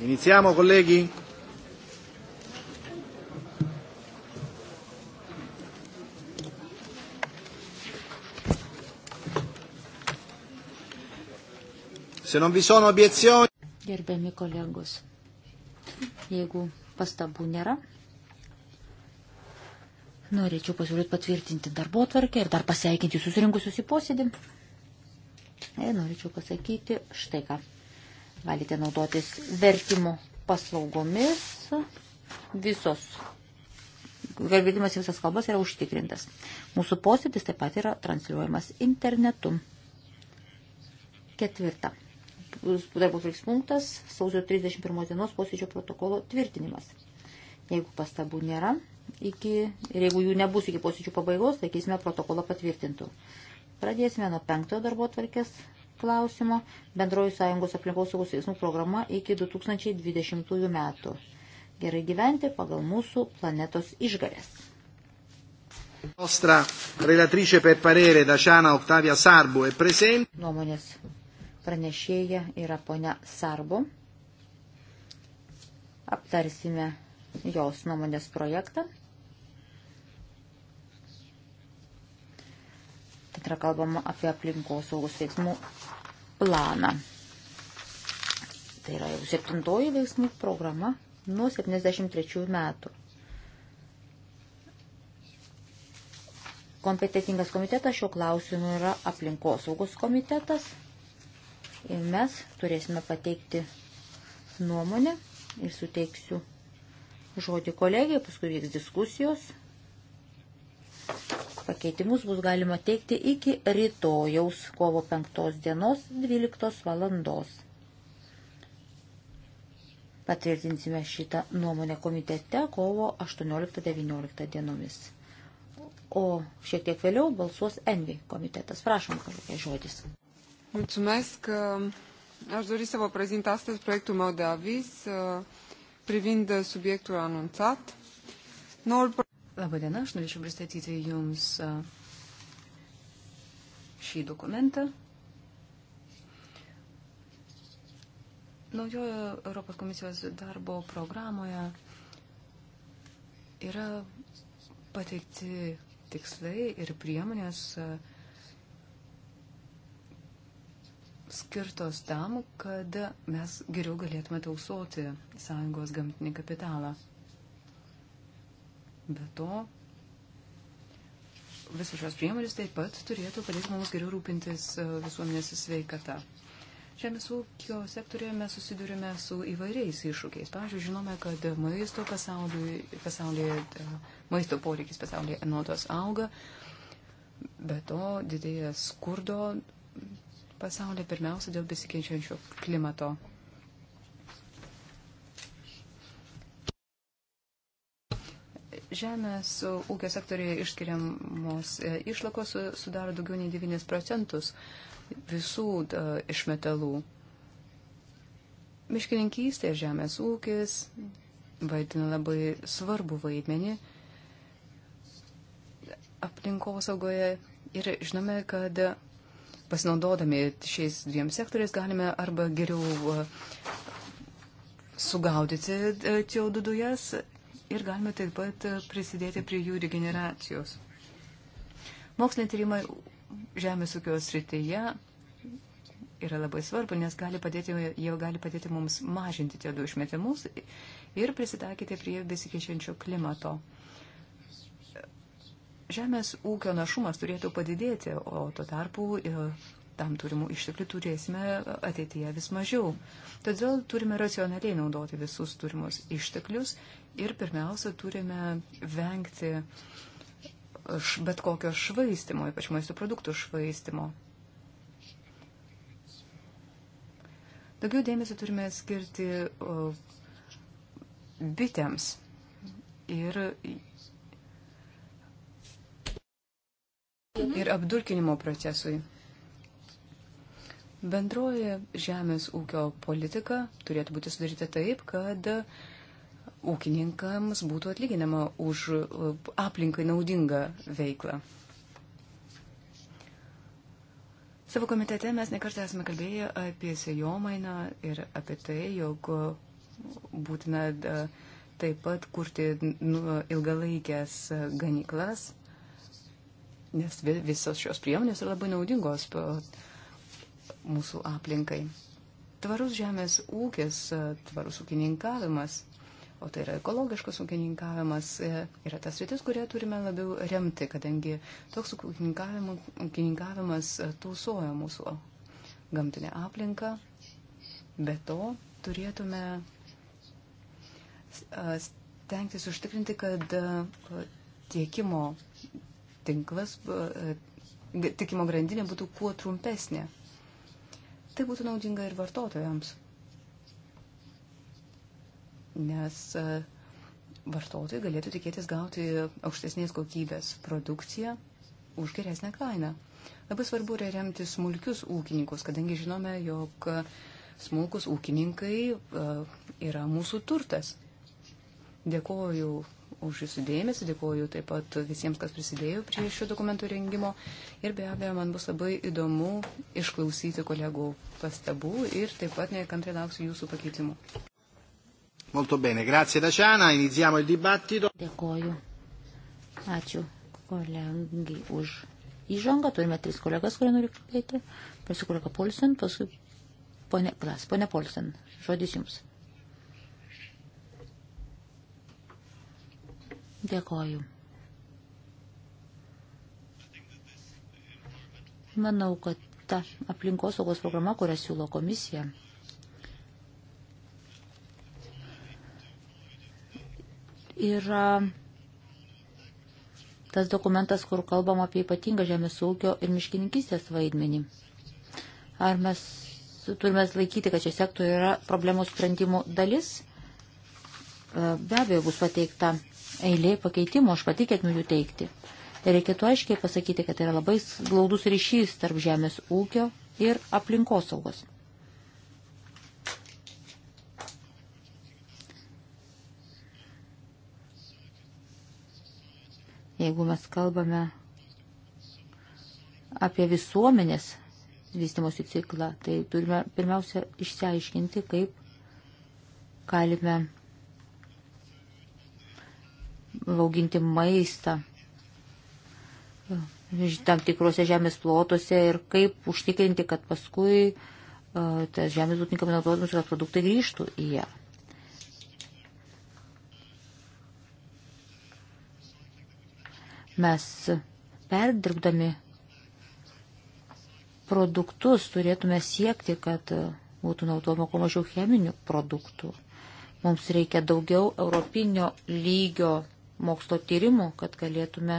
Iniziamo colleghi? Se non vi sono obiezioni. Gerbiami kolegos, jeigu pastabų nėra, norėčiau pasiūlyti patvirtinti darbo tvarkę ir dar pasveikinti susirinkusius į posėdį. Ir norėčiau pasakyti štai ką. Galite naudotis vertimo paslaugomis. Visos, vertimas į visas kalbas yra užtikrintas. Mūsų posėdis taip pat yra transliuojamas internetu. Ketvirta. Darbos reiks punktas sausio 31 dienos posėdžio protokolo tvirtinimas. Jeigu pastabų nėra, iki, ir jeigu jų nebus iki posėdžių pabaigos, laikysime protokolą patvirtintų. Pradėsime nuo penktojo darbo tvarkės klausimo – bendroji sąjungos aplinkos saugos veiksmų programa iki 2020 metų. Gerai gyventi pagal mūsų planetos išgalės. Nostra relatrice per parere Daciana Octavia Sarbo è presente. Nuomonės pranešėja yra ponia Sarbo. Aptarsime jos nuomonės projektą. Tad yra kalbama apie aplinkos saugos veiksmų planą. Tai yra jau septintoji veiksmų programa nuo 73 metų. Kompetitingas komitetas šio klausimu yra aplinkos saugos komitetas. Ir mes turėsime pateikti nuomonę ir suteiksiu žodį kolegijai, paskui vyks diskusijos. Pakeitimus bus galima teikti iki rytojaus kovo 5 dienos 12 valandos. Patvirtinsime šitą nuomonę komitete kovo 18-19 dienomis. O šiek tiek vėliau balsuos Envi komitetas. Prašom, kažkokie žodis. Mulțumesc. Aș dori să vă prezint astăzi proiectul meu de aviz uh, privind subiectul anunțat. Noul Labą dieną, aš norėčiau pristatyti Jums šį dokumentą. Naujojo Europos komisijos darbo programoje yra pateikti tikslai ir priemonės skirtos tam, kad mes geriau galėtume tausoti sąjungos gamtinį kapitalą. Be to, visos šios priemonės taip pat turėtų padėti mums geriau rūpintis e, visuomenės sveikata. Žemės ūkio sektorėje mes susidurime su įvairiais iššūkiais. Pavyzdžiui, žinome, kad maisto pasaulyje, pasaulyje maisto poreikis pasaulyje nuotos auga, be to didėja skurdo pasaulyje pirmiausia dėl besikeičiančio klimato Žemės ūkio sektorijoje išskiriamos e, išlakos sudaro daugiau nei 9 procentus visų e, išmetalų. Miškininkystė ir žemės ūkis vaidina labai svarbu vaidmenį aplinkosaugoje ir žinome, kad pasinaudodami šiais dviem sektoriais galime arba geriau e, sugaudyti CO2 dujas ir galime taip pat prisidėti prie jų regeneracijos. Moksliniai tyrimai žemės ūkio srityje yra labai svarbu, nes gali padėti, jau gali padėti mums mažinti tie du išmetimus ir prisitaikyti prie besikeičiančio klimato. Žemės ūkio našumas turėtų padidėti, o tuo tarpu e, tam turimų išteklių turėsime ateityje vis mažiau. Todėl turime racionaliai naudoti visus turimus išteklius ir pirmiausia turime vengti bet kokio švaistimo, ypač maisto produktų švaistimo. Daugiau dėmesio turime skirti bitėms ir, ir apdulkinimo procesui. Bendroji žemės ūkio politika turėtų būti sudaryta taip, kad ūkininkams būtų atlyginama už uh, aplinkai naudingą veiklą. Savo komitete mes nekartą esame kalbėję apie sejomainą ir apie tai, jog būtina uh, taip pat kurti nu, ilgalaikės uh, ganyklas, nes visos šios priemonės yra labai naudingos. Bet mūsų aplinkai. Tvarus žemės ūkis, e, tvarus ūkininkavimas, o tai yra ekologiškas ūkininkavimas, e, yra tas rytis, kurią turime labiau remti, kadangi toks ūkininkavimas e, tausoja mūsų gamtinę aplinką. Be to turėtume stengtis užtikrinti, kad tiekimo tinklas, tiekimo grandinė būtų kuo trumpesnė. Tai būtų naudinga ir vartotojams. Nes e, vartotojai galėtų tikėtis gauti aukštesnės kokybės produkciją už geresnę kainą. Labai svarbu yra remti smulkius ūkininkus, kadangi žinome, jog smulkus ūkininkai e, yra mūsų turtas. Dėkoju už jūsų dėmesį, dėkoju taip pat visiems, kas prisidėjo prie šio dokumento rengimo ir be abejo, man bus labai įdomu išklausyti kolegų pastabų ir taip pat nekantrai lauksiu jūsų pakeitimų. Molto bene, grazie Daciana, iniziamo il dibattito. Dėkoju. Ačiū kolegai už įžangą, turime tris kolegas, kurie nori kalbėti. Paskui kolega Polsen, paskui ponė Klas, ponė Polsen, žodis jums. Dėkoju. Manau, kad ta aplinkosaugos programa, kurią siūlo komisija, yra tas dokumentas, kur kalbam apie ypatingą žemės ūkio ir miškininkistės vaidmenį. Ar mes turime laikyti, kad čia sektoriuje yra problemų sprendimų dalis? Be abejo, bus pateikta eilė pakeitimų, aš pati ketinu jų teikti. Tai reikėtų aiškiai pasakyti, kad tai yra labai glaudus ryšys tarp žemės ūkio ir aplinkosaugos. Jeigu mes kalbame apie visuomenės vystimosi ciklą, tai turime pirmiausia išsiaiškinti, kaip galime auginti maistą tam tikrose žemės plotuose ir kaip užtikrinti, kad paskui uh, tas žemės būtų tinkamai naudojamas ir kad produktai grįžtų į ją. Mes perdirbdami produktus turėtume siekti, kad būtų naudojama kuo mažiau cheminių produktų. Mums reikia daugiau europinio lygio mokslo tyrimų, kad galėtume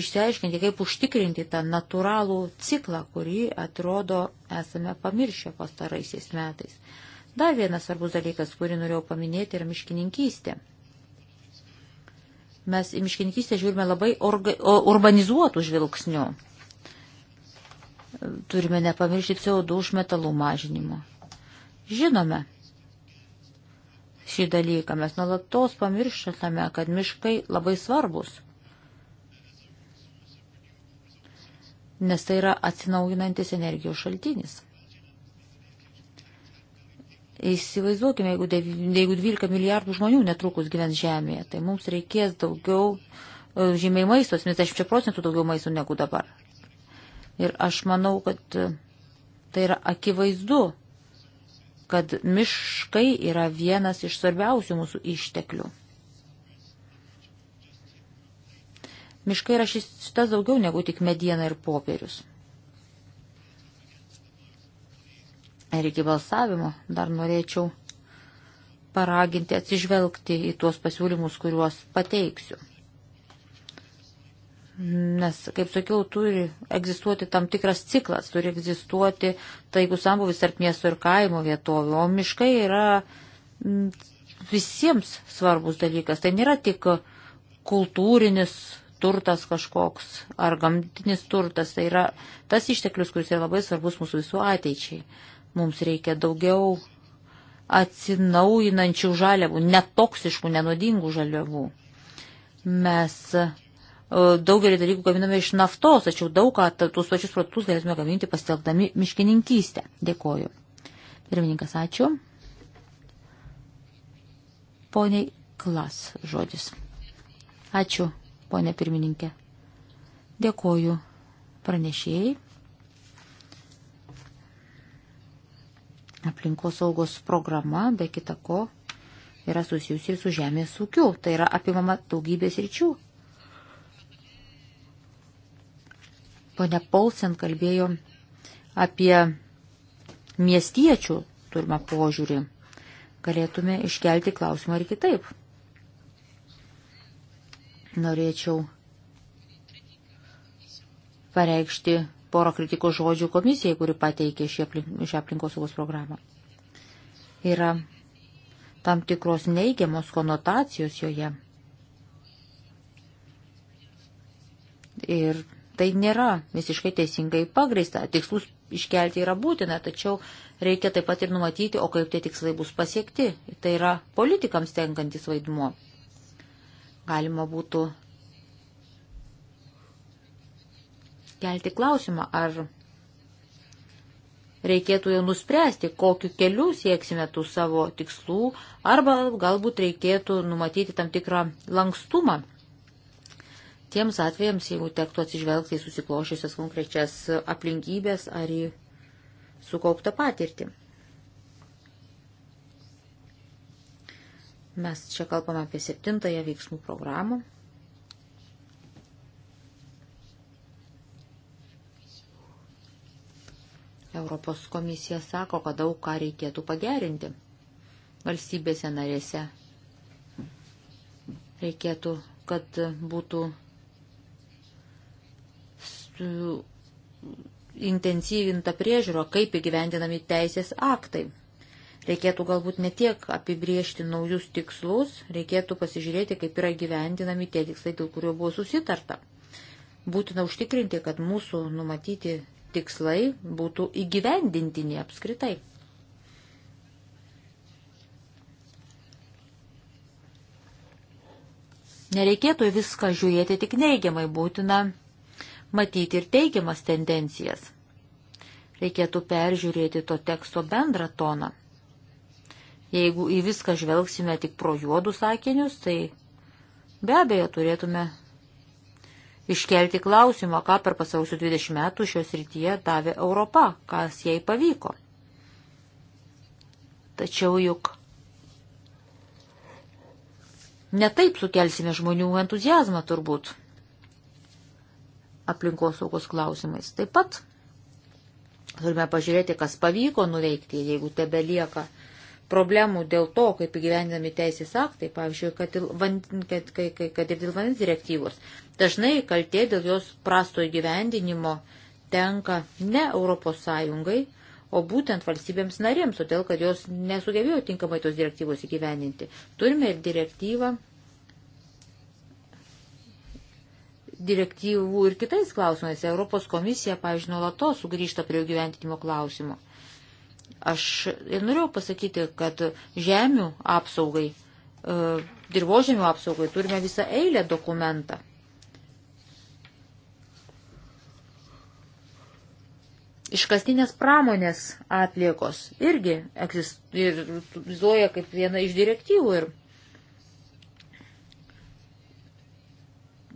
išsiaiškinti, kaip užtikrinti tą natūralų ciklą, kurį atrodo esame pamiršę pastaraisiais metais. Dar vienas svarbus dalykas, kurį norėjau paminėti, yra miškininkystė. Mes į miškininkystę žiūrime labai orga, urbanizuotų žvilgsnių. Turime nepamiršti CO2 užmetalų mažinimo. Žinome, šį dalyką. Mes nuolatos pamirštame, kad miškai labai svarbus. Nes tai yra atsinaujinantis energijos šaltinis. Įsivaizduokime, jeigu, dev, jeigu 12 milijardų žmonių netrukus gyvens Žemėje, tai mums reikės daugiau e, žymiai maisto, 70 procentų daugiau maisto negu dabar. Ir aš manau, kad e, tai yra akivaizdu kad miškai yra vienas iš svarbiausių mūsų išteklių. Miškai yra šitas daugiau negu tik mediena ir popierius. Ir iki balsavimo dar norėčiau paraginti atsižvelgti į tuos pasiūlymus, kuriuos pateiksiu. Nes, kaip sakiau, turi egzistuoti tam tikras ciklas, turi egzistuoti taigus sambuvis tarp miesto ir kaimo vietovių, o miškai yra visiems svarbus dalykas. Tai nėra tik kultūrinis turtas kažkoks ar gamtinis turtas, tai yra tas išteklius, kuris yra labai svarbus mūsų visų ateičiai. Mums reikia daugiau atsinaujinančių žaliavų, netoksiškų, nenodingų žaliavų. Mes E, daugelį dalykų gaminame iš naftos, tačiau daug ką tuos pačius produktus galėtume gaminti pasitelkdami miškininkystę. Dėkoju. Pirmininkas, ačiū. Poniai Klas žodis. Ačiū, ponė pirmininkė. Dėkoju pranešėjai. Aplinkos saugos programa, be kita ko, yra susijusi ir su žemės ūkiu. Tai yra apimama daugybės ryčių Pone Paulsen kalbėjo apie miestiečių turimą požiūrį. Galėtume iškelti klausimą ir kitaip. Norėčiau pareikšti porą kritikos žodžių komisijai, kuri pateikė šią aplinkosaugos programą. Yra tam tikros neigiamos konotacijos joje. Ir Tai nėra visiškai teisingai pagrįsta. Tikslus iškelti yra būtina, tačiau reikia taip pat ir numatyti, o kaip tie tikslai bus pasiekti. Tai yra politikams tenkantis vaidmuo. Galima būtų kelti klausimą, ar reikėtų jau nuspręsti, kokiu keliu sieksime tų savo tikslų, arba galbūt reikėtų numatyti tam tikrą lankstumą tiems atvejams, jeigu tektų atsižvelgti į susiklošiusias konkrečias aplinkybės ar į sukauptą patirtį. Mes čia kalbame apie septintąją veiksmų programą. Europos komisija sako, kad daug ką reikėtų pagerinti valstybėse narėse. Reikėtų, kad būtų intensyvinta priežiūra, kaip įgyvendinami teisės aktai. Reikėtų galbūt ne tiek apibriežti naujus tikslus, reikėtų pasižiūrėti, kaip yra gyvendinami tie tikslai, dėl kurio buvo susitarta. Būtina užtikrinti, kad mūsų numatyti tikslai būtų įgyvendintini apskritai. Nereikėtų viską žiūrėti tik neigiamai, būtina matyti ir teigiamas tendencijas. Reikėtų peržiūrėti to teksto bendrą toną. Jeigu į viską žvelgsime tik pro juodus sakinius, tai be abejo turėtume iškelti klausimą, ką per pasausių 20 metų šios rytyje davė Europa, kas jai pavyko. Tačiau juk netaip sukelsime žmonių entuzijazmą turbūt aplinkos saugos klausimais. Taip pat turime pažiūrėti, kas pavyko nuveikti, jeigu tebe lieka problemų dėl to, kaip įgyvendinami teisės aktai, pavyzdžiui, kad, van, kad, kad, kad ir dėl vandens direktyvos. Dažnai kaltė dėl jos prasto įgyvendinimo tenka ne Europos Sąjungai, o būtent valstybėms narėms, todėl kad jos nesugebėjo tinkamai tos direktyvos įgyvendinti. Turime ir direktyvą direktyvų ir kitais klausimais. Europos komisija, pavyzdžiui, nuolatos sugrįžta prie gyventinimo klausimo. Aš ir norėjau pasakyti, kad žemių apsaugai, e, dirbožėmių apsaugai turime visą eilę dokumentą. Iškastinės pramonės atliekos irgi egzistuoja kaip viena iš direktyvų ir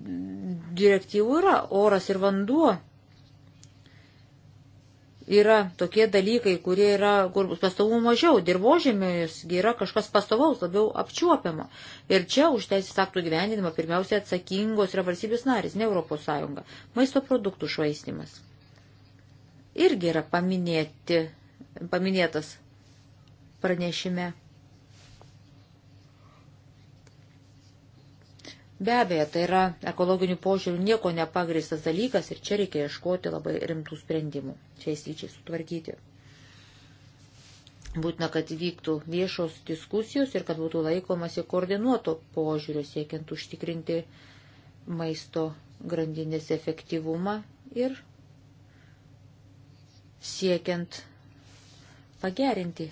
direktyvų yra oras ir vanduo. Yra tokie dalykai, kurie yra, kur pastovų mažiau, dirbožėmės yra kažkas pastovaus, labiau apčiuopiamo. Ir čia už teisės aktų gyvendinimą pirmiausia atsakingos yra valstybės narys, ne Europos Sąjunga. Maisto produktų švaistimas. Irgi yra paminėti, paminėtas pranešime. Be abejo, tai yra ekologinių požiūrių nieko nepagristas dalykas ir čia reikia ieškoti labai rimtų sprendimų, čia įsičiai sutvarkyti. Būtina, kad vyktų viešos diskusijos ir kad būtų laikomasi koordinuoto požiūrio siekiant užtikrinti maisto grandinės efektyvumą ir siekiant pagerinti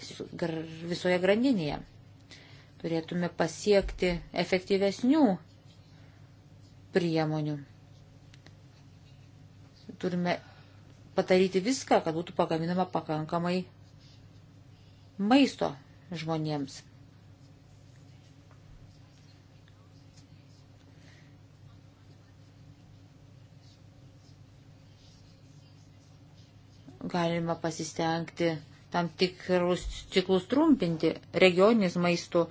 visoje grandinėje. Turėtume pasiekti efektyvesnių priemonių. Turime padaryti viską, kad būtų pagaminama pakankamai maisto žmonėms. Galima pasistengti tam tikrus ciklus trumpinti. Regioninis maisto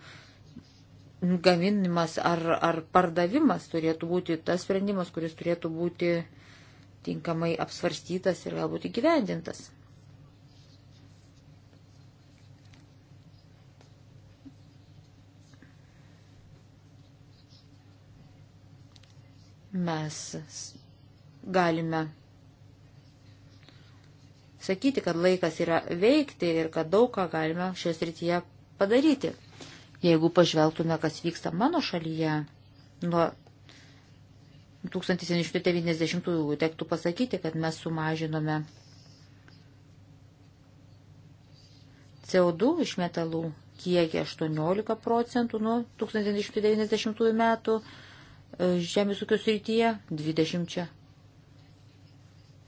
gaminimas ar, ar pardavimas turėtų būti tas sprendimas, kuris turėtų būti tinkamai apsvarstytas ir galbūt įgyvendintas. Mes galime sakyti, kad laikas yra veikti ir kad daug ką galime šios rytyje padaryti. Jeigu pažvelgtume, kas vyksta mano šalyje, nuo 1990-ųjų tektų pasakyti, kad mes sumažinome CO2 iš metalų kiekį 18 procentų nuo 1990 metų e, žemės ūkio srityje 20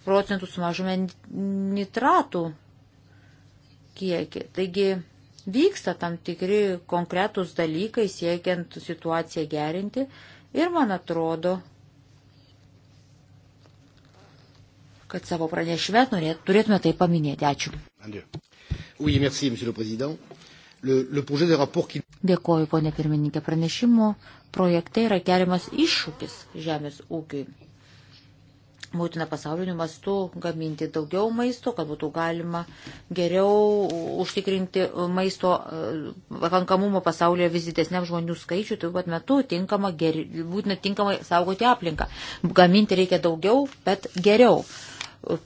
procentų sumažome nitratų kiekį. Taigi vyksta tam tikri konkretūs dalykai siekiant situaciją gerinti ir man atrodo, kad savo pranešime turėtume tai paminėti. Ačiū. Oui, merci, le, le qui... Dėkoju, ponė pirmininkė, pranešimo projekte yra keliamas iššūkis žemės ūkiui būtina pasauliniu mastu gaminti daugiau maisto, kad būtų galima geriau užtikrinti maisto e, pakankamumo pasaulyje vis didesniam žmonių skaičiu, taip pat metu tinkama, ger, būtina tinkamai saugoti aplinką. Gaminti reikia daugiau, bet geriau.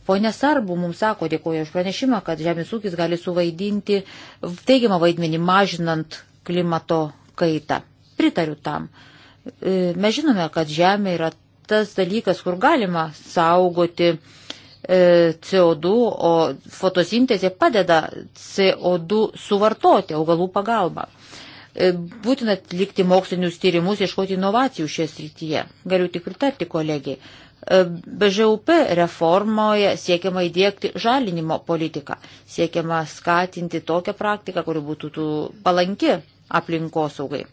Pone Sarbu mums sako, dėkoju už pranešimą, kad žemės ūkis gali suvaidinti teigiamą vaidmenį mažinant klimato kaitą. Pritariu tam. E, mes žinome, kad žemė yra tas dalykas, kur galima saugoti e, CO2, o fotosintezė padeda CO2 suvartoti augalų pagalba. E, būtina atlikti mokslinius tyrimus, ieškoti inovacijų šioje srityje. Galiu tik pritarti kolegiai. E, BŽUP reformoje siekiama įdėkti žalinimo politiką, siekiama skatinti tokią praktiką, kuri būtų palanki aplinkosaugai.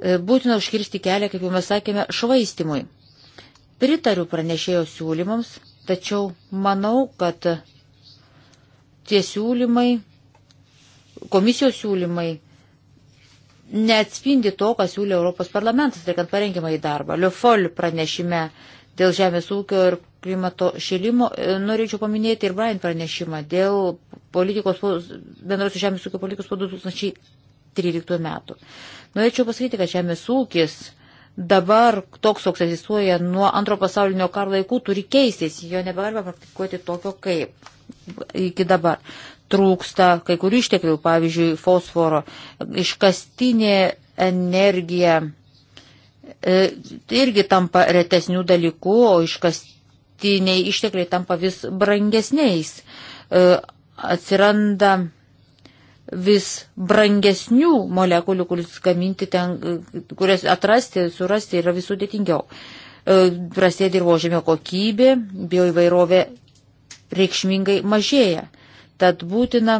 E, būtina užkirsti kelią, kaip jau mes sakėme, švaistimui. Pritariu pranešėjo siūlymams, tačiau manau, kad tie siūlymai, komisijos siūlymai neatspindi to, ką siūlė Europos parlamentas, tai kad parengimą į darbą. Liofol pranešime dėl žemės ūkio ir klimato šilimo e, norėčiau paminėti ir Brian pranešimą dėl politikos, bendrosios žemės ūkio politikos po 2000 13 metų. Norėčiau pasakyti, kad žemės ūkis dabar toks, koks egzistuoja nuo antro pasaulinio karo laikų, turi keistis, jo nebegalima praktikuoti tokio kaip iki dabar. Trūksta kai kurių išteklių, pavyzdžiui, fosforo, iškastinė energija e, irgi tampa retesnių dalykų, o iškastiniai ištekliai tampa vis brangesniais. E, atsiranda vis brangesnių molekulių, kuris gaminti ten, kurias atrasti, surasti yra vis sudėtingiau. E, Prastė dirbožėmio kokybė, bioįvairovė reikšmingai mažėja. Tad būtina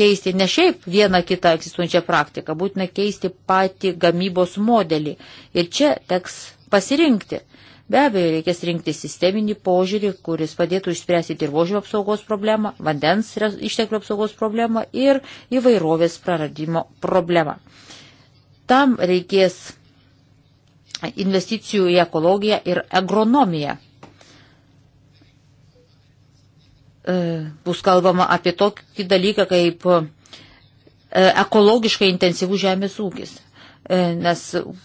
keisti ne šiaip vieną kitą egzistuojančią praktiką, būtina keisti patį gamybos modelį. Ir čia teks pasirinkti. Be abejo, reikės rinkti sisteminį požiūrį, kuris padėtų išspręsti dirbožio apsaugos problemą, vandens išteklių apsaugos problemą ir įvairovės praradimo problemą. Tam reikės investicijų į ekologiją ir agronomiją. E, bus kalbama apie tokį dalyką kaip e, ekologiškai intensyvus žemės ūkis. E, nes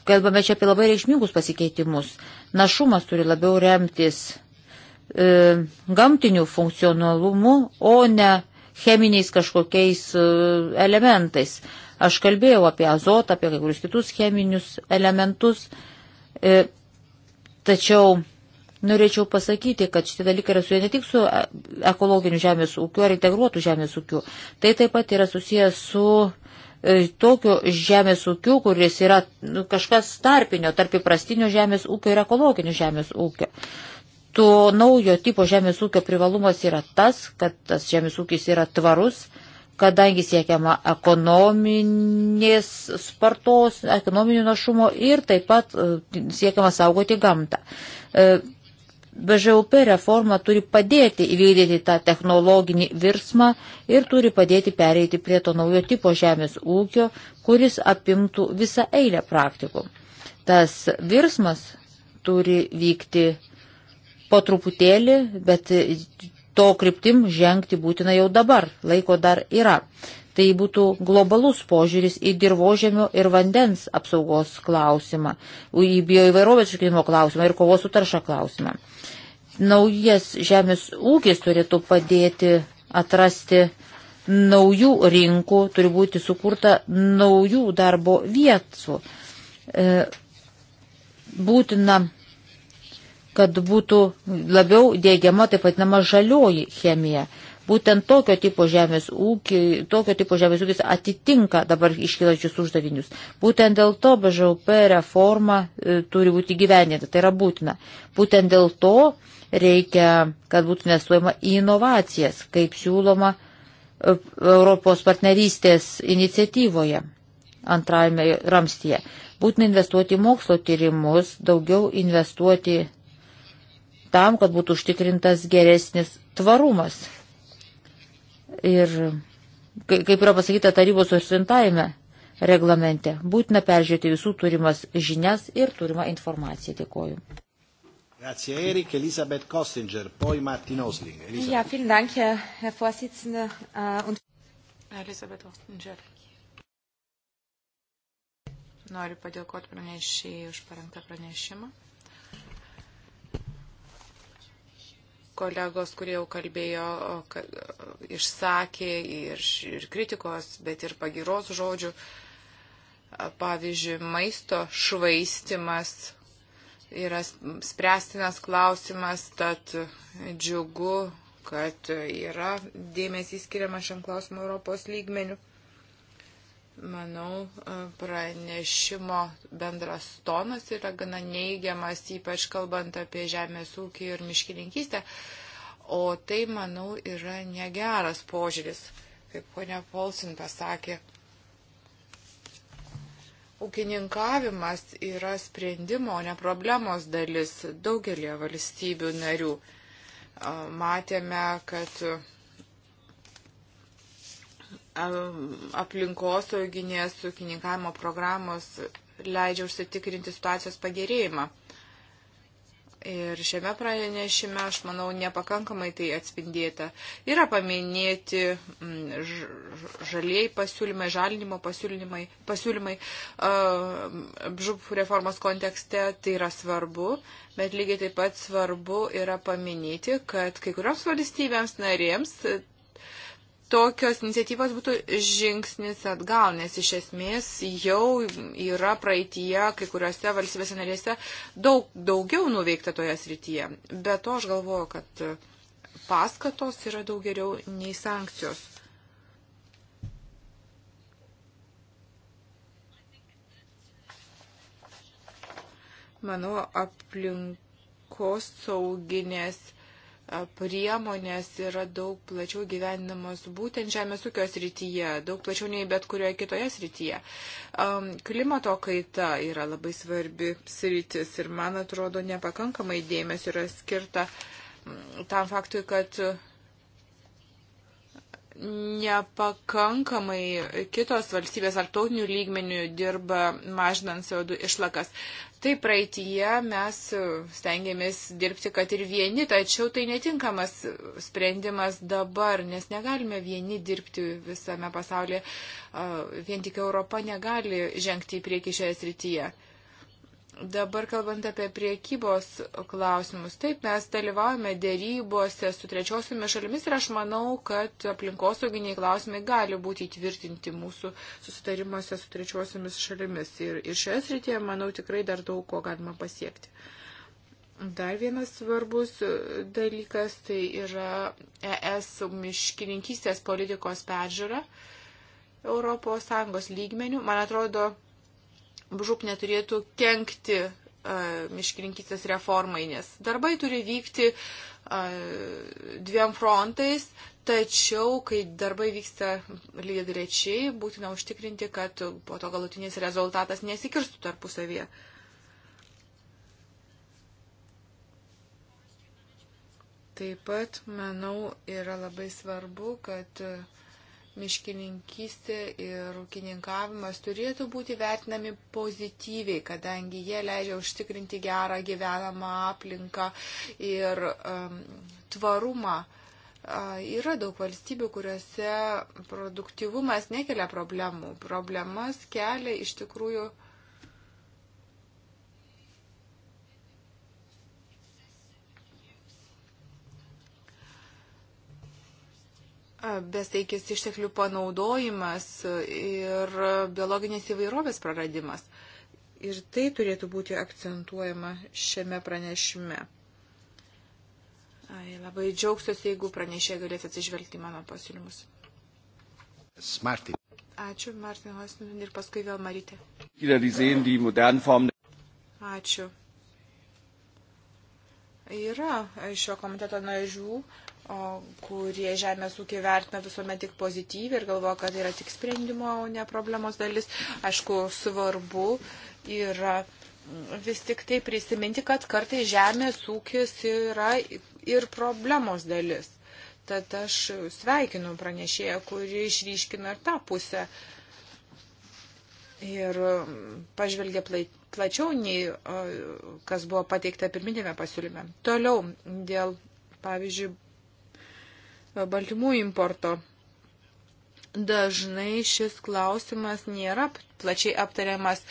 kalbame čia apie labai reikšmingus pasikeitimus. Našumas turi labiau remtis e, gamtiniu funkcionalumu, o ne cheminiais kažkokiais e, elementais. Aš kalbėjau apie azotą, apie kai kurius kitus cheminius elementus, e, tačiau norėčiau pasakyti, kad šitie dalykai yra susiję ne tik su e, ekologiniu žemės ūkiu ar integruotu žemės ūkiu, tai taip pat yra susiję su E, tokio žemės ūkių, kuris yra nu, kažkas tarpinio, tarp įprastinio žemės ūkio ir ekologinio žemės ūkio. Tuo naujo tipo žemės ūkio privalumas yra tas, kad tas žemės ūkis yra tvarus, kadangi siekiama ekonominės spartos, ekonominio našumo ir taip pat e, siekiama saugoti gamtą. E, BŽUP reforma turi padėti įvykdyti tą technologinį virsmą ir turi padėti pereiti prie to naujo tipo žemės ūkio, kuris apimtų visą eilę praktikų. Tas virsmas turi vykti po truputėlį, bet to kryptim žengti būtina jau dabar, laiko dar yra. Tai būtų globalus požiūris į dirbožėmio ir vandens apsaugos klausimą, į bioįvairovės iškilimo klausimą ir kovos su tarša klausimą. Naujas žemės ūkis turėtų padėti atrasti naujų rinkų, turi būti sukurta naujų darbo vietų. E, būtina kad būtų labiau dėgiama taip vadinama žalioji chemija. Būtent tokio tipo žemės, ūkį, tokio tipo žemės ūkis atitinka dabar iškilačius uždavinius. Būtent dėl to BŽUP reforma e, turi būti gyveninta, tai yra būtina. Būtent dėl to reikia, kad būtų nesuojama į inovacijas, kaip siūloma e, Europos partnerystės iniciatyvoje antrajame ramstyje. Būtina investuoti į mokslo tyrimus, daugiau investuoti tam, kad būtų užtikrintas geresnis tvarumas. Ir kaip yra pasakyta tarybos užsintajame reglamente, būtina peržiūrėti visų turimas žinias ir turimą informaciją. Dėkoju. Grazie Erik, Elisabeth Kostinger, poi Martin Osling. Elisabeth. Ja, vielen Dank, Herr, Herr Vorsitzende. Uh, äh, und Elisabeth Kostinger. Noriu padėkoti pranešėjai už parengtą pranešimą. kolegos, kurie jau kalbėjo, išsakė ir, ir kritikos, bet ir pagiros žodžių. Pavyzdžiui, maisto švaistimas yra spręstinas klausimas, tad džiugu, kad yra dėmesys skiriama šiam klausimui Europos lygmeniu manau, e, pranešimo bendras tonas yra gana neigiamas, ypač kalbant apie žemės ūkį ir miškininkystę. O tai, manau, yra negeras požiūris, kaip ponia Polsin pasakė. Ūkininkavimas yra sprendimo, o ne problemos dalis daugelie valstybių narių. E, matėme, kad aplinkosauginės ūkininkavimo programos leidžia užsitikrinti situacijos pagerėjimą. Ir šiame pranešime, aš manau, nepakankamai tai atspindėta. Yra paminėti žaliai pasiūlymai, žalinimo pasiūlymai, pasiūlymai žup reformos kontekste, tai yra svarbu, bet lygiai taip pat svarbu yra paminėti, kad kai kurioms valstybėms narėms tokios iniciatyvos būtų žingsnis atgal, nes iš esmės jau yra praeitie kai kuriuose valstybėse narėse daug daugiau nuveikta toje srityje. Be to aš galvoju, kad paskatos yra daug geriau nei sankcijos. Manau, aplinkos sauginės priemonės yra daug plačiau gyveninamos būtent žemės ūkio srityje, daug plačiau nei bet kurioje kitoje srityje. Klimato kaita yra labai svarbi sritis ir, man atrodo, nepakankamai dėmesio yra skirta mm, tam faktui, kad nepakankamai kitos valstybės ar tautinių lygmenių dirba mažinant CO2 išlakas. Tai praeitie mes stengiamės dirbti, kad ir vieni, tačiau tai netinkamas sprendimas dabar, nes negalime vieni dirbti visame pasaulyje, vien tik Europa negali žengti į priekį šioje srityje. Dabar kalbant apie priekybos klausimus, taip mes dalyvaujame dėrybose su trečiosiomis šalimis ir aš manau, kad aplinkosauginiai klausimai gali būti įtvirtinti mūsų susitarimuose su trečiosiomis šalimis. Ir, ir šioje srityje, manau, tikrai dar daug ko galima pasiekti. Dar vienas svarbus dalykas tai yra ES miškininkystės politikos peržiūra ES lygmenių. Man atrodo, žūp neturėtų kenkti e, miškininkistės reformai, nes darbai turi vykti e, dviem frontais, tačiau, kai darbai vyksta lygiagrečiai, būtina užtikrinti, kad po to galutinis rezultatas nesikirstų tarpusavėje. Taip pat, manau, yra labai svarbu, kad uh, miškininkystė ir ūkininkavimas turėtų būti vertinami pozityviai, kadangi jie leidžia užtikrinti gerą gyvenamą aplinką ir um, tvarumą. Yra daug valstybių, kuriuose produktivumas nekelia problemų. Problemas kelia iš tikrųjų uh, bestaikis išteklių panaudojimas ir biologinės įvairovės praradimas. Ir tai turėtų būti akcentuojama šiame pranešime. Ai, labai džiaugsiuosi, jeigu pranešė galės atsižvelgti mano pasiūlymus. Smarty. Ačiū, Martin Hosnin ir paskui vėl Marytė. Ačiū. Yra šio komiteto narių, kurie žemės ūkį vertina visuomet tik pozityviai ir galvoja, kad tai yra tik sprendimo, o ne problemos dalis. Aišku, svarbu yra vis tik tai prisiminti, kad kartai žemės ūkis yra ir problemos dalis. Tad aš sveikinu pranešėją, kuri išryškina ir tą pusę. Ir um, pažvelgia plačiau nei kas buvo pateikta pirminėme pasiūlyme. Toliau dėl, pavyzdžiui, baltymų importo. Dažnai šis klausimas nėra plačiai aptariamas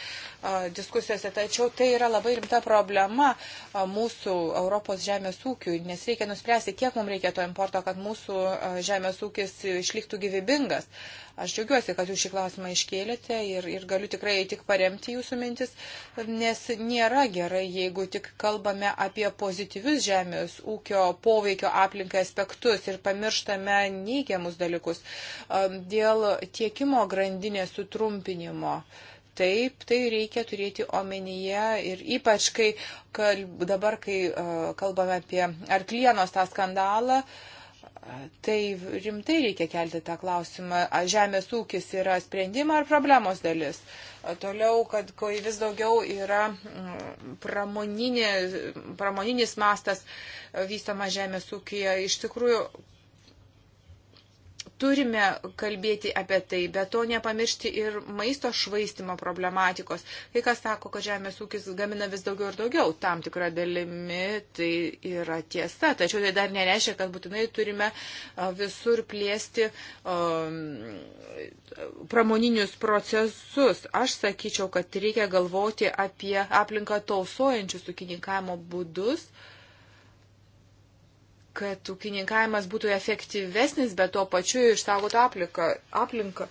diskusijose, tačiau tai yra labai rimta problema mūsų Europos žemės ūkiui, nes reikia nuspręsti, kiek mums reikia to importo, kad mūsų žemės ūkis išliktų gyvybingas. Aš džiaugiuosi, kad jūs šį klausimą iškėlėte ir, ir galiu tikrai tik paremti jūsų mintis, nes nėra gerai, jeigu tik kalbame apie pozityvius žemės ūkio poveikio aplinkai aspektus ir pamirštame neigiamus dalykus dėl tiekimo grandinės sutrumpinimo tyrimo. Taip, tai reikia turėti omenyje ir ypač, kai kalb, dabar, kai uh, kalbame apie arklienos tą skandalą, tai rimtai reikia kelti tą klausimą, ar žemės ūkis yra sprendimo ar problemos dalis. Toliau, kad kai vis daugiau yra mm, pramoninė, pramoninis mastas vystoma žemės ūkija, iš tikrųjų turime kalbėti apie tai, bet to nepamiršti ir maisto švaistimo problematikos. Kai kas sako, kad žemės ūkis gamina vis daugiau ir daugiau, tam tikrą dalimi tai yra tiesa, tačiau tai dar nereiškia, kad būtinai turime visur plėsti um, pramoninius procesus. Aš sakyčiau, kad reikia galvoti apie aplinką tausojančius ūkininkavimo būdus. Uh, kad ūkininkavimas būtų efektyvesnis, bet tuo pačiu išsaugotų aplinką. aplinką.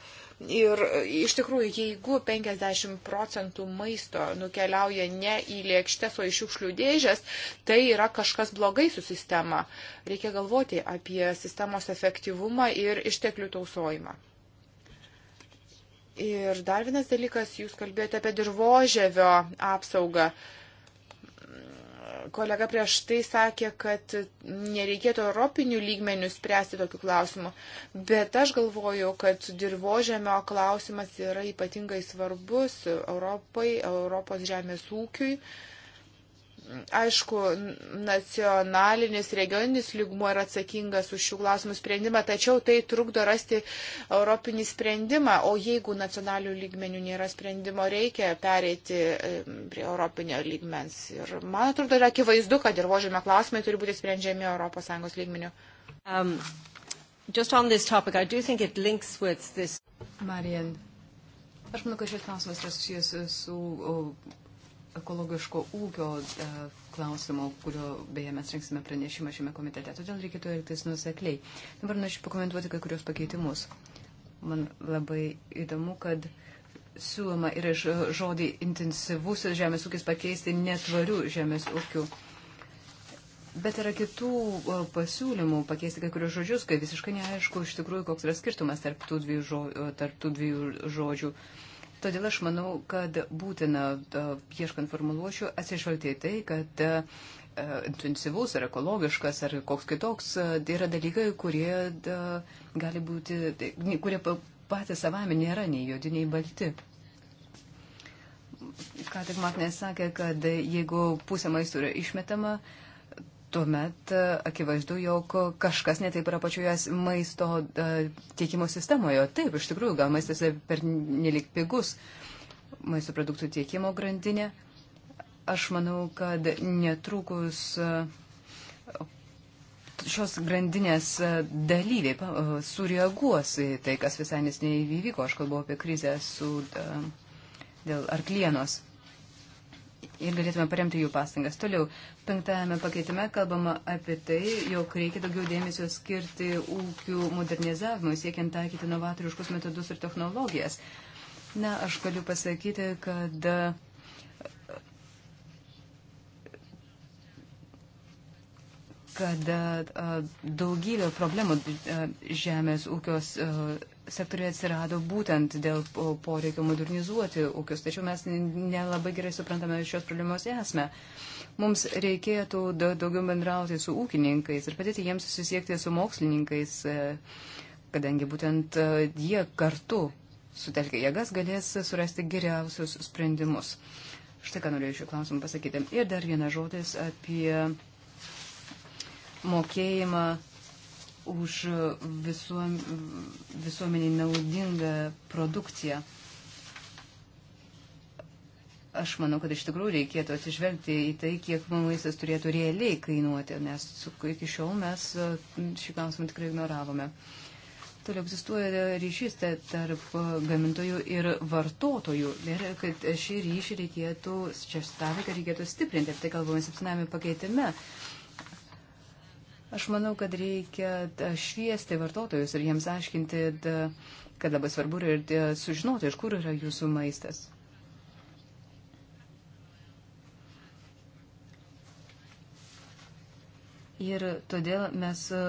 Ir e, iš tikrųjų, jeigu 50 procentų maisto nukeliauja ne į lėkštes, o į šiukšlių dėžės, tai yra kažkas blogai su sistema. Reikia galvoti apie sistemos efektyvumą ir išteklių tausojimą. Ir dar vienas dalykas, jūs kalbėjote apie dirbožėvio apsaugą kolega prieš tai sakė, kad nereikėtų europinių lygmenių spręsti tokių klausimų, bet aš galvoju, kad dirbožėmio klausimas yra ypatingai svarbus Europai, Europos žemės ūkiui. Uh, aišku, nacionalinis, regioninis lygmuo yra atsakingas už šių klausimų sprendimą, tačiau tai trukdo rasti europinį sprendimą, o jeigu nacionalių lygmenių nėra sprendimo, reikia pereiti prie europinio lygmens. Ir man atrodo, yra akivaizdu, kad ir vožėme klausimai turi būti sprendžiami ES lygmenių. Um, topic, this... Marian, aš manau, kad šis klausimas yra susijęs su. Uh, ekologiško ūkio e, klausimo, kurio beje mes rinksime pranešimą šiame komitete, todėl reikėtų elgtis nusekliai. Dabar norėčiau pakomentuoti kai kurios pakeitimus. Man labai įdomu, kad siūloma ir iš žodį intensyvus žemės ūkis pakeisti netvarių žemės ūkių. Bet yra kitų e, pasiūlymų pakeisti kai kurios žodžius, kai visiškai neaišku iš tikrųjų, koks yra skirtumas tarp tų dviejų, žo, e, tarp tų dviejų žodžių. Uh, Todėl aš manau, kad būtina, ieškant formuluošių, atsižvelgti į tai, kad e, intensyvus ar ekologiškas ar koks kitoks e, tai yra dalykai, kurie gali būti, tai, kurie patys savami nėra nei juodi, nei balti. Ką tik Matnė sakė, kad jeigu pusė maisto yra išmetama, uh, tuomet e, akivaizdu, jog kažkas netaip yra pačioje maisto e, tiekimo sistemoje. Taip, iš tikrųjų, gal maistas per nelik pigus maisto produktų tiekimo grandinė. Aš manau, kad netrukus e, šios grandinės dalyviai sureaguos į tai, kas visai nesnei įvyko. Aš kalbu apie krizę su, dėl arklienos ir galėtume paremti jų pastangas. Toliau, penktajame pakeitime kalbama apie tai, jog reikia daugiau dėmesio skirti ūkių modernizavimui, siekiant taikyti novatoriškus metodus ir technologijas. Na, aš galiu pasakyti, kad kad daugybė problemų žemės ūkios sektoriuje atsirado būtent dėl poreikio modernizuoti ūkius, tačiau mes nelabai gerai suprantame šios problemos esmę. Mums reikėtų daugiau bendrauti su ūkininkais ir padėti jiems susisiekti su mokslininkais, e, kadangi būtent e, jie kartu sutelkę jėgas galės surasti geriausius sprendimus. Štai ką norėjau šiuo klausimu pasakyti. Ir dar vienas žodis apie mokėjimą už visuom, visuomeniai naudingą produkciją. Aš manau, kad iš tikrųjų reikėtų atsižvelgti į tai, kiek mums maistas turėtų realiai kainuoti, nes iki šiol mes šį klausimą tikrai ignoravome. Toliau egzistuoja ryšys tarp gamintojų ir vartotojų ir kad šį ryšį reikėtų, čia stavį, kad reikėtų stiprinti, tai kalbame septyname pakeitime. Uh, Aš manau, kad reikia e, šviesti vartotojus ir jiems aiškinti, kad labai svarbu yra sužinoti, iš kur yra jūsų maistas. Ir todėl mes e,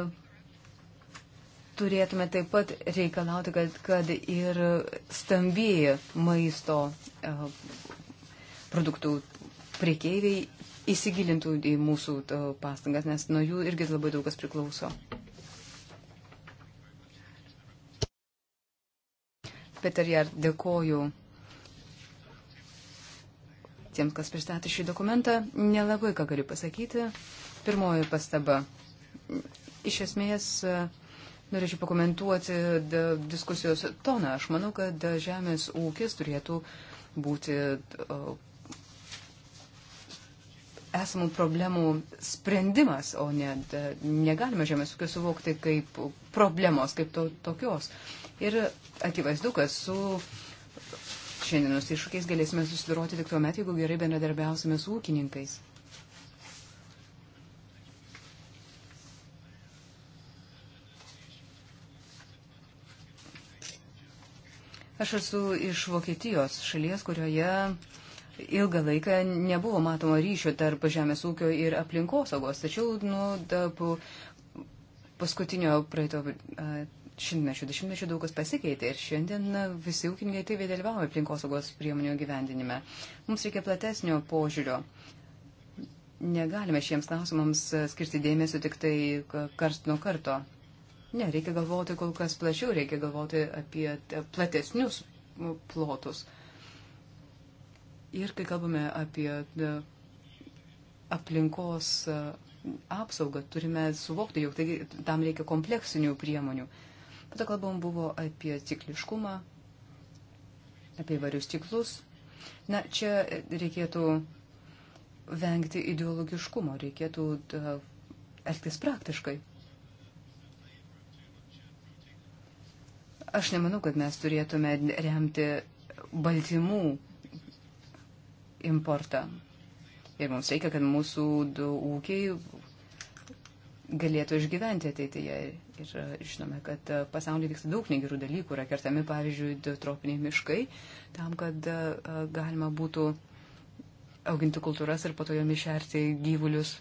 turėtume taip pat reikalauti, kad, kad ir stambieji maisto e, produktų priekeiviai įsigilintų į mūsų pastangas, nes nuo jų irgi labai daugas priklauso. Peter Jar, dėkoju tiems, kas pristatė šį dokumentą. Nelabai ką galiu pasakyti. Pirmoji pastaba. Iš esmės, norėčiau pakomentuoti diskusijos toną. Aš manau, kad žemės ūkis turėtų būti esamų problemų sprendimas, o ne, negalime žemės ūkio suvokti kaip problemos, kaip to, tokios. Ir akivaizdu, kad su šiandienos iššūkiais galėsime susidoroti tik tuo metu, jeigu gerai bendradarbiausime su ūkininkais. Aš esu iš Vokietijos šalies, kurioje Ilgą laiką nebuvo matomo ryšio tarp žemės ūkio ir aplinkosaugos, tačiau nuo paskutinio praeito šimtmečių, dešimtmečių daug kas pasikeitė ir šiandien visi ūkininkai aktyviai dalyvauja aplinkosaugos priemonių gyvendinime. Mums reikia platesnio požiūrio. Negalime šiems klausimams skirti dėmesio tik tai karst nuo karto. Ne, reikia galvoti kol kas plačiau, reikia galvoti apie platesnius plotus. Ir kai kalbame apie e, aplinkos e, apsaugą, turime suvokti, jog taigi, tam reikia kompleksinių priemonių. Pada kalbam buvo apie cikliškumą, apie varius ciklus. Na, čia reikėtų vengti ideologiškumo, reikėtų e, elgtis praktiškai. Aš nemanau, kad mes turėtume remti baltymų importą. Ir mums reikia, kad mūsų ūkiai galėtų išgyventi ateityje. Ir e, žinome, kad e, pasaulyje vyksta daug negerų dalykų, yra kertami, pavyzdžiui, tropiniai miškai, tam, kad e, galima būtų auginti kultūras ir po to jomis šerti gyvulius,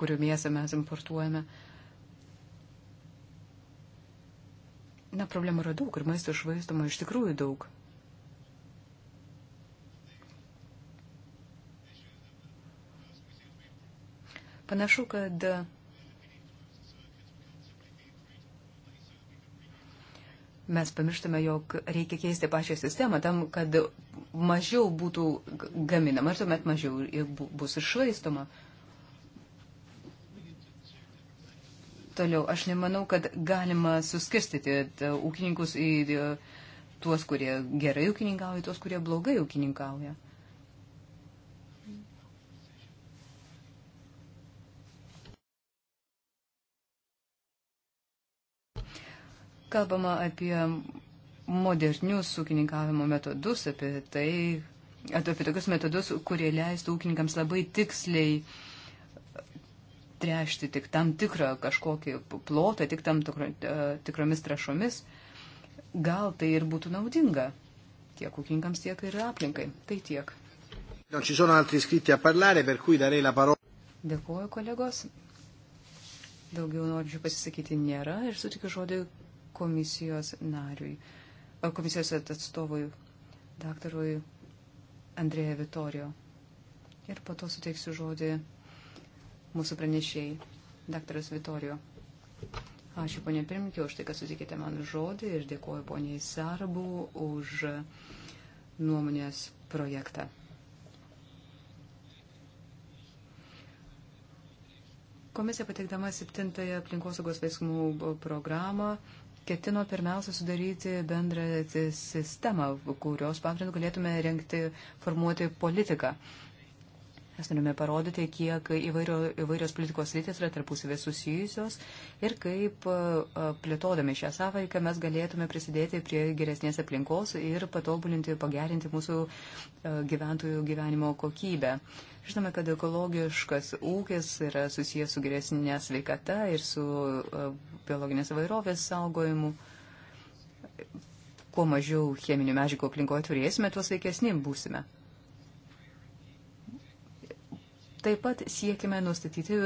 kurių mėsą mes importuojame. Na, problemų yra daug ir maisto išvaistoma iš tikrųjų daug. Panašu, kad mes pamirštame, jog reikia keisti pačią sistemą tam, kad mažiau būtų gaminama ir tuomet mažiau bus išlaistoma. Toliau, aš nemanau, kad galima suskirstyti e, ūkininkus į e, tuos, kurie gerai ūkininkauja, tuos, kurie blogai ūkininkauja. Kalbama apie modernius ūkininkavimo metodus, apie tai, apie tokius metodus, kurie leistų ūkininkams labai tiksliai trešti tik tam tikrą kažkokį plotą, tik tam tikro, e, tikromis trašomis. Gal tai ir būtų naudinga tiek ūkininkams, tiek ir aplinkai. Tai tiek. Dėkuoju, kolegos. Daugiau norinčių pasisakyti nėra ir sutikiu žodį komisijos nariui, komisijos atstovui, daktarui Andrėja Vitorijo. Ir po to suteiksiu žodį mūsų pranešėjai, daktaras Vitorijo. Ačiū, ponė pirmininkė, už tai, kad sutikite man žodį ir dėkoju poniai Sarbu už nuomonės projektą. Komisija pateikdama septintąją aplinkosaugos veiksmų programą ketino pirmiausia sudaryti bendrą sistemą, kurios pagrindų galėtume renkti, formuoti politiką. Uh, Mes norime parodyti, kiek įvairio, įvairios politikos lytis yra tarpusavės susijusios ir kaip plėtodami šią savaitę mes galėtume prisidėti prie geresnės aplinkos ir patobulinti, pagerinti mūsų gyventojų gyvenimo kokybę. Žinome, kad ekologiškas ūkis yra susijęs su geresnė sveikata ir su biologinės vairovės saugojimu. Kuo mažiau cheminių medžiagų aplinkoje turėsime, tuo sveikesni būsime. Taip pat siekime nustatyti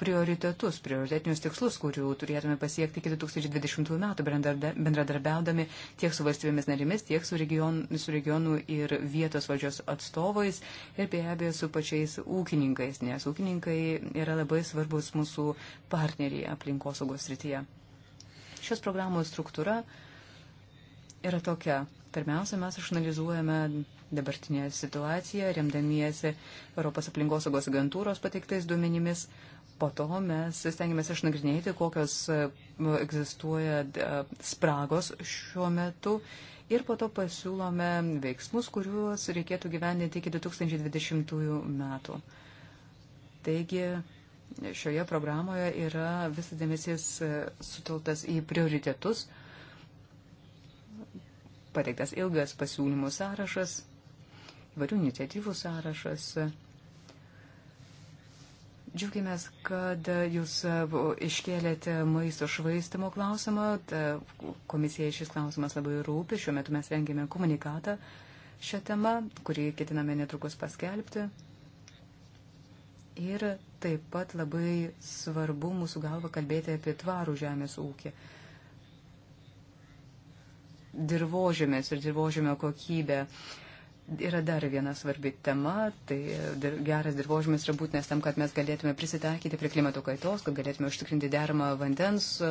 prioritetus, prioritetinius tikslus, kurių turėtume pasiekti iki 2020 metų, bendradarbiaudami tiek su valstybėmis narimis, tiek su, region, su regionų ir vietos valdžios atstovais ir be abejo su pačiais ūkininkais, nes ūkininkai yra labai svarbus mūsų partneriai aplinkosaugos srityje. Šios programos struktūra yra tokia. Pirmiausia, mes išanalizuojame dabartinę situaciją, remdamiesi Europos aplinkosaugos agentūros pateiktais duomenimis. Po to mes stengiamės išnagrinėti, kokios e, egzistuoja e, spragos šiuo metu. Ir po to pasiūlome veiksmus, kuriuos reikėtų gyveninti iki 2020 metų. Taigi, šioje programoje yra visas dėmesys e, sutiltas į prioritetus, pateiktas ilgas pasiūlymų sąrašas varių iniciatyvų sąrašas. Džiaugiamės, kad jūs e, iškėlėte maisto švaistimo klausimą. Komisijai šis klausimas labai rūpi. Šiuo metu mes rengėme komunikatą šią temą, kurį ketiname netrukus paskelbti. Ir taip pat labai svarbu mūsų galva kalbėti apie tvarų žemės ūkį dirbožėmės ir dirbožėmio kokybę yra dar viena svarbi tema, tai geras dirbožymis yra būtinas tam, kad mes galėtume prisitaikyti prie klimato kaitos, kad galėtume užtikrinti deramą vandens e,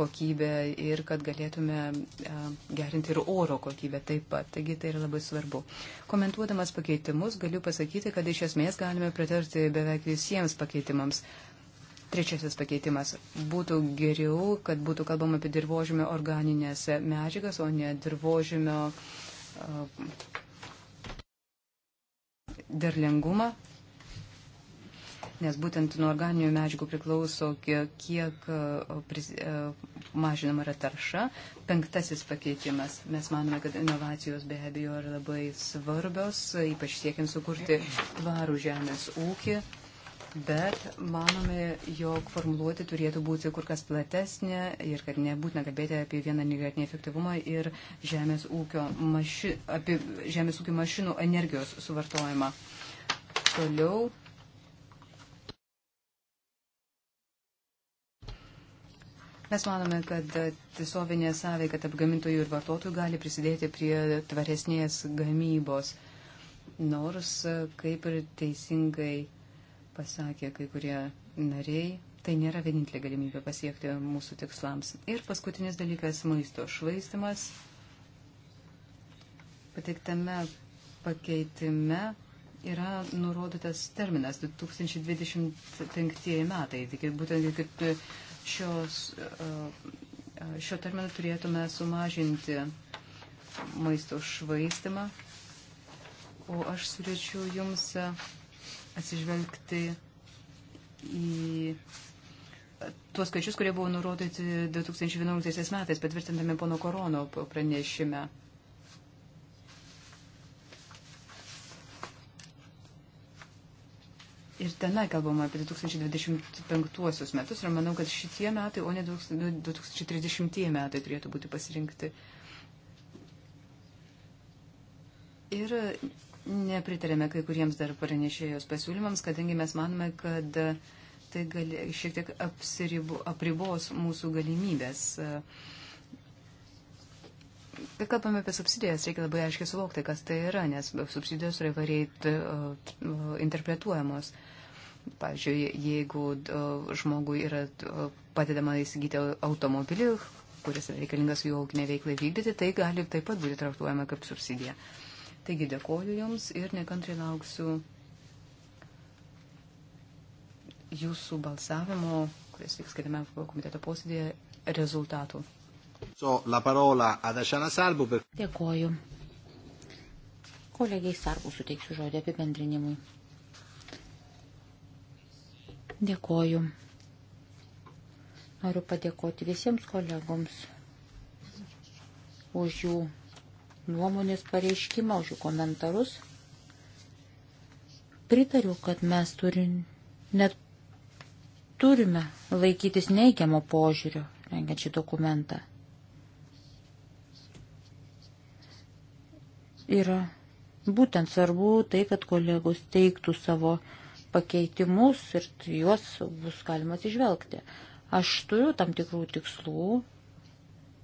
kokybę ir kad galėtume e, gerinti ir oro kokybę taip pat. Taigi tai yra labai svarbu. Komentuodamas pakeitimus galiu pasakyti, kad iš esmės galime pritarti beveik visiems pakeitimams. Trečiasis pakeitimas. Būtų geriau, kad būtų kalbama apie dirbožymio organinės medžiagas, o ne dirbožymio uh, derlingumą, nes būtent nuo organinių medžiagų priklauso, kiek, kiek e, mažinama yra tarša. Penktasis pakeitimas. Mes manome, kad inovacijos be abejo yra labai svarbios, ypač siekiant sukurti tvarų žemės ūkį bet manome, jog formuluoti turėtų būti kur kas platesnė ir kad nebūtina kalbėti apie vieną energetinį efektyvumą ir žemės ūkio, maši, apie žemės ūkio mašinų energijos suvartojimą. Toliau. Mes manome, kad tiesiovinė sąveika tarp gamintojų ir vartotojų gali prisidėti prie tvaresnės gamybos. Nors, kaip ir teisingai pasakė kai kurie nariai, tai nėra vienintelė galimybė pasiekti mūsų tikslams. Ir paskutinis dalykas - maisto švaistimas. Pateiktame pakeitime yra nurodytas terminas 2025 metai. Tik būtent kaip šios, e, šio termino turėtume sumažinti maisto švaistimą. O aš siūlyčiau jums atsižvelgti į tuos skaičius, kurie buvo nurodyti 2011 metais, patvirtintame pono Korono pranešime. Ir tenai kalbama apie 2025 metus ir manau, kad šitie metai, o ne 2030 metai turėtų būti pasirinkti. Ir nepritarėme kai kuriems dar pranešėjos pasiūlymams, kadangi mes manome, kad tai gali, šiek tiek apsiribu, apribos mūsų galimybės. Kai kalbame apie subsidijas, reikia labai aiškiai suvokti, kas tai yra, nes subsidijos yra įvairiai interpretuojamos. Pavyzdžiui, jeigu žmogui yra padedama įsigyti automobilį, kuris reikalingas jų auginė veiklai vykdyti, tai gali taip pat būti traktuojama kaip subsidija. Uh, Taigi dėkoju Jums ir nekantrai lauksiu Jūsų balsavimo, kuris vyks kitame komiteto posėdėje, rezultatų. So, la parola ad Ašana Sarbu. Per... Dėkoju. Kolegiai Sarbu suteiksiu žodį apibendrinimui. Dėkoju. Noriu padėkoti visiems kolegoms už jų nuomonės pareiškimą, už jų komentarus. Pritariu, kad mes turim, net turime laikytis neigiamo požiūrio, rengiant šį dokumentą. Yra būtent svarbu tai, kad kolegos teiktų savo pakeitimus ir juos bus galima atsižvelgti. Aš turiu tam tikrų tikslų,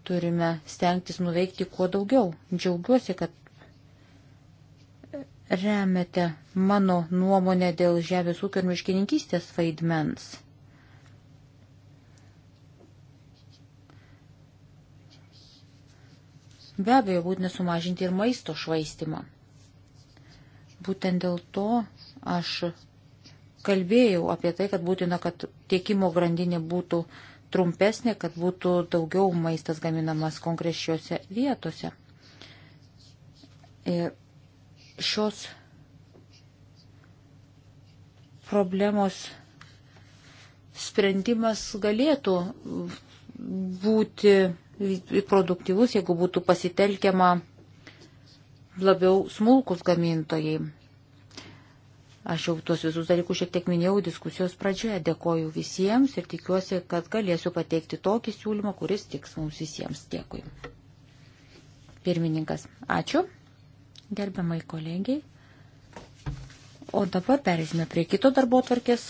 turime stengtis nuveikti kuo daugiau. Džiaugiuosi, kad remiate mano nuomonę dėl žemės ūkio ir miškininkystės vaidmens. Be abejo, būtina sumažinti ir maisto švaistimą. Būtent dėl to aš kalbėjau apie tai, kad būtina, kad tiekimo grandinė būtų uh, trumpesnė, kad būtų daugiau maistas gaminamas konkrečiose vietose. Ir šios problemos sprendimas galėtų būti produktyvus, jeigu būtų pasitelkiama labiau smulkus gamintojai. Aš jau tuos visus dalykus šiek tiek minėjau diskusijos pradžioje. Dėkoju visiems ir tikiuosi, kad galėsiu pateikti tokį siūlymą, kuris tiks mums visiems. Dėkui. Pirmininkas, ačiū. Gerbiamai kolegiai. O dabar perėsime prie kito darbo tvarkės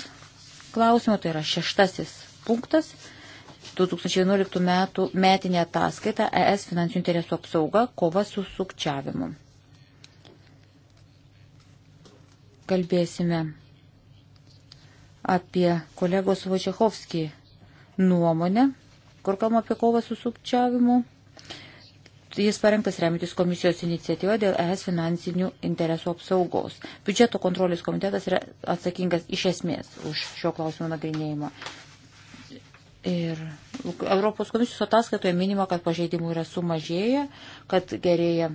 klausimo, tai yra šeštasis punktas. 2011 metų metinė ataskaita ES finansinių interesų apsauga, kova su sukčiavimu. kalbėsime apie kolegos Vočiachovskį nuomonę, kur kalbama apie kovą su sukčiavimu. Jis parengtas remintis komisijos iniciatyva dėl ES finansinių interesų apsaugos. Biudžeto kontrolės komitetas yra atsakingas iš esmės už šio klausimo nagrinėjimą. Ir Europos komisijos ataskaitoje minima, kad pažeidimų yra sumažėję, kad gerėja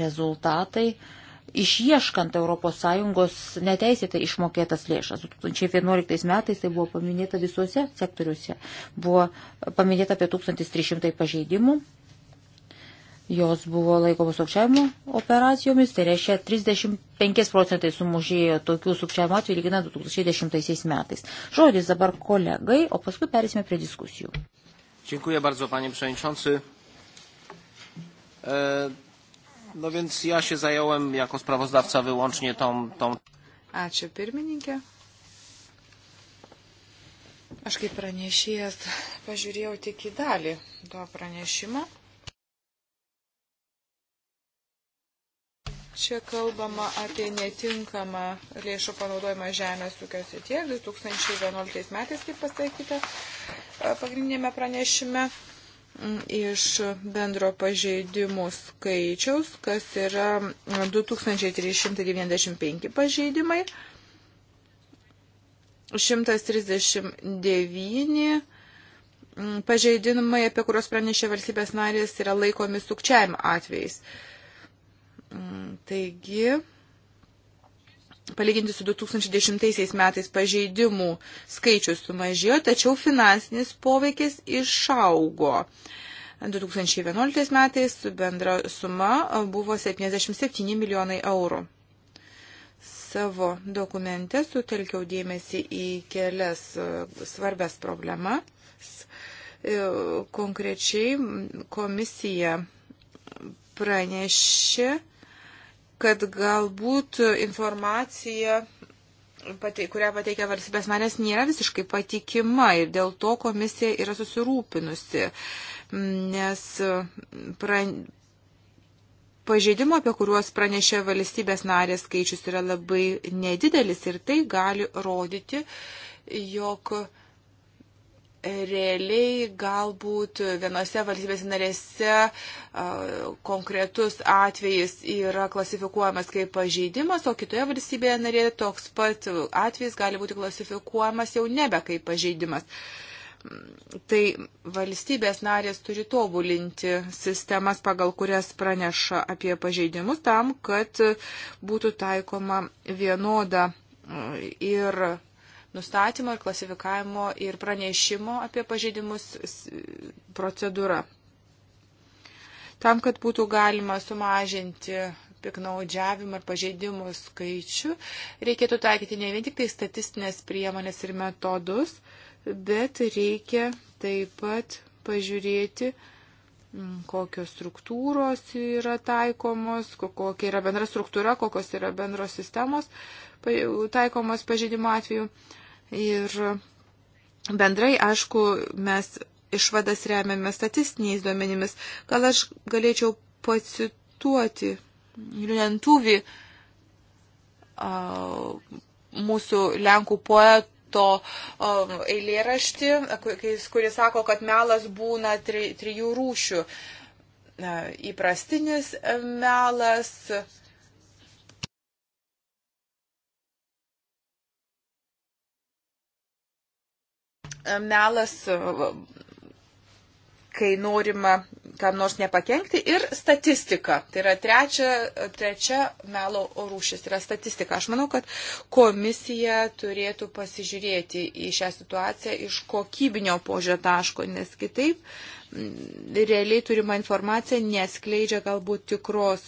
rezultatai. Uh, išieškant ES neteisėtai išmokėtas lėšas. 2011 metais tai buvo paminėta visuose sektoriuose. Buvo paminėta apie 1300 pažeidimų. Jos buvo laikomos sukčiavimo operacijomis, tai reiškia 35 procentai sumažėjo tokių sukčiavimo atvejų lyginant 2010 metais. Žodis dabar kolegai, o paskui perėsime prie diskusijų. Dziękuję bardzo, panie przewodniczący. E... No więc ja się zająłem jako sprawozdawca wyłącznie tą... tą... Ačiū pirmininkė. Aš kaip pranešėjas pažiūrėjau tik į dalį to pranešimo. Čia kalbama apie netinkamą lėšų panaudojimą žemės ūkio srityje 2011 metais, kaip pasakyta, pagrindinėme pranešime iš bendro pažeidimų skaičiaus, kas yra 2395 pažeidimai, 139 mm, pažeidimai, apie kurios pranešė valstybės narės, yra laikomi sukčiavimo atvejais. Mm, taigi, palyginti su 2010 metais pažeidimų skaičius sumažėjo, tačiau finansinis poveikis išaugo. 2011 metais bendra suma buvo 77 milijonai eurų. Savo dokumente sutelkiau dėmesį į kelias e, svarbias problemas. E, konkrečiai komisija pranešė, kad galbūt informacija, kurią pateikia valstybės manęs, nėra visiškai patikima ir dėl to komisija yra susirūpinusi, nes pra... Pažeidimo, apie kuriuos pranešė valstybės narės skaičius, yra labai nedidelis ir tai gali rodyti, jog uh, realiai galbūt vienose valstybės narėse konkretus atvejis yra klasifikuojamas kaip pažeidimas, o kitoje valstybėje narėje toks pat atvejis gali būti klasifikuojamas jau nebe kaip pažeidimas. Tai valstybės narės turi tobulinti sistemas, pagal kurias praneša apie pažeidimus tam, kad būtų taikoma vienoda ir nustatymo ir klasifikavimo ir pranešimo apie pažeidimus procedūra. Tam, kad būtų galima sumažinti piknaudžiavimą ir pažeidimų skaičių, reikėtų taikyti ne vien tik tai statistinės priemonės ir metodus, bet reikia taip pat pažiūrėti, kokios struktūros yra taikomos, kokia yra bendra struktūra, kokios yra bendros sistemos taikomos pažeidimo atveju. Ir bendrai, aišku, mes išvadas remiame statistiniais duomenimis. Gal aš galėčiau pacituoti lentuvį a, mūsų Lenkų poeto a, eilėraštį, kuris, kuris sako, kad melas būna tri, trijų rūšių. A, įprastinis melas. A, melas, kai norima kam nors nepakenkti, ir statistika. Tai yra trečia, trečia melo rūšis, tai yra statistika. Aš manau, kad komisija turėtų pasižiūrėti į šią situaciją iš kokybinio požiūrio taško, nes kitaip mm, realiai turima informacija neskleidžia galbūt tikros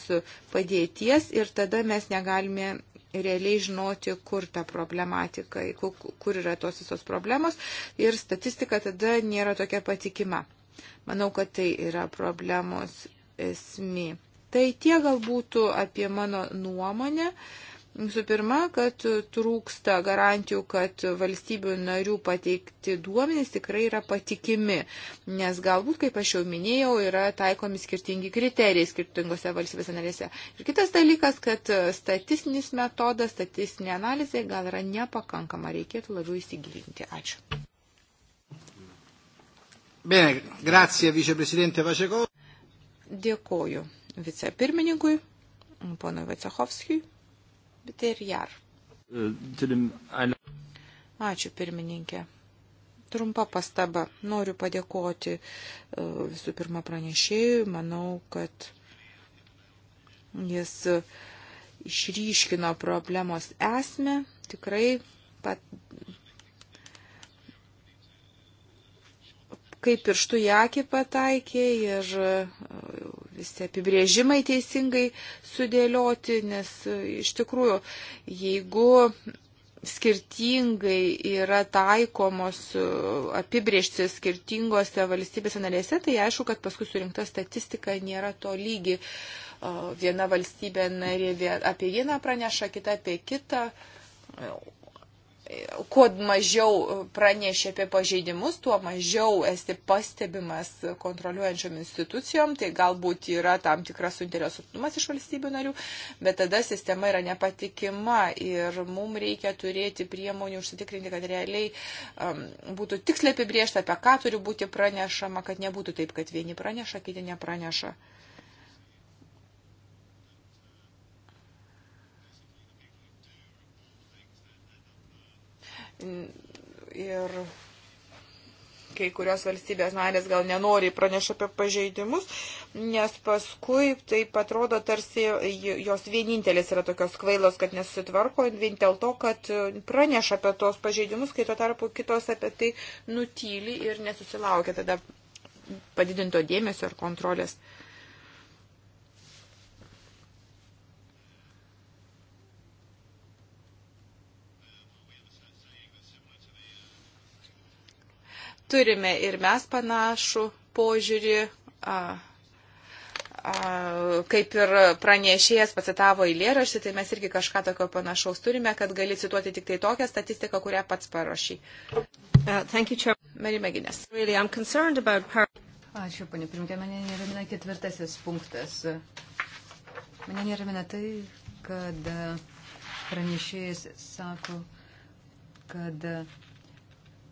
padėties ir tada mes negalime realiai žinoti, kur ta problematika, kur yra tos visos problemos ir statistika tada nėra tokia patikima. Manau, kad tai yra problemos esmi. Tai tie gal būtų apie mano nuomonę. Uh, Visų pirma, kad trūksta garantijų, kad valstybių narių pateikti duomenys tikrai yra patikimi, nes galbūt, kaip aš jau minėjau, yra taikomi skirtingi kriterijai skirtingose valstybėse narėse. Ir kitas dalykas, kad statistinis metodas, statistinė analizė gal yra nepakankama, reikėtų labiau įsigilinti. Ačiū. Bene, grazie, viceprezidente Vačekov. Dėkoju vicepirmininkui, ponui Vacekovskijui. Peter Jar. Ačiū, pirmininkė. Trumpa pastaba. Noriu padėkoti e, visų pirma pranešėjui. Manau, kad jis išryškino problemos esmę. Tikrai pat, kaip pirštų į akį pataikė ir e, visi apibrėžimai teisingai sudėlioti, nes e, iš tikrųjų, jeigu skirtingai yra taikomos e, apibriežti skirtingose valstybėse narėse, tai aišku, kad paskui surinkta statistika nėra to lygi. E, viena valstybė narė apie vieną praneša, kita apie kitą kuo mažiau pranešė apie pažeidimus, tuo mažiau esi pastebimas kontroliuojančiom institucijom, tai galbūt yra tam tikras suinteresuotumas iš valstybių narių, bet tada sistema yra nepatikima ir mums reikia turėti priemonių užsitikrinti, kad realiai um, būtų tiksliai apibriešta, apie ką turi būti pranešama, kad nebūtų taip, kad vieni praneša, kiti nepraneša. ir kai kurios valstybės narės gal nenori praneša apie pažeidimus, nes paskui tai atrodo tarsi jos vienintelis yra tokios kvailos, kad nesusitvarko vien dėl to, kad praneša apie tos pažeidimus, kai tuo tarpu kitos apie tai nutyli ir nesusilaukia tada padidinto dėmesio ar kontrolės. turime ir mes panašų požiūrį. A, kaip ir pranešėjas pacitavo į lėraštį, tai mes irgi kažką tokio panašaus turime, kad gali cituoti tik tai tokią statistiką, kurią pats parašy. Uh, Mary Meginės. Really, Ačiū, ponė Primkė, mane neramina ketvirtasis punktas. Mane neramina tai, kad uh, pranešėjas sako, kad uh,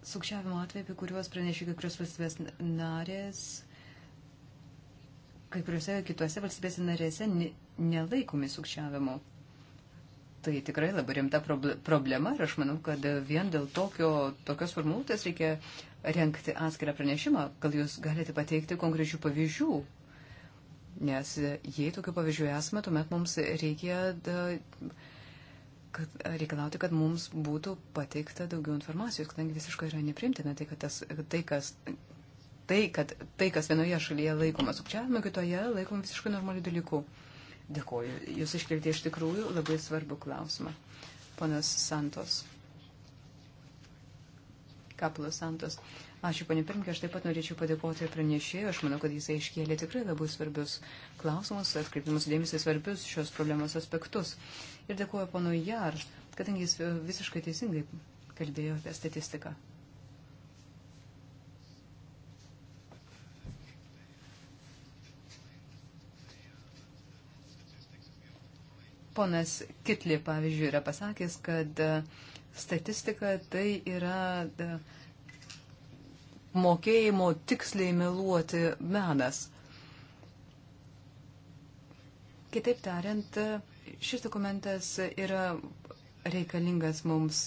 sukčiavimo atvejai, apie kuriuos pranešė kai kurios valstybės narės, kai kuriuose kitose valstybėse narėse nelaikomi sukčiavimu. Tai tikrai labai rimta problema ir aš manau, kad vien dėl tokio, tokios formulutės reikia renkti atskirą pranešimą. Gal jūs galite pateikti konkrečių pavyzdžių? Nes jei tokių pavyzdžių esame, tuomet mums reikia da, kad e, reikalauti, kad mums būtų pateikta daugiau informacijos, kadangi visiškai yra neprimtina tai, kad tas, tai, kas, tai, kad tai, kas vienoje šalyje laikoma sukčiavimu, kitoje laikoma visiškai normaliu dalyku. Dėkoju. Jūs iškelti iš tikrųjų labai svarbų klausimą. Ponas Santos. Kapulas Santos. Ačiū, ponė Pirmke, aš taip pat norėčiau padėkoti pranešėjui. Aš manau, kad jisai iškėlė tikrai labai svarbius klausimus, atkreipimus dėmesį svarbius šios problemos aspektus ir dėkuoju ponui Jar, kadangi jis e, visiškai teisingai kalbėjo apie statistiką. Ponas Kitli, pavyzdžiui, yra pasakęs, kad e, statistika tai yra e, mokėjimo tiksliai meluoti menas. Kitaip tariant, Šis dokumentas yra reikalingas mums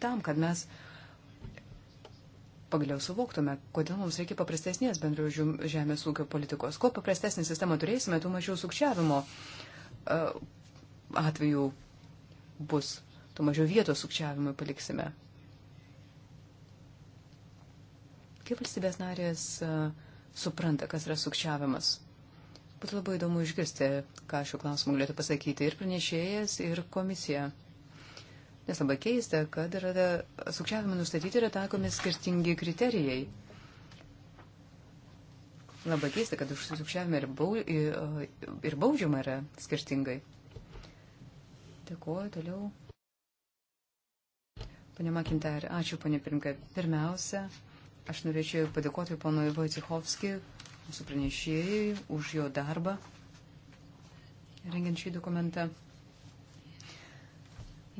tam, kad mes pagaliau suvoktume, kodėl mums reikia paprastesnės bendro žemės ūkio politikos. Kuo paprastesnį sistemą turėsime, tuo mažiau sukčiavimo e, atveju bus, tuo mažiau vietos sukčiavimui paliksime. Kaip valstybės narės e, supranta, kas yra sukčiavimas? Būtų labai įdomu išgirsti, ką šiuo klausimu galėtų pasakyti ir pranešėjas, ir komisija. Nes labai keista, kad yra sukčiavimą nustatyti yra takomi skirtingi kriterijai. Labai keista, kad už sukčiavimą ir, bau, ir, ir baudžiama yra skirtingai. Dėkuoju toliau. Pane Makintar, ačiū, pane Pirmka. Pirmiausia, aš norėčiau padėkoti ponui Vojcichovskijui mūsų pranešėjai už jo darbą rengiant šį dokumentą.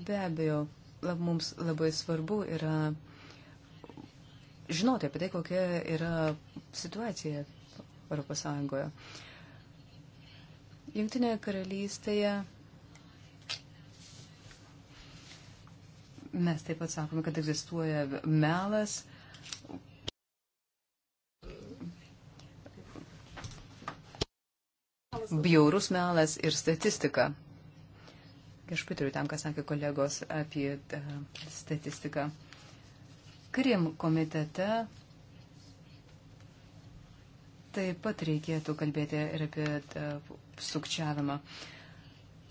Be abejo, lab, mums labai svarbu yra žinoti apie tai, kokia yra situacija Europos Sąjungoje. Jungtinėje karalystėje mes taip pat sakome, kad egzistuoja melas, bjaurus melas ir statistika. Aš pritariu tam, ką sakė kolegos apie e, statistiką. Krim komitete taip pat reikėtų kalbėti ir apie e, sukčiavimą.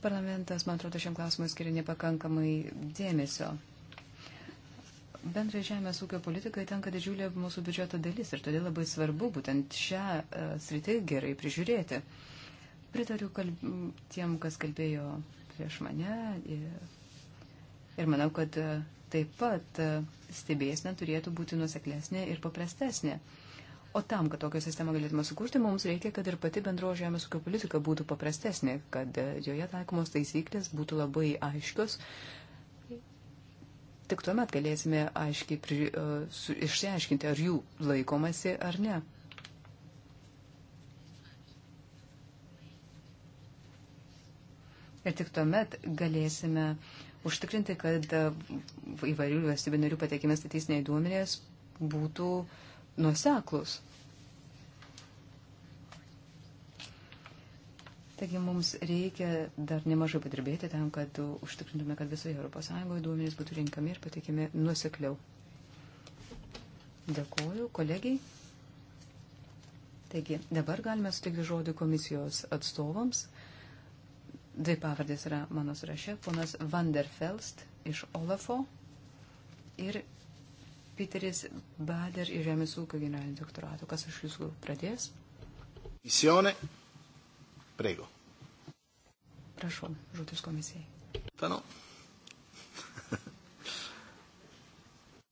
Parlamentas, man atrodo, šiam klausimui skiria nepakankamai dėmesio. Bendrai žemės ūkio politikai tenka didžiulė mūsų biudžeto dalis ir todėl labai svarbu būtent šią e, sritį gerai prižiūrėti. Uh, Pritariu kalb... tiem, kas kalbėjo prieš mane ir, ir manau, kad taip pat stebėsnė turėtų būti nuseklesnė ir paprastesnė. O tam, kad tokią sistemą galėtume sukurti, mums reikia, kad ir pati bendro žemės ūkio politika būtų paprastesnė, kad joje taikomos taisyklės būtų labai aiškios. Tik tuomet galėsime aiškiai pri, uh, su, išsiaiškinti, ar jų laikomasi ar ne. Ir tik tuomet galėsime užtikrinti, kad įvairių valstybių narių pateikime statistiniai duomenės būtų nuseklus. Taigi mums reikia dar nemažai padirbėti tam, kad užtikrintume, kad visoje ES duomenys būtų rinkami ir patikimi nusekliau. Dėkuoju kolegiai. Taigi dabar galime sutikti žodį komisijos atstovams. Dvi pavardės yra mano sąraše. Ponas Vanderfelst iš Olafo ir Piteris Bader iš Žemės ūkio generalinio doktorato. Kas iš jūsų pradės? Misione. Prego. Prašau, žodis komisijai. Tano.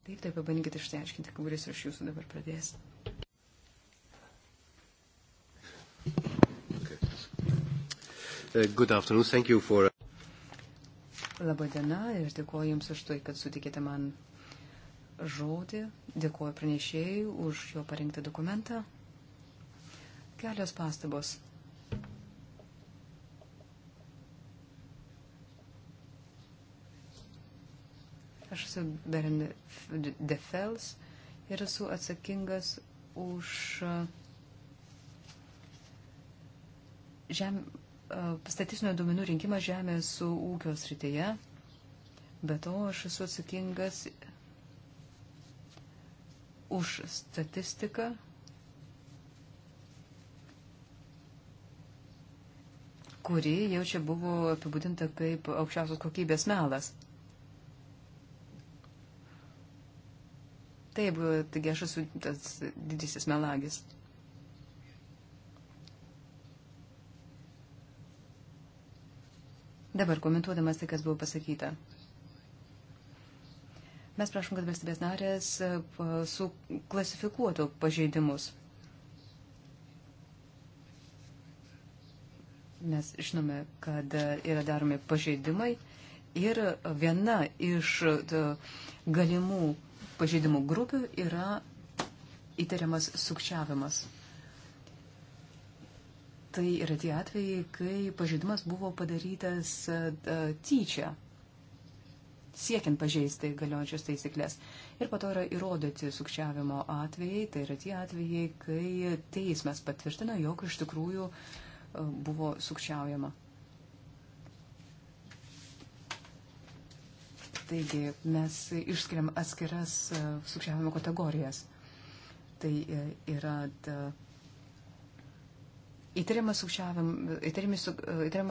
Taip, taip, pabandykite išsiaiškinti, kuris iš jūsų dabar pradės. Uh, good afternoon. Thank you for. Uh, Labadiena ir dėkuoju Jums už tai, kad sutikėte man žodį. Dėkuoju pranešėjai už jo parengtą dokumentą. Kelios pastabos. Aš esu Beren Defels ir esu atsakingas už uh, žem, statistinio duomenų rinkimą žemės ūkio srityje. Be to, aš esu atsakingas už statistiką. kuri jau čia buvo apibūdinta kaip aukščiausios kokybės melas. Taip, taigi aš esu tas didysis melagis. Dabar komentuodamas tai, kas buvo pasakyta. Mes prašom, kad valstybės narės e, suklasifikuotų pažeidimus. Mes žinome, kad e, yra daromi pažeidimai ir viena iš e, galimų pažeidimų grupių yra įtariamas sukčiavimas tai yra tie atvejai, kai pažeidimas buvo padarytas e, tyčia, siekiant pažeisti galiojančias taisyklės. Ir po to yra įrodyti sukčiavimo atvejai, tai yra tie atvejai, kai teismas patvirtina, jog iš tikrųjų e, buvo sukčiaujama. Taigi mes išskiriam atskiras e, sukčiavimo kategorijas. Tai yra. Da, Įtariami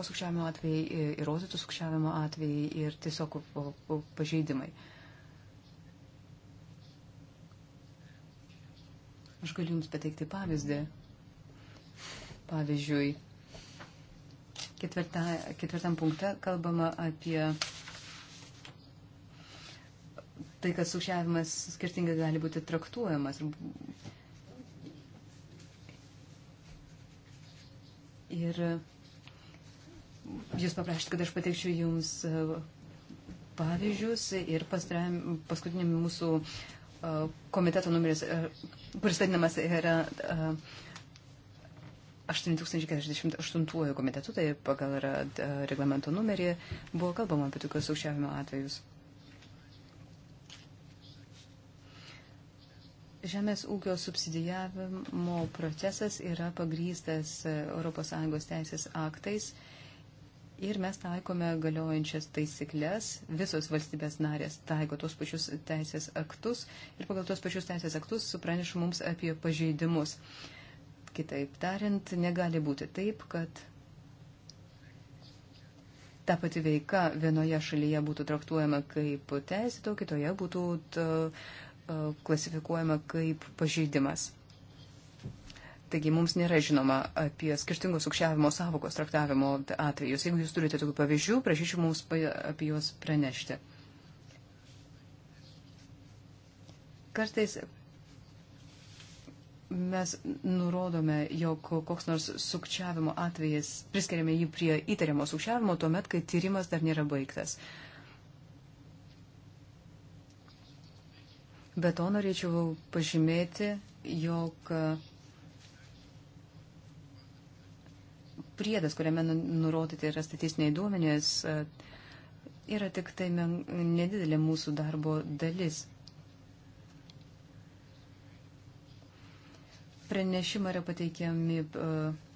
sukčiavimo atvejai, įrodytų sukčiavimo atvejai ir tiesiog pažeidimai. Aš galiu Jums pateikti pavyzdį. Pavyzdžiui, ketvirta, ketvirtam punkte kalbama apie tai, kad sukčiavimas skirtingai gali būti traktuojamas. Ir Ir e, jūs paprašyt, kad aš pateikčiau jums e, pavyzdžius ir paskutiniam mūsų e, komiteto numeris pristatinamas yra 8048 komitetu, tai pagal reglamento numerį buvo kalbama apie tokius sukčiavimo atvejus. Žemės ūkio subsidijavimo procesas yra pagrystas ES teisės aktais ir mes taikome galiojančias taisyklės, visos valstybės narės taiko tos pačius teisės aktus ir pagal tos pačius teisės aktus supraneša mums apie pažeidimus. Kitaip tariant, negali būti taip, kad ta pati veika vienoje šalyje būtų traktuojama kaip teisėto, kitoje būtų E, klasifikuojama kaip pažeidimas. Taigi mums nėra žinoma apie skirtingos sukčiavimo savokos traktavimo atvejus. Jeigu jūs turite tokių pavyzdžių, prašyčiau mums apie juos pranešti. Kartais mes nurodome, jog koks nors sukčiavimo atvejas priskiriame jį prie įtariamo sukčiavimo tuomet, kai tyrimas dar nėra baigtas. Uh, Be to norėčiau pažymėti, jog priedas, kuriame nu- nurodyti yra statistiniai duomenės, yra tik tai nedidelė mūsų darbo dalis. Pranešimą yra pateikiami uh,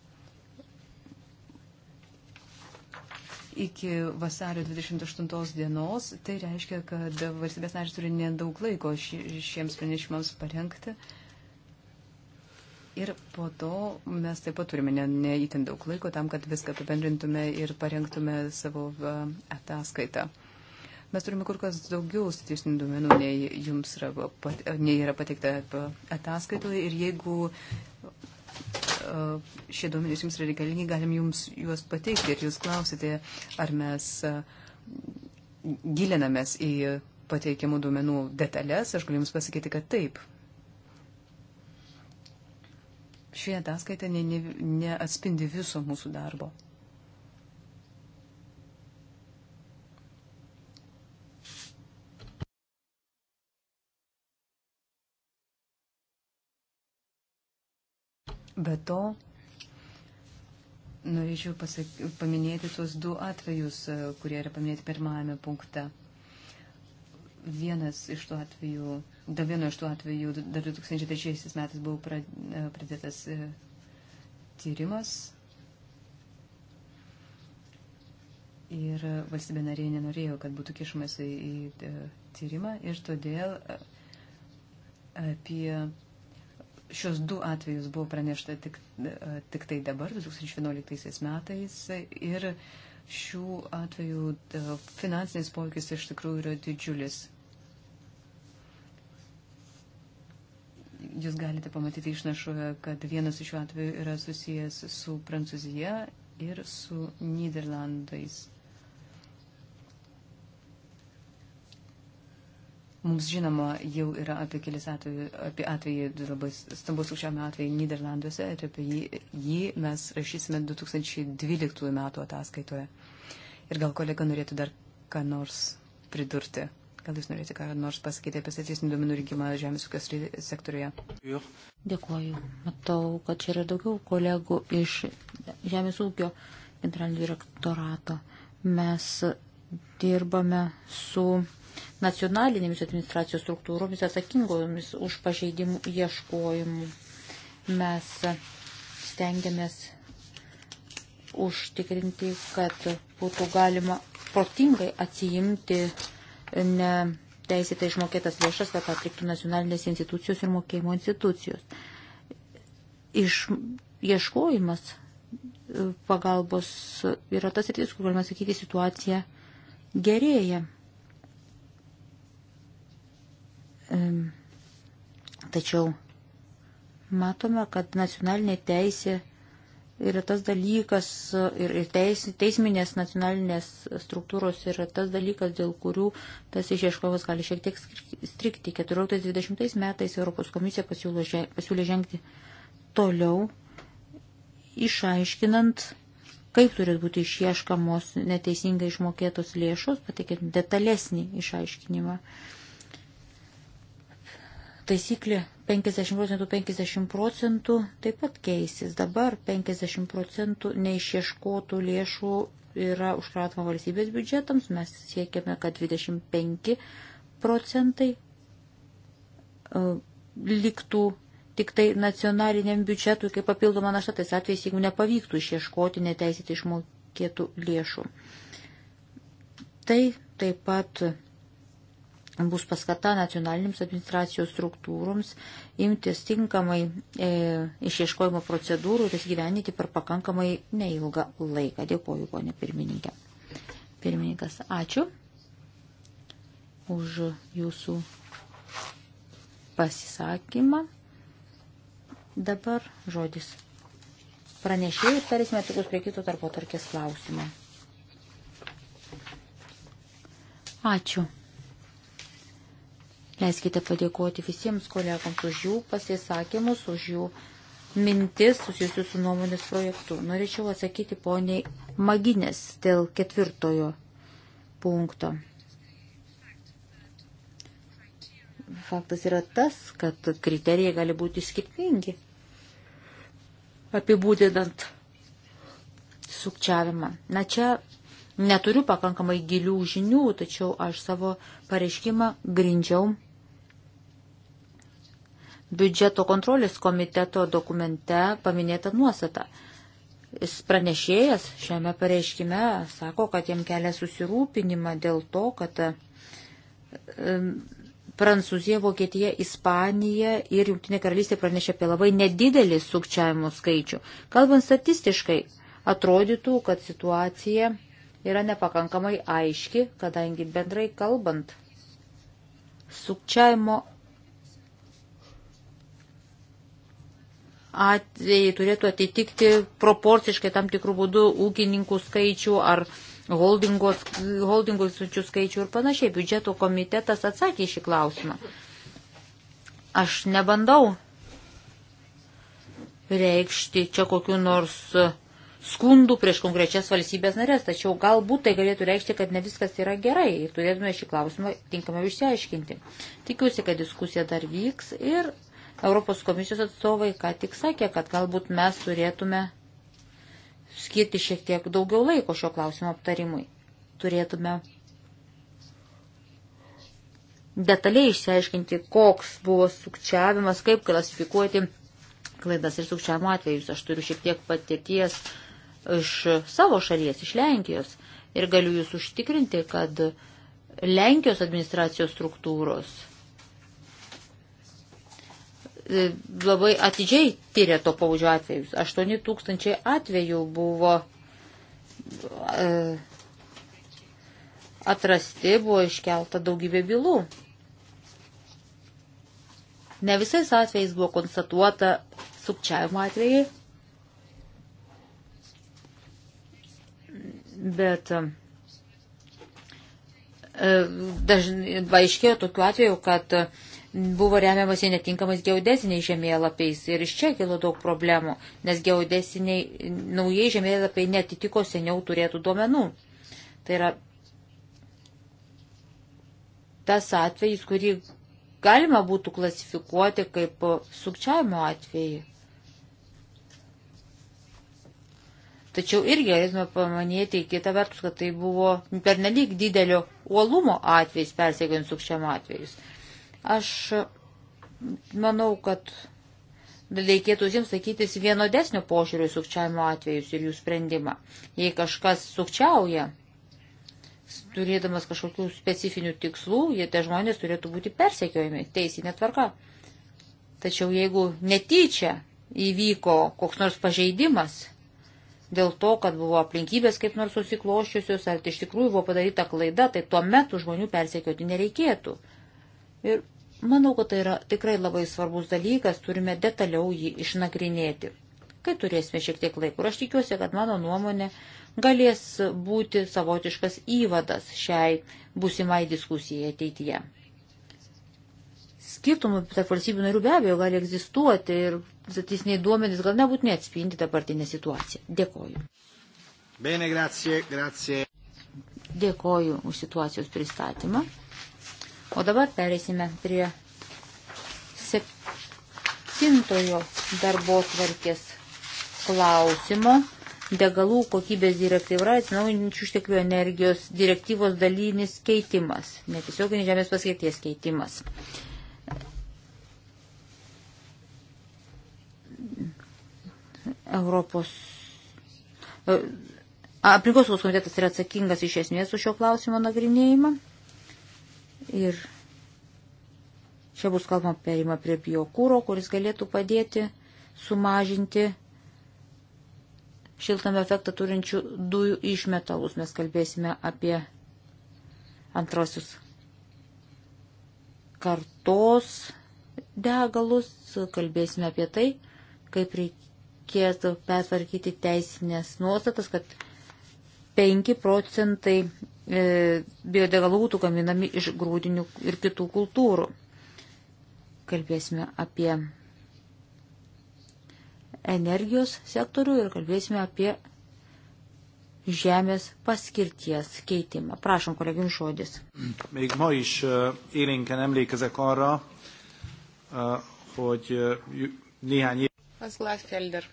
iki vasario 28 dienos. Tai reiškia, kad valstybės narys turi nedaug laiko šiems pranešimams parengti. Ir po to mes taip pat turime neįtin ne, ne daug laiko tam, kad viską apibendrintume ir parengtume savo ataskaitą. Mes turime kur kas daugiau statistinių duomenų, nei jums yra, pat, nei yra pateikta ataskaitoje. Ir jeigu E, šie duomenys jums yra reikalingi, galim jums juos pateikti. Ir jūs klausite, ar mes e, gilinamės į pateikiamų duomenų detalės, aš galiu jums pasakyti, kad taip. Šie ataskaita neatspindi ne, ne viso mūsų darbo. Be to, norėčiau pasak, paminėti tuos du atvejus, e, kurie yra paminėti pirmajame punkte. Vienas iš tų atvejų, dar vieno iš tų atvejų, dar 2003 metais buvo e, pradėtas e, tyrimas. Ir valstybė narė nenorėjo, kad būtų kišamas į tyrimą ir todėl apie šios du atvejus buvo pranešta tik, e, tik tai dabar, 2011 metais. Ir šių atvejų e, finansinis poveikis iš tikrųjų yra didžiulis. Jūs galite pamatyti išnašoje, kad vienas iš šių atvejų yra susijęs su Prancūzija ir su Niderlandais. Mums žinoma jau yra apie kelis atvejį, apie atvejį labai stambus sukčiavimo atvejį Niderlanduose ir apie jį, jį mes rašysime 2012 metų ataskaitoje. Ir gal kolega norėtų dar ką nors pridurti. Gal jūs norėtumėte ką nors pasakyti apie statistinių duomenų rinkimą žemės ūkio sektoriuje? Dėkuoju. Matau, kad čia yra daugiau kolegų iš žemės ūkio generalinio direktorato. Mes dirbame su nacionalinėmis administracijos struktūromis atsakingomis už pažeidimų ieškojimų. Mes stengiamės užtikrinti, kad būtų galima protingai atsijimti neteisėtai išmokėtas lėšas, kad atliktų nacionalinės institucijos ir mokėjimo institucijos. Iš ieškojimas e, pagalbos yra tas rytis, kur galima sakyti, situacija gerėja. Tačiau matome, kad nacionalinė teisė yra tas dalykas ir, ir teis, teisminės nacionalinės struktūros yra tas dalykas, dėl kurių tas išieškovas gali šiek tiek strikti. 14-20 metais Europos komisija pasiūlė žengti toliau, išaiškinant, kaip turės būti išieškamos neteisingai išmokėtos lėšos, patikėt detalesnį išaiškinimą. Uh, Taisyklė 50 procentų, 50 procentų taip pat keisis. Dabar 50 procentų neišieškotų lėšų yra užkratoma valstybės biudžetams. Mes siekiame, kad 25 procentai e, liktų tik tai nacionaliniam biudžetui kaip papildoma našta tais atvejais, jeigu nepavyktų išieškoti neteisėtai išmokėtų lėšų. Tai taip pat bus paskata nacionalinėms administracijos struktūroms imtis tinkamai e, išieškojimo procedūrų ir jas gyveninti per pakankamai neilgą laiką. Dėkuoju, ponė pirmininkė. Pirmininkas, ačiū už jūsų pasisakymą. Dabar žodis pranešėjai ir perėsime tokius prie kito tarpo tarkės klausimą. Ačiū. Leiskite padėkoti visiems kolegams už jų pasisakymus, už jų mintis susijusius su nuomonės projektu. Norėčiau atsakyti poniai Maginės dėl ketvirtojo punkto. Faktas yra tas, kad kriterijai gali būti skirtingi. Apibūdinant sukčiavimą. Na čia neturiu pakankamai gilių žinių, tačiau aš savo pareiškimą grindžiau biudžeto kontrolės komiteto dokumente paminėta nuostata. Jis pranešėjas šiame pareiškime sako, kad jam kelia susirūpinimą dėl to, kad Prancūzija, Vokietija, Ispanija ir Junktinė karalystė pranešė apie labai nedidelį sukčiavimo skaičių. Kalbant statistiškai, atrodytų, kad situacija yra nepakankamai aiški, kadangi bendrai kalbant, sukčiavimo atvejai turėtų atitikti proporciškai tam tikrų būdų ūkininkų skaičių ar holdingos, holdingos skaičių ir panašiai. Biudžeto komitetas atsakė šį klausimą. Aš nebandau reikšti čia kokiu nors skundų prieš konkrečias valstybės narės, tačiau galbūt tai galėtų reikšti, kad ne viskas yra gerai ir turėtume šį klausimą tinkamai išsiaiškinti. Tikiuosi, kad diskusija dar vyks ir Europos komisijos atstovai ką tik sakė, kad galbūt mes turėtume skirti šiek tiek daugiau laiko šio klausimo aptarimui. Turėtume detaliai išsiaiškinti, koks buvo sukčiavimas, kaip klasifikuoti klaidas ir sukčiavimo atvejus. Aš turiu šiek tiek patirties iš savo šalies, iš Lenkijos. Ir galiu jūs užtikrinti, kad Lenkijos administracijos struktūros labai atidžiai tyrė to paudžio atvejus. 8 tūkstančiai atvejų buvo e, atrasti, buvo iškelta daugybė bylų. Ne visais atvejais buvo konstatuota sukčiavimo atvejai, bet e, dažnai paaiškėjo tokiu atveju, kad buvo remiamasi netinkamais geodesiniais žemėlapiais ir iš čia kilo daug problemų, nes geodesiniai naujai žemėlapiai netitiko seniau turėtų duomenų. Tai yra tas atvejis, kurį galima būtų klasifikuoti kaip sukčiavimo atvejį. Tačiau irgi galėtume pamanyti kitą vertus, kad tai buvo pernelyg didelio uolumo atvejs, persiekiant sukčiamo atvejus. Atvejis Aš manau, kad reikėtų jums sakytis vienodesnio požiūrio į sukčiavimo atvejus ir jų sprendimą. Jei kažkas sukčiauja, turėdamas kažkokių specifinių tikslų, jie tie žmonės turėtų būti persekiojami teisinė tvarka. Tačiau jeigu netyčia įvyko koks nors pažeidimas dėl to, kad buvo aplinkybės kaip nors susikloščiusios, ar tai iš tikrųjų buvo padaryta klaida, tai tuo metu žmonių persekioti nereikėtų. Ir Manau, kad tai yra tikrai labai svarbus dalykas, turime detaliau jį išnagrinėti, kai turėsime šiek tiek laiko. Ir aš tikiuosi, kad mano nuomonė galės būti savotiškas įvadas šiai būsimai diskusijai ateityje. Skirtumų tarp valstybių narių be abejo gali egzistuoti ir statistiniai duomenys gal nebūtinai atspindi dabartinę situaciją. Dėkoju. Bene, grazie, grazie. Dėkoju už situacijos pristatymą. O dabar pereisime prie septintojo darbo tvarkės klausimo. Degalų kokybės direktyva atsinaujinančių išteklių energijos direktyvos dalynis keitimas, netiesioginis žemės paskirties keitimas. Europos. E, Aplinkos komitetas yra atsakingas iš esmės už šio klausimo nagrinėjimą. Ir čia bus kalbama perima prie biokūro, kuris galėtų padėti sumažinti šiltame efektą turinčių dujų išmetalus. Mes kalbėsime apie antrosius kartos degalus, kalbėsime apie tai, kaip reikėtų pertvarkyti teisinės nuostatas, kad 5 procentai E, biodegalų būtų gaminami iš grūdinių ir kitų kultūrų. Kalbėsime apie energijos sektorių ir kalbėsime apie žemės paskirties keitimą. Prašom, kolegin žodis. Még ma is e, élénken emlékezek arra, e, hogy néhány év... Az Gladfelder.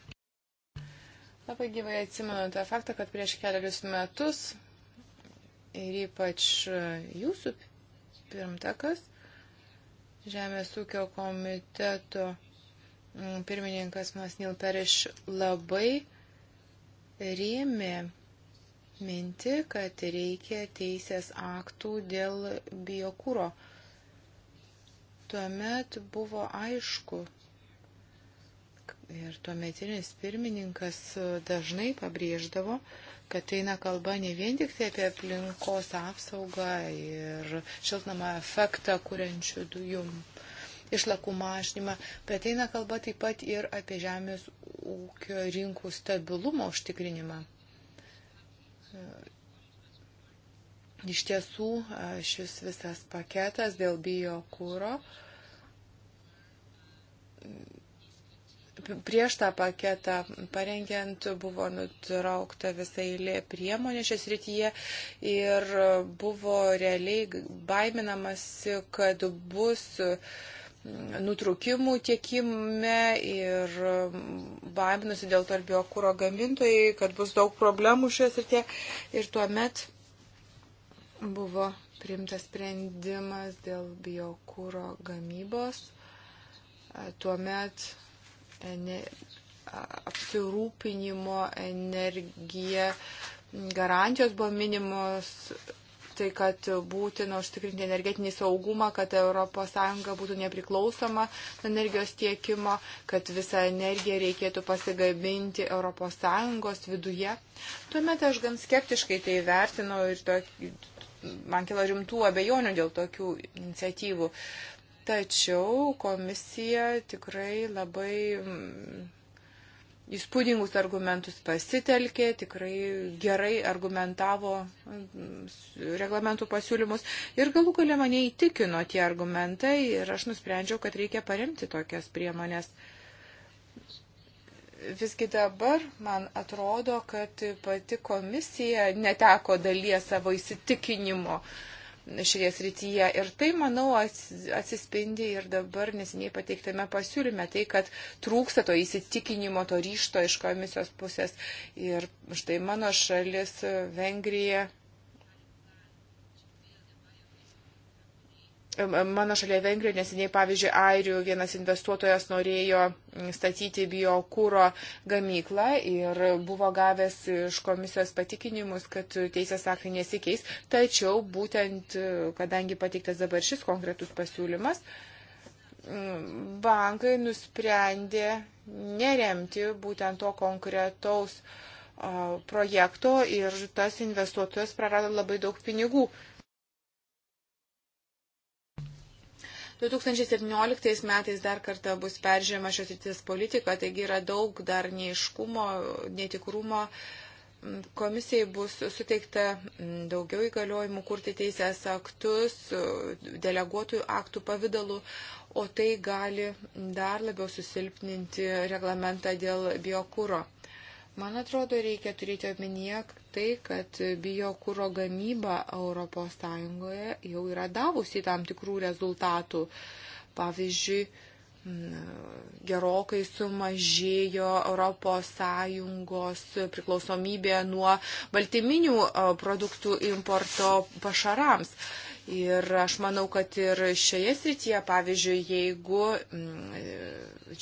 Labai gyvai atsimenu tą faktą, kad prieš keliarius metus ir ypač e, jūsų pirmtakas, Žemės ūkio komiteto mm, pirmininkas Masnil Periš labai rėmė minti, kad reikia teisės aktų dėl biokūro. Tuomet buvo aišku, ir tuometinis pirmininkas e, dažnai pabrėždavo, kad eina kalba ne vien tik tai apie aplinkos apsaugą ir šiltnamą efektą kuriančių dujų išlakų mažinimą, bet eina kalba taip pat ir apie žemės ūkio rinkų stabilumo užtikrinimą. Iš tiesų, šis visas paketas dėl biokūro prieš tą paketą parengiant buvo nutraukta visa eilė priemonių šias rytyje ir buvo realiai baiminamasi, kad bus nutrūkimų tiekime ir baiminusi dėl to ir biokūro gamintojai, kad bus daug problemų šioje srityje. Ir tuomet buvo priimtas sprendimas dėl biokūro gamybos. Tuomet apsirūpinimo energija. Garantijos buvo minimos tai, kad būtina užtikrinti energetinį saugumą, kad ES būtų nepriklausoma energijos tiekimo, kad visą energiją reikėtų pasigaminti ES viduje. Tuomet aš gan skeptiškai tai vertinau ir to, man kilo rimtų abejonių dėl tokių iniciatyvų. Tačiau komisija tikrai labai mm, įspūdingus argumentus pasitelkė, tikrai gerai argumentavo mm, reglamentų pasiūlymus ir galų galia mane įtikino tie argumentai ir aš nusprendžiau, kad reikia paremti tokias priemonės. Visgi dabar man atrodo, kad pati komisija neteko dalies savo įsitikinimo. Uh, šioje srityje. Ir tai, manau, atsispindi ir dabar nesiniai pateiktame pasiūlyme, tai, kad trūksta to įsitikinimo, to ryšto iš komisijos pusės. Ir štai mano šalis, Vengrija, Mano šalia Vengrijoje neseniai, pavyzdžiui, Airių vienas investuotojas norėjo statyti biokūro gamyklą ir buvo gavęs iš komisijos patikinimus, kad teisės aktai nesikeis. Tačiau būtent, e, kadangi pateiktas dabar šis konkretus pasiūlymas, bankai nusprendė neremti būtent to konkretaus projekto ir tas investuotojas prarado labai daug pinigų. 2017 metais dar kartą bus peržiūrima šios rytis politika, taigi yra daug dar neiškumo, netikrumo. Mm, komisijai bus suteikta mm, daugiau įgaliojimų kurti teisės aktus deleguotųjų aktų pavydalu, o tai gali dar labiau susilpninti reglamentą dėl biokūro. Man atrodo, reikia turėti omenyje tai, kad biokūro gamyba ES jau yra davusi tam tikrų rezultatų. Pavyzdžiui, gerokai sumažėjo ES priklausomybė nuo baltyminių produktų importo pašarams. Ir aš manau, kad ir šioje srityje, pavyzdžiui, jeigu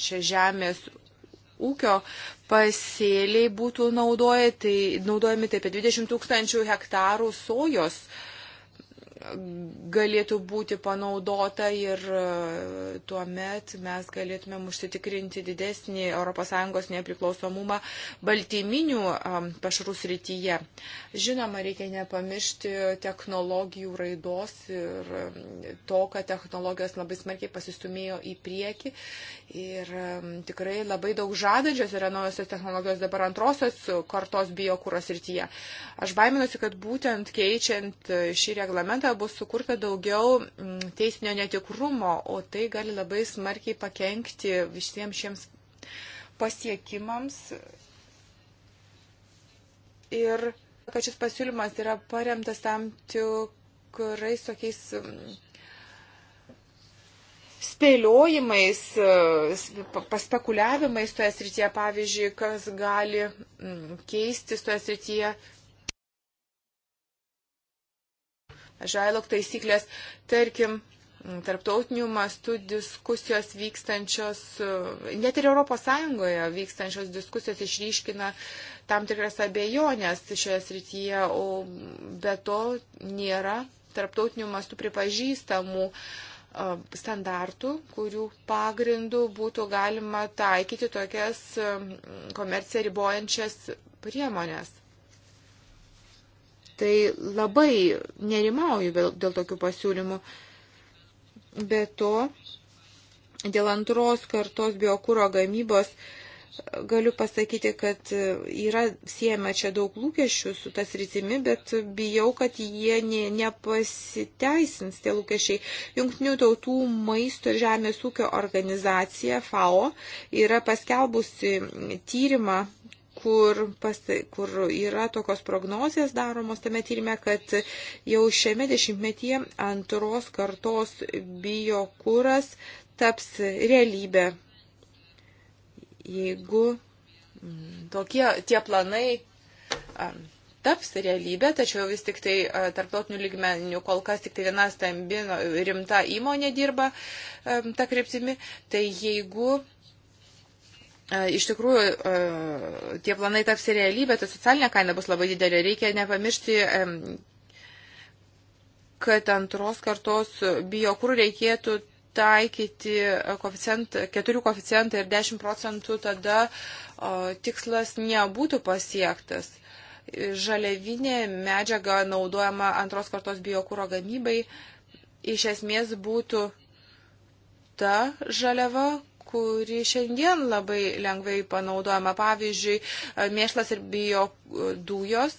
čia žemės ūkio pasėliai būtų naudoja, tai, naudojami tai apie 20 tūkstančių hektarų sojos uh, galėtų būti panaudota ir e, tuo met mes galėtumėm užsitikrinti didesnį ES nepriklausomumą baltyminių e, pašarų srityje. Žinoma, reikia nepamiršti technologijų raidos ir e, to, kad technologijos labai smarkiai pasistumėjo į priekį ir tikrai labai daug žadančios yra naujosios technologijos dabar antrosios kartos biokūros srityje. Aš baiminuosi, kad būtent keičiant šį reglamentą sukurta, bus sukurta daugiau mm, teisinio netikrumo, o tai gali labai smarkiai pakengti visiems šiems pasiekimams. Ir kad šis pasiūlymas yra paremtas tam tikrais tokiais mm, spėliojimais, paspekuliavimais toje srityje, pavyzdžiui, kas gali mm, keistis toje srityje, žailok taisyklės, tarkim, tarptautinių mastų diskusijos vykstančios, net ir ES vykstančios diskusijos išryškina tam tikras abejonės šioje srityje, o be to nėra tarptautinių mastų pripažįstamų standartų, kurių pagrindų būtų galima taikyti tokias komerciją ribojančias priemonės. Tai labai nerimauju dėl tokių pasiūlymų. Be to, dėl antros kartos biokūro gamybos galiu pasakyti, kad yra siejama čia daug lūkesčių su tas rytimi, bet bijau, kad jie ne, nepasiteisins tie lūkesčiai. Junktinių tautų maisto ir žemės ūkio organizacija FAO yra paskelbusi tyrimą, kur, pas, kur yra tokios prognozijas daromos tame tyrime, kad jau šiame dešimtmetyje antros kartos biokūras taps realybė. Jeigu mm, tokie tie planai taps realybė, tačiau vis tik tai tarptautinių lygmenių kol kas tik tai viena stambi rimta įmonė dirba tą kryptimį, tai jeigu E, iš tikrųjų e, tie planai taps realybė, tai socialinė kaina bus labai didelė. Reikia nepamiršti, kad antros kartos biokūrų reikėtų taikyti koficient, keturių koficientą ir 10 procentų, tada tikslas nebūtų pasiektas. Žalevinė medžiaga naudojama antros kartos biokūro gamybai iš esmės būtų ta žaliava, kuri šiandien labai lengvai panaudojama. Pavyzdžiui, mėšlas ir bio dujos.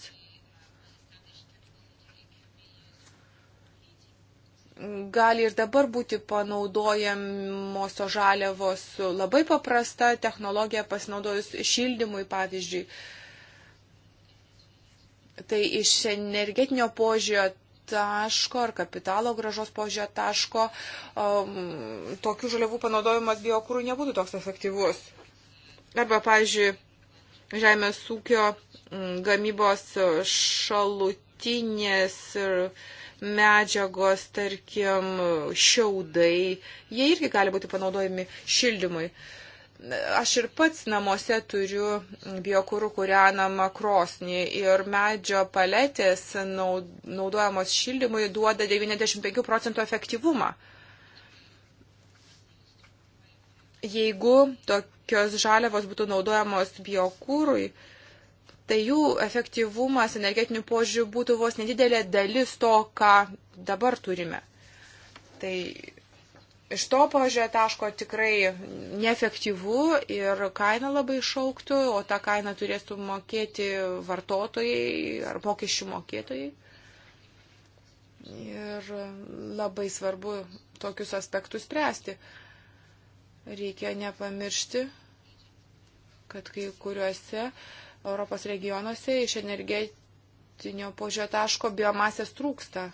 Gali ir dabar būti panaudojamos to žaliavos labai paprasta technologija pasinaudojus šildymui, pavyzdžiui. Tai iš energetinio požiūrio taško ar kapitalo gražos požio taško um, tokių žaliavų panaudojimas biokūrų nebūtų toks efektyvus. Arba, pavyzdžiui, žemės ūkio mm, gamybos šalutinės ir medžiagos, tarkim, šiaudai, jie irgi gali būti panaudojami šildymui. Uh, Aš ir pats namuose turiu biokūrų kūrenamą krosnį ir medžio paletės naudojamos šildymui duoda 95 procentų efektyvumą. Jeigu tokios žaliavos būtų naudojamos biokūrui, tai jų efektyvumas energetinių požiūrių būtų vos nedidelė dalis to, ką dabar turime. Tai iš to požiūrio taško tikrai neefektyvu ir kaina labai šauktų, o tą kainą turėtų mokėti vartotojai ar mokesčių mokėtojai. Ir labai svarbu tokius aspektus spręsti. Reikia nepamiršti, kad kai kuriuose Europos regionuose iš energetinio požiūrio taško biomasės trūksta.